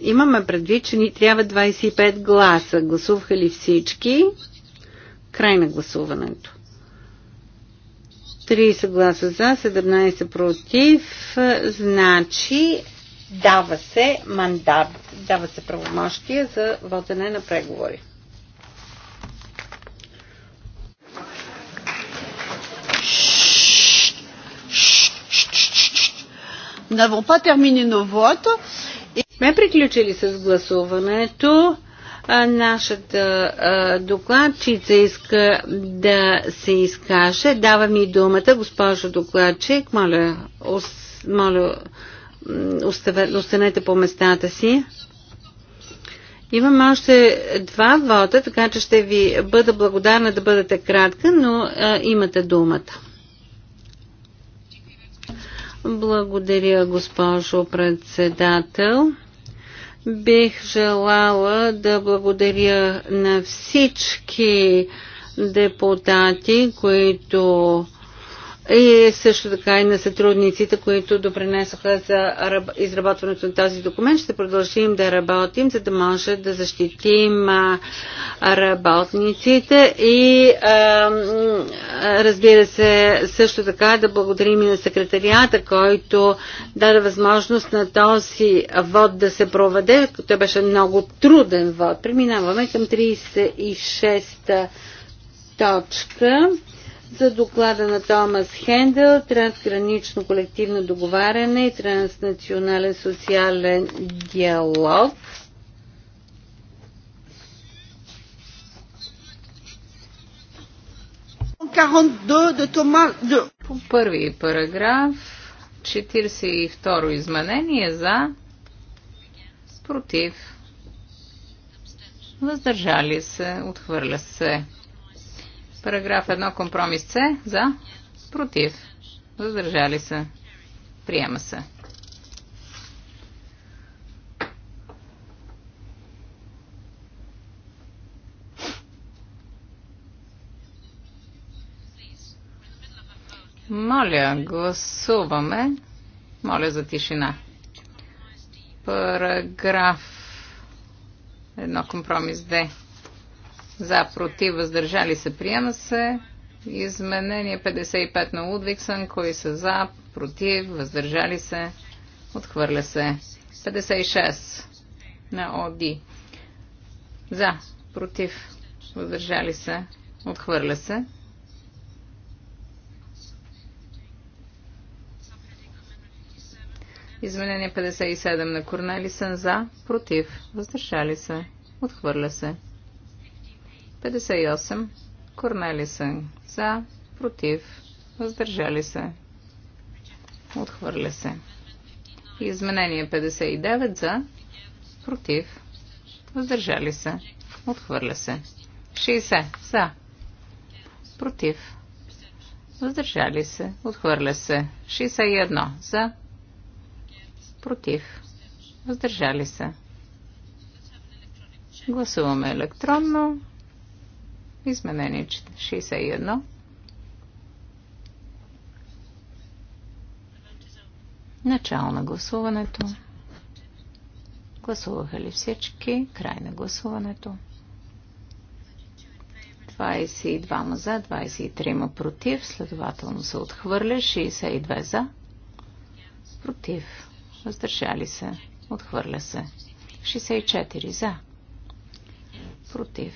имаме предвид, че ни трябва 25 гласа. Гласуваха ли всички? Край на гласуването. 30 гласа за, 17 против. Значи Дава се мандат, дава се правомощие за водене на преговори. Сме приключили с гласуването. Нашата докладчица иска да се изкаже. Дава ми думата, госпожо докладчик. Моля, моля останете по местата си. Имам още два вода, така че ще ви бъда благодарна да бъдете кратка, но а, имате думата. Благодаря, госпожо председател. Бих желала да благодаря на всички депутати, които и също така и на сътрудниците, които допринесоха за изработването на този документ. Ще продължим да работим, за да може да защитим работниците и разбира се също така да благодарим и на секретарията, който даде възможност на този вод да се проведе. Той беше много труден вод. Преминаваме към 36 точка за доклада на Томас Хендел, трансгранично колективно договаряне и транснационален социален диалог. По първи параграф, 42 изменение за, против, въздържали се, отхвърля се. Параграф 1, компромис С. За. Против. Въздържали се. Приема се. Моля, гласуваме. Моля за тишина. Параграф. Едно компромис Д. За, против, въздържали се, приема се. Изменение 55 на Лудвиксън. Кои са за, против, въздържали се, отхвърля се. 56 на ОДИ. За, против, въздържали се, отхвърля се. Изменение 57 на Корнелисън за, против, въздържали се, отхвърля се. 58. Корнели са. За. Против. Въздържали се. Отхвърля се. Изменение 59. За. Против. Въздържали се. Отхвърля се. 60. За. Против. Въздържали се. Отхвърля се. 61. За. Против. Въздържали се. Гласуваме електронно. Изменение 61. Начало на гласуването. Гласуваха ли всички? Край на гласуването. 22 за, 23 против, следователно се отхвърля, 62 за, против, въздържали се, отхвърля се, 64 за, против,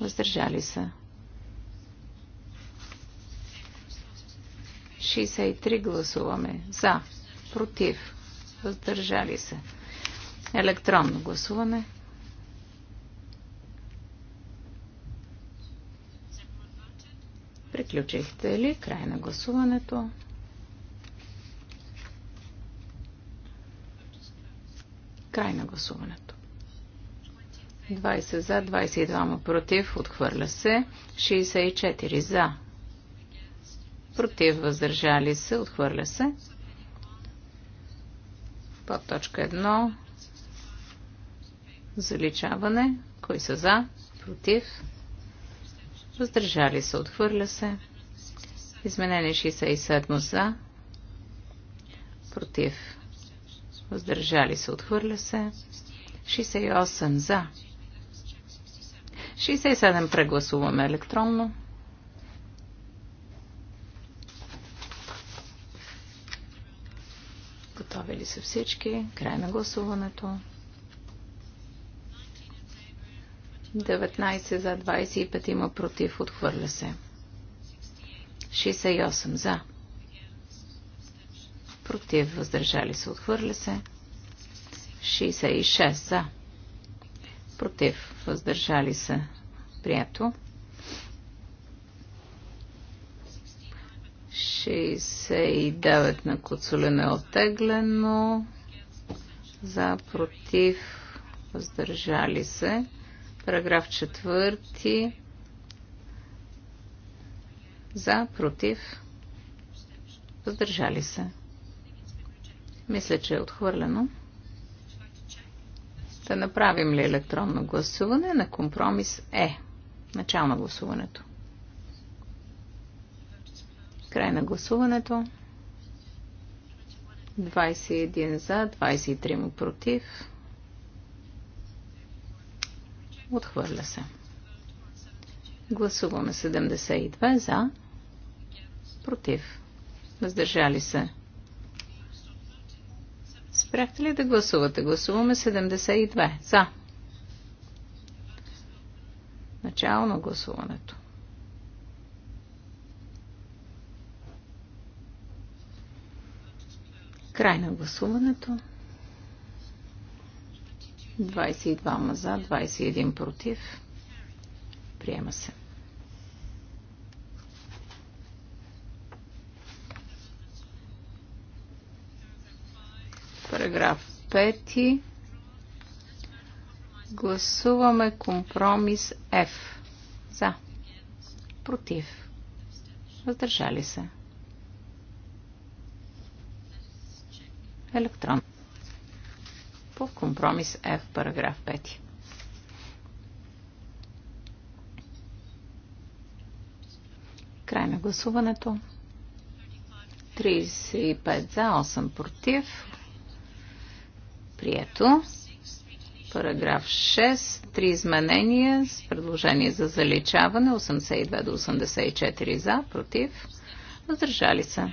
Въздържали се. 63 гласуваме. За. Против. Въздържали се. Електронно гласуване. Приключихте ли? Край на гласуването. Край на гласуването. 20 за, 22 против, отхвърля се. 64 за, против, въздържали се, отхвърля се. Под точка 1. Заличаване. Кой са за? Против. Въздържали се, отхвърля се. Изменение 67 за. Против. Въздържали се, отхвърля се. 68 за 67 прегласуваме електронно. Готови ли са всички? Край на гласуването. 19 за 25 има против. Отхвърля се. 68 за. Против. Въздържали се. Отхвърля се. 66 за против, въздържали се, прието. 69 на Куцулина е оттеглено, за, против, въздържали се. Параграф 4. За, против, въздържали се. Мисля, че е отхвърлено. Да направим ли електронно гласуване на компромис Е? Начало на гласуването. Край на гласуването. 21 за, 23 му против. Отхвърля се. Гласуваме 72 за, против. Въздържали се Спряхте ли да гласувате? Гласуваме 72. За. Начало на гласуването. Край на гласуването. 22 за, 21 против. Приема се. Параграф 5. Гласуваме компромис F. За. Против. Въздържали се. Електрон. По компромис F, параграф 5. Край на гласуването. 35 за, 8 против. Прието. Параграф 6. Три изменения с предложение за заличаване. 82 до 84 за, против. Въздържали се.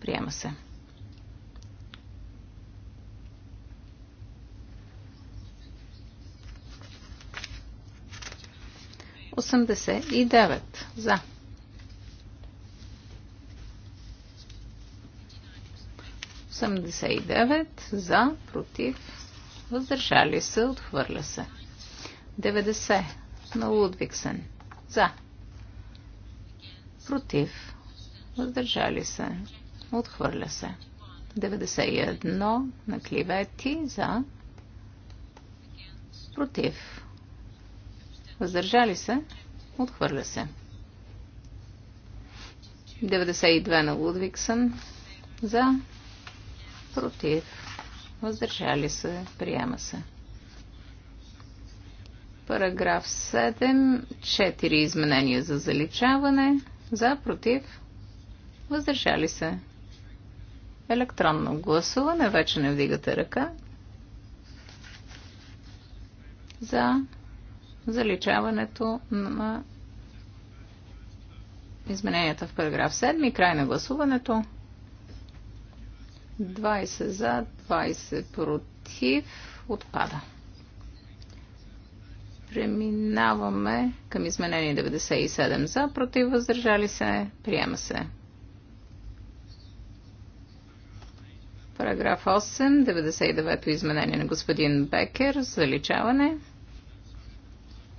Приема се. Осемдесет и девет за. 79 за, против, въздържали се, отхвърля се. 90 на Лудвиксен за, против, въздържали се, отхвърля се. 91 на Кливети за, против, въздържали се, отхвърля се. 92 на Лудвиксън за, против, въздържали се, приема се. Параграф 7, 4 изменения за заличаване, за, против, въздържали се. Електронно гласуване, вече не вдигате ръка. За заличаването на измененията в параграф 7, край на гласуването. 20 за, 20 против. Отпада. Преминаваме към изменение 97 за, против, въздържали се, приема се. Параграф 8, 99-то изменение на господин Бекер, заличаване.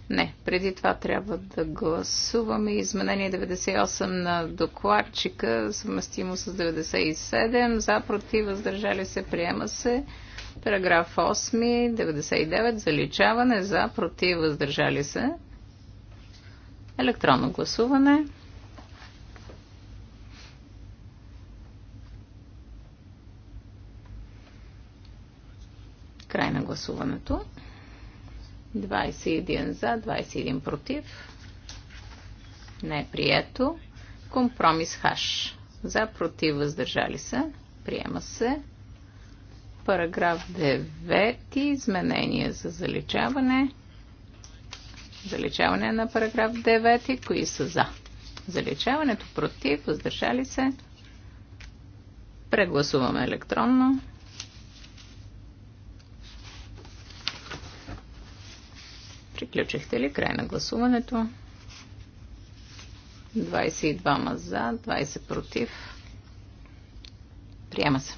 Не, преди това трябва да гласуваме изменение 98 на докладчика, съвместимо с 97, за, против, въздържали се, приема се. Параграф 8, 99, заличаване, за, против, въздържали се. Електронно гласуване. Край на гласуването. 21 за, 21 против. Не е прието. Компромис хаш. За, против, въздържали се. Приема се. Параграф 9. Изменение за заличаване. Заличаване на параграф 9. Кои са за? Заличаването против, въздържали се. Прегласуваме електронно. Приключихте ли край на гласуването? 22 за, 20 против. Приема се.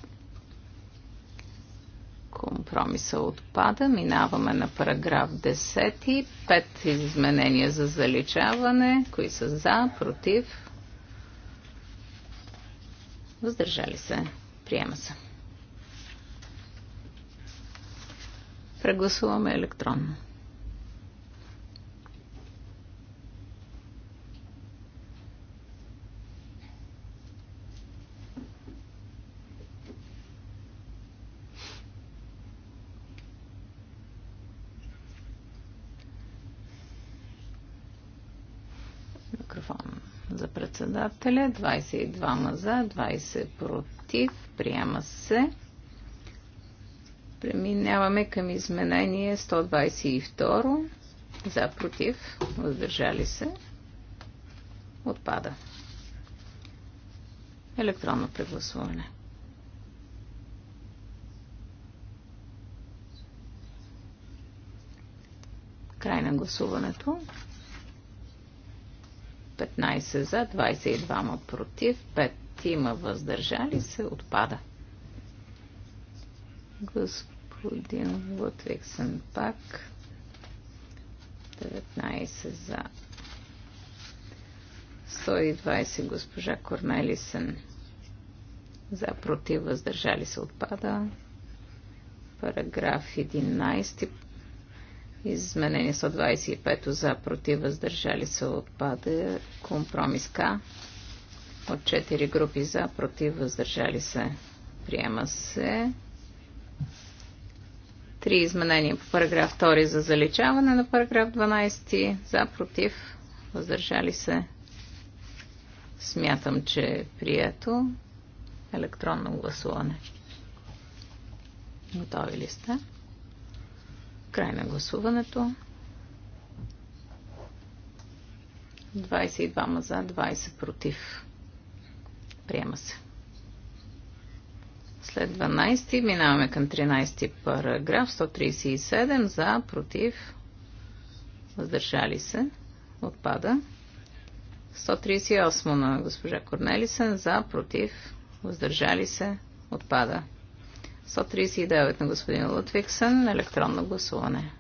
Компромиса отпада. Минаваме на параграф 10. Пет изменения за заличаване. Кои са за, против? Въздържали се. Приема се. Прегласуваме електронно. председателя. 22 за, 20 против. Приема се. Преминаваме към изменение 122. За, против. Въздържали се. Отпада. Електронно прегласуване. Край на гласуването. 15 за, 22 против, 5 има въздържали се, отпада. Господин Лутвиксен пак. 19 за. 120 госпожа Корнелисен. За против въздържали се отпада. Параграф 11 Изменение 125 за против въздържали се отпада. Компромис К от 4 групи за против въздържали се. Приема се. Три изменения по параграф 2 за заличаване на параграф 12 за против въздържали се. Смятам, че е прието електронно гласуване. Готови ли сте? Край на гласуването. 22 за, 20 против. Приема се. След 12 минаваме към 13 параграф 137 за, против, въздържали се, отпада. 138 на госпожа Корнелисен за, против, въздържали се, отпада. 139 на господин Лутвиксън. Електронно гласуване.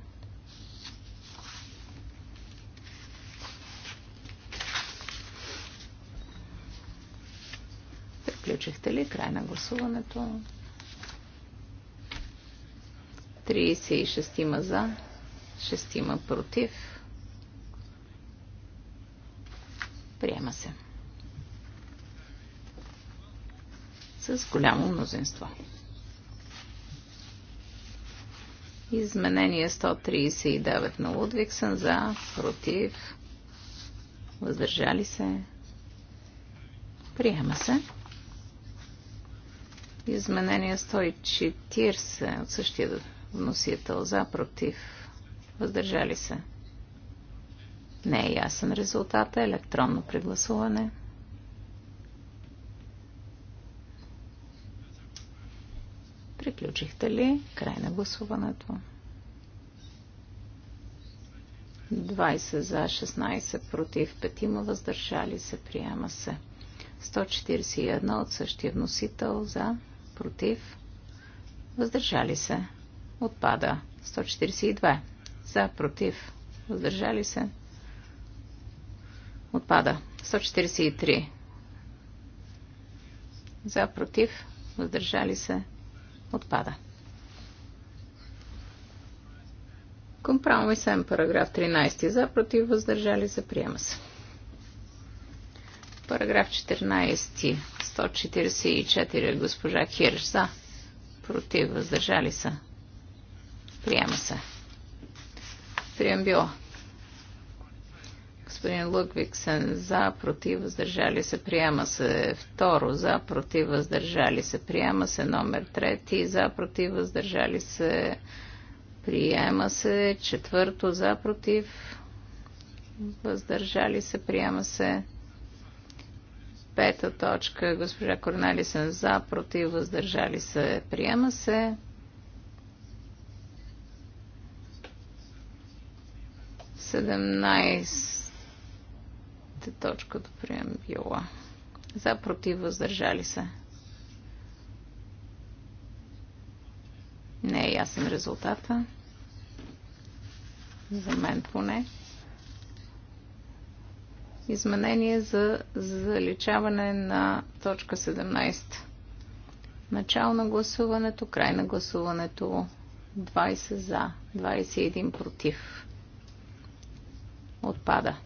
Приключихте ли? Край на гласуването. 36 има за, 6 има против. Приема се. С голямо мнозинство. Изменение 139 на Лудвиксън за, против, въздържали се. Приема се. Изменение 140 от същия вносител за, против, въздържали се. Не е ясен резултата. Електронно прегласуване. Приключихте ли? Край на гласуването. 20 за, 16 против, 5 въздържали се, приема се. 141 от същия вносител за, против, въздържали се, отпада. 142 за, против, въздържали се, отпада. 143 за, против, въздържали се, Отпада. Компромисен параграф 13 за, против, въздържали се, приема се. Параграф 14, 144, госпожа Хирш за, против, въздържали се, приема се. Приембила. Господин Луквиксен за, против, въздържали се, приема се. Второ, за, против, въздържали се, приема се. Номер трети, за, против, въздържали се, приема се. Четвърто, за, против, въздържали се, приема се. Пета точка, госпожа Корналисен за, против, въздържали се, приема се. Седемнайст Променихте прием била. За против въздържали се. Не е ясен резултата. За мен поне. Изменение за заличаване на точка 17. Начало на гласуването, край на гласуването 20 за, 21 против. Отпада.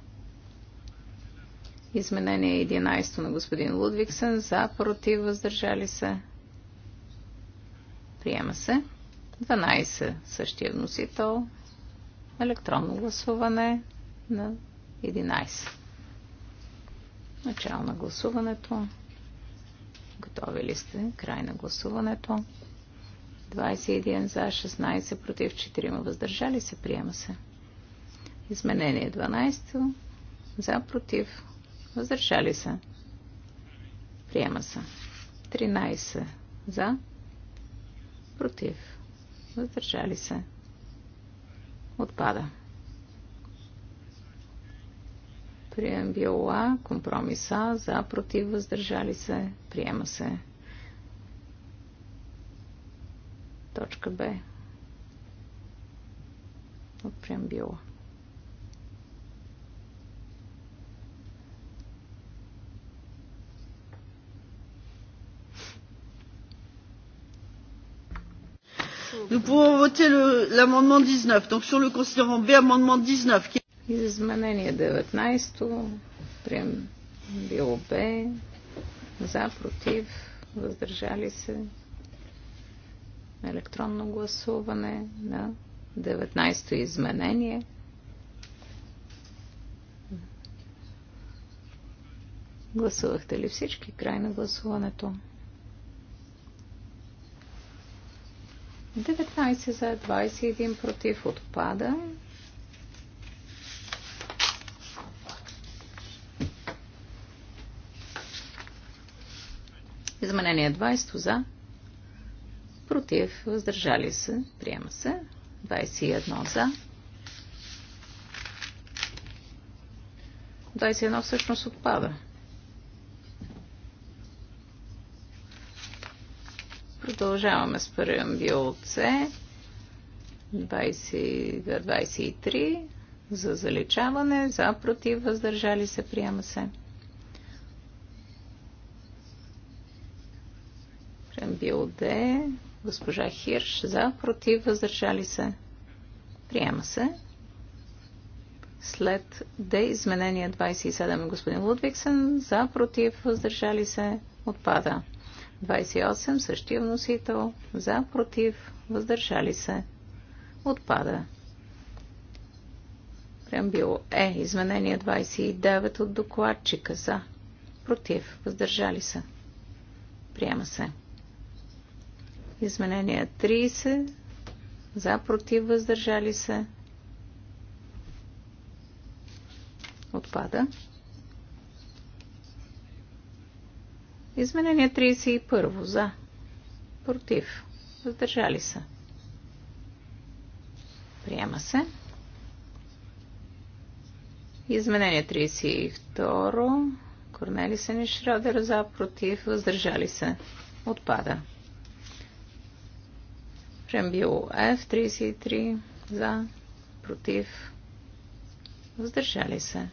Изменение 11 на господин Лудвиксен. За, против, въздържали се. Приема се. 12. Същия вносител. Електронно гласуване на 11. Начало на гласуването. Готови ли сте? Край на гласуването. 21 за, 16 против, 4 въздържали се. Приема се. Изменение 12. За, против, Въздържали се. Приема се. 13 за. Против. Въздържали се. Отпада. Прием биола, компромиса, за, против, въздържали се, приема се. Точка Б. От прием биола. Nous pouvons voter l'amendement 19. Donc sur le considérant B, amendement 19. Qui... Изменение 19. Прием било Б. За, против, въздържали се. Електронно гласуване на 19-то изменение. Гласувахте ли всички? Край на гласуването. 19 за 21 против отпада. Изменение 20 за против въздържали се. Приема се. 21 за. 21 всъщност отпада. Продължаваме с преамбил С 22-23 за заличаване, за против, въздържали се, приема се. Преамбил Д, госпожа Хирш, за против, въздържали се, приема се. След Д, изменение 27, господин Лудвиксен, за против, въздържали се, отпада. 28, същия вносител, за, против, въздържали се, отпада. Преамбило Е, изменение 29 от докладчика, за, против, въздържали се, приема се. Изменение 30, за, против, въздържали се, отпада. Изменение 31. За. Против. Въздържали се. Приема се. Изменение 32. Корнели се ни Шрадер за, против, въздържали се. Отпада. Прембило F 33 за, против, въздържали се.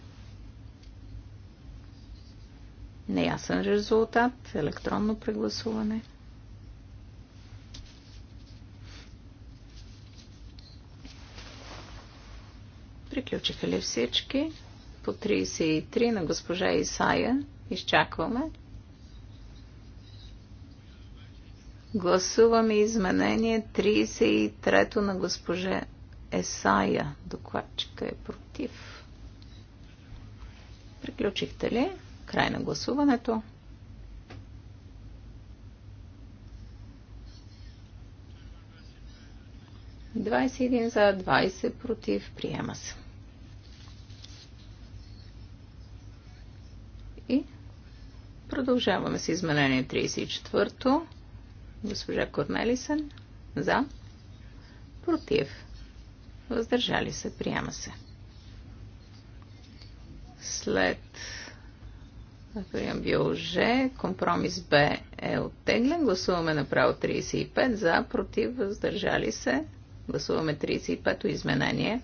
Неясен резултат. Електронно прегласуване. Приключиха ли всички? По 33 на госпожа Исая. Изчакваме. Гласуваме изменение 33-то на госпожа Есая. Докладчика е против. Приключихте ли? Край на гласуването. Двадесет един за, 20 против. Приема се. И продължаваме с изменение 34-то. Госпожа Корнелисен. За. Против. Въздържали се. Приема се. След Преамбил Ж, компромис Б е оттеглен. Гласуваме направо 35 за, против, въздържали се. Гласуваме 35-то изменение.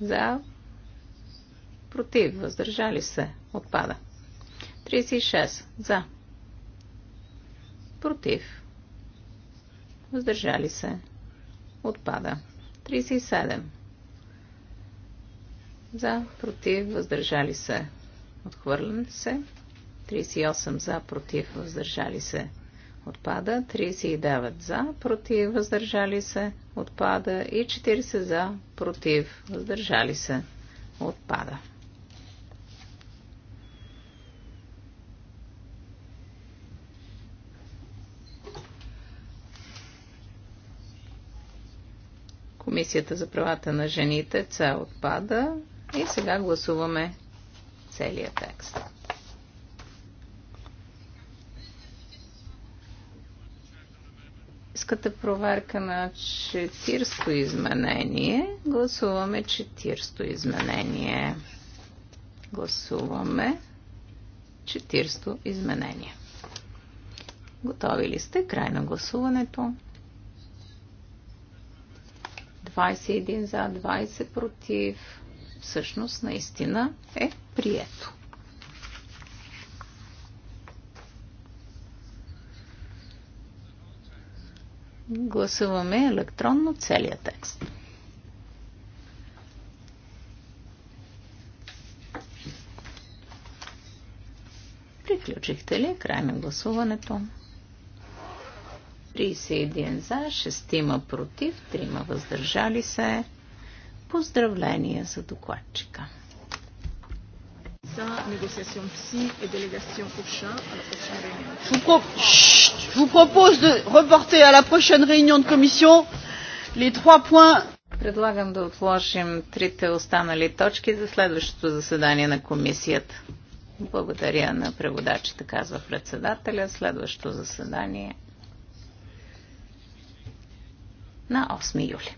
За, против, въздържали се. Отпада. 36 за, против, въздържали се. Отпада. 37 за, против, въздържали се. Отхвърлен се. 38 за, против, въздържали се. Отпада. 39 за, против, въздържали се. Отпада. И 40 за, против, въздържали се. Отпада. Комисията за правата на жените ця отпада. И сега гласуваме целият текст. Искате проверка на четирсто изменение. Гласуваме четирсто изменение. Гласуваме четирсто изменение. Готови ли сте? Край на гласуването. 21 за, 20 против всъщност наистина е прието. Гласуваме електронно целият текст. Приключихте ли? Край на гласуването. 31 за, 6 против, 3 въздържали се. Поздравления за докладчика. Е je vous propose de reporter à la prochaine réunion de commission les trois points. Предлагам да отложим трите останали точки за следващото заседание на комисията. Благодаря на преводачите, казва председателя. Следващото заседание на 8 юли.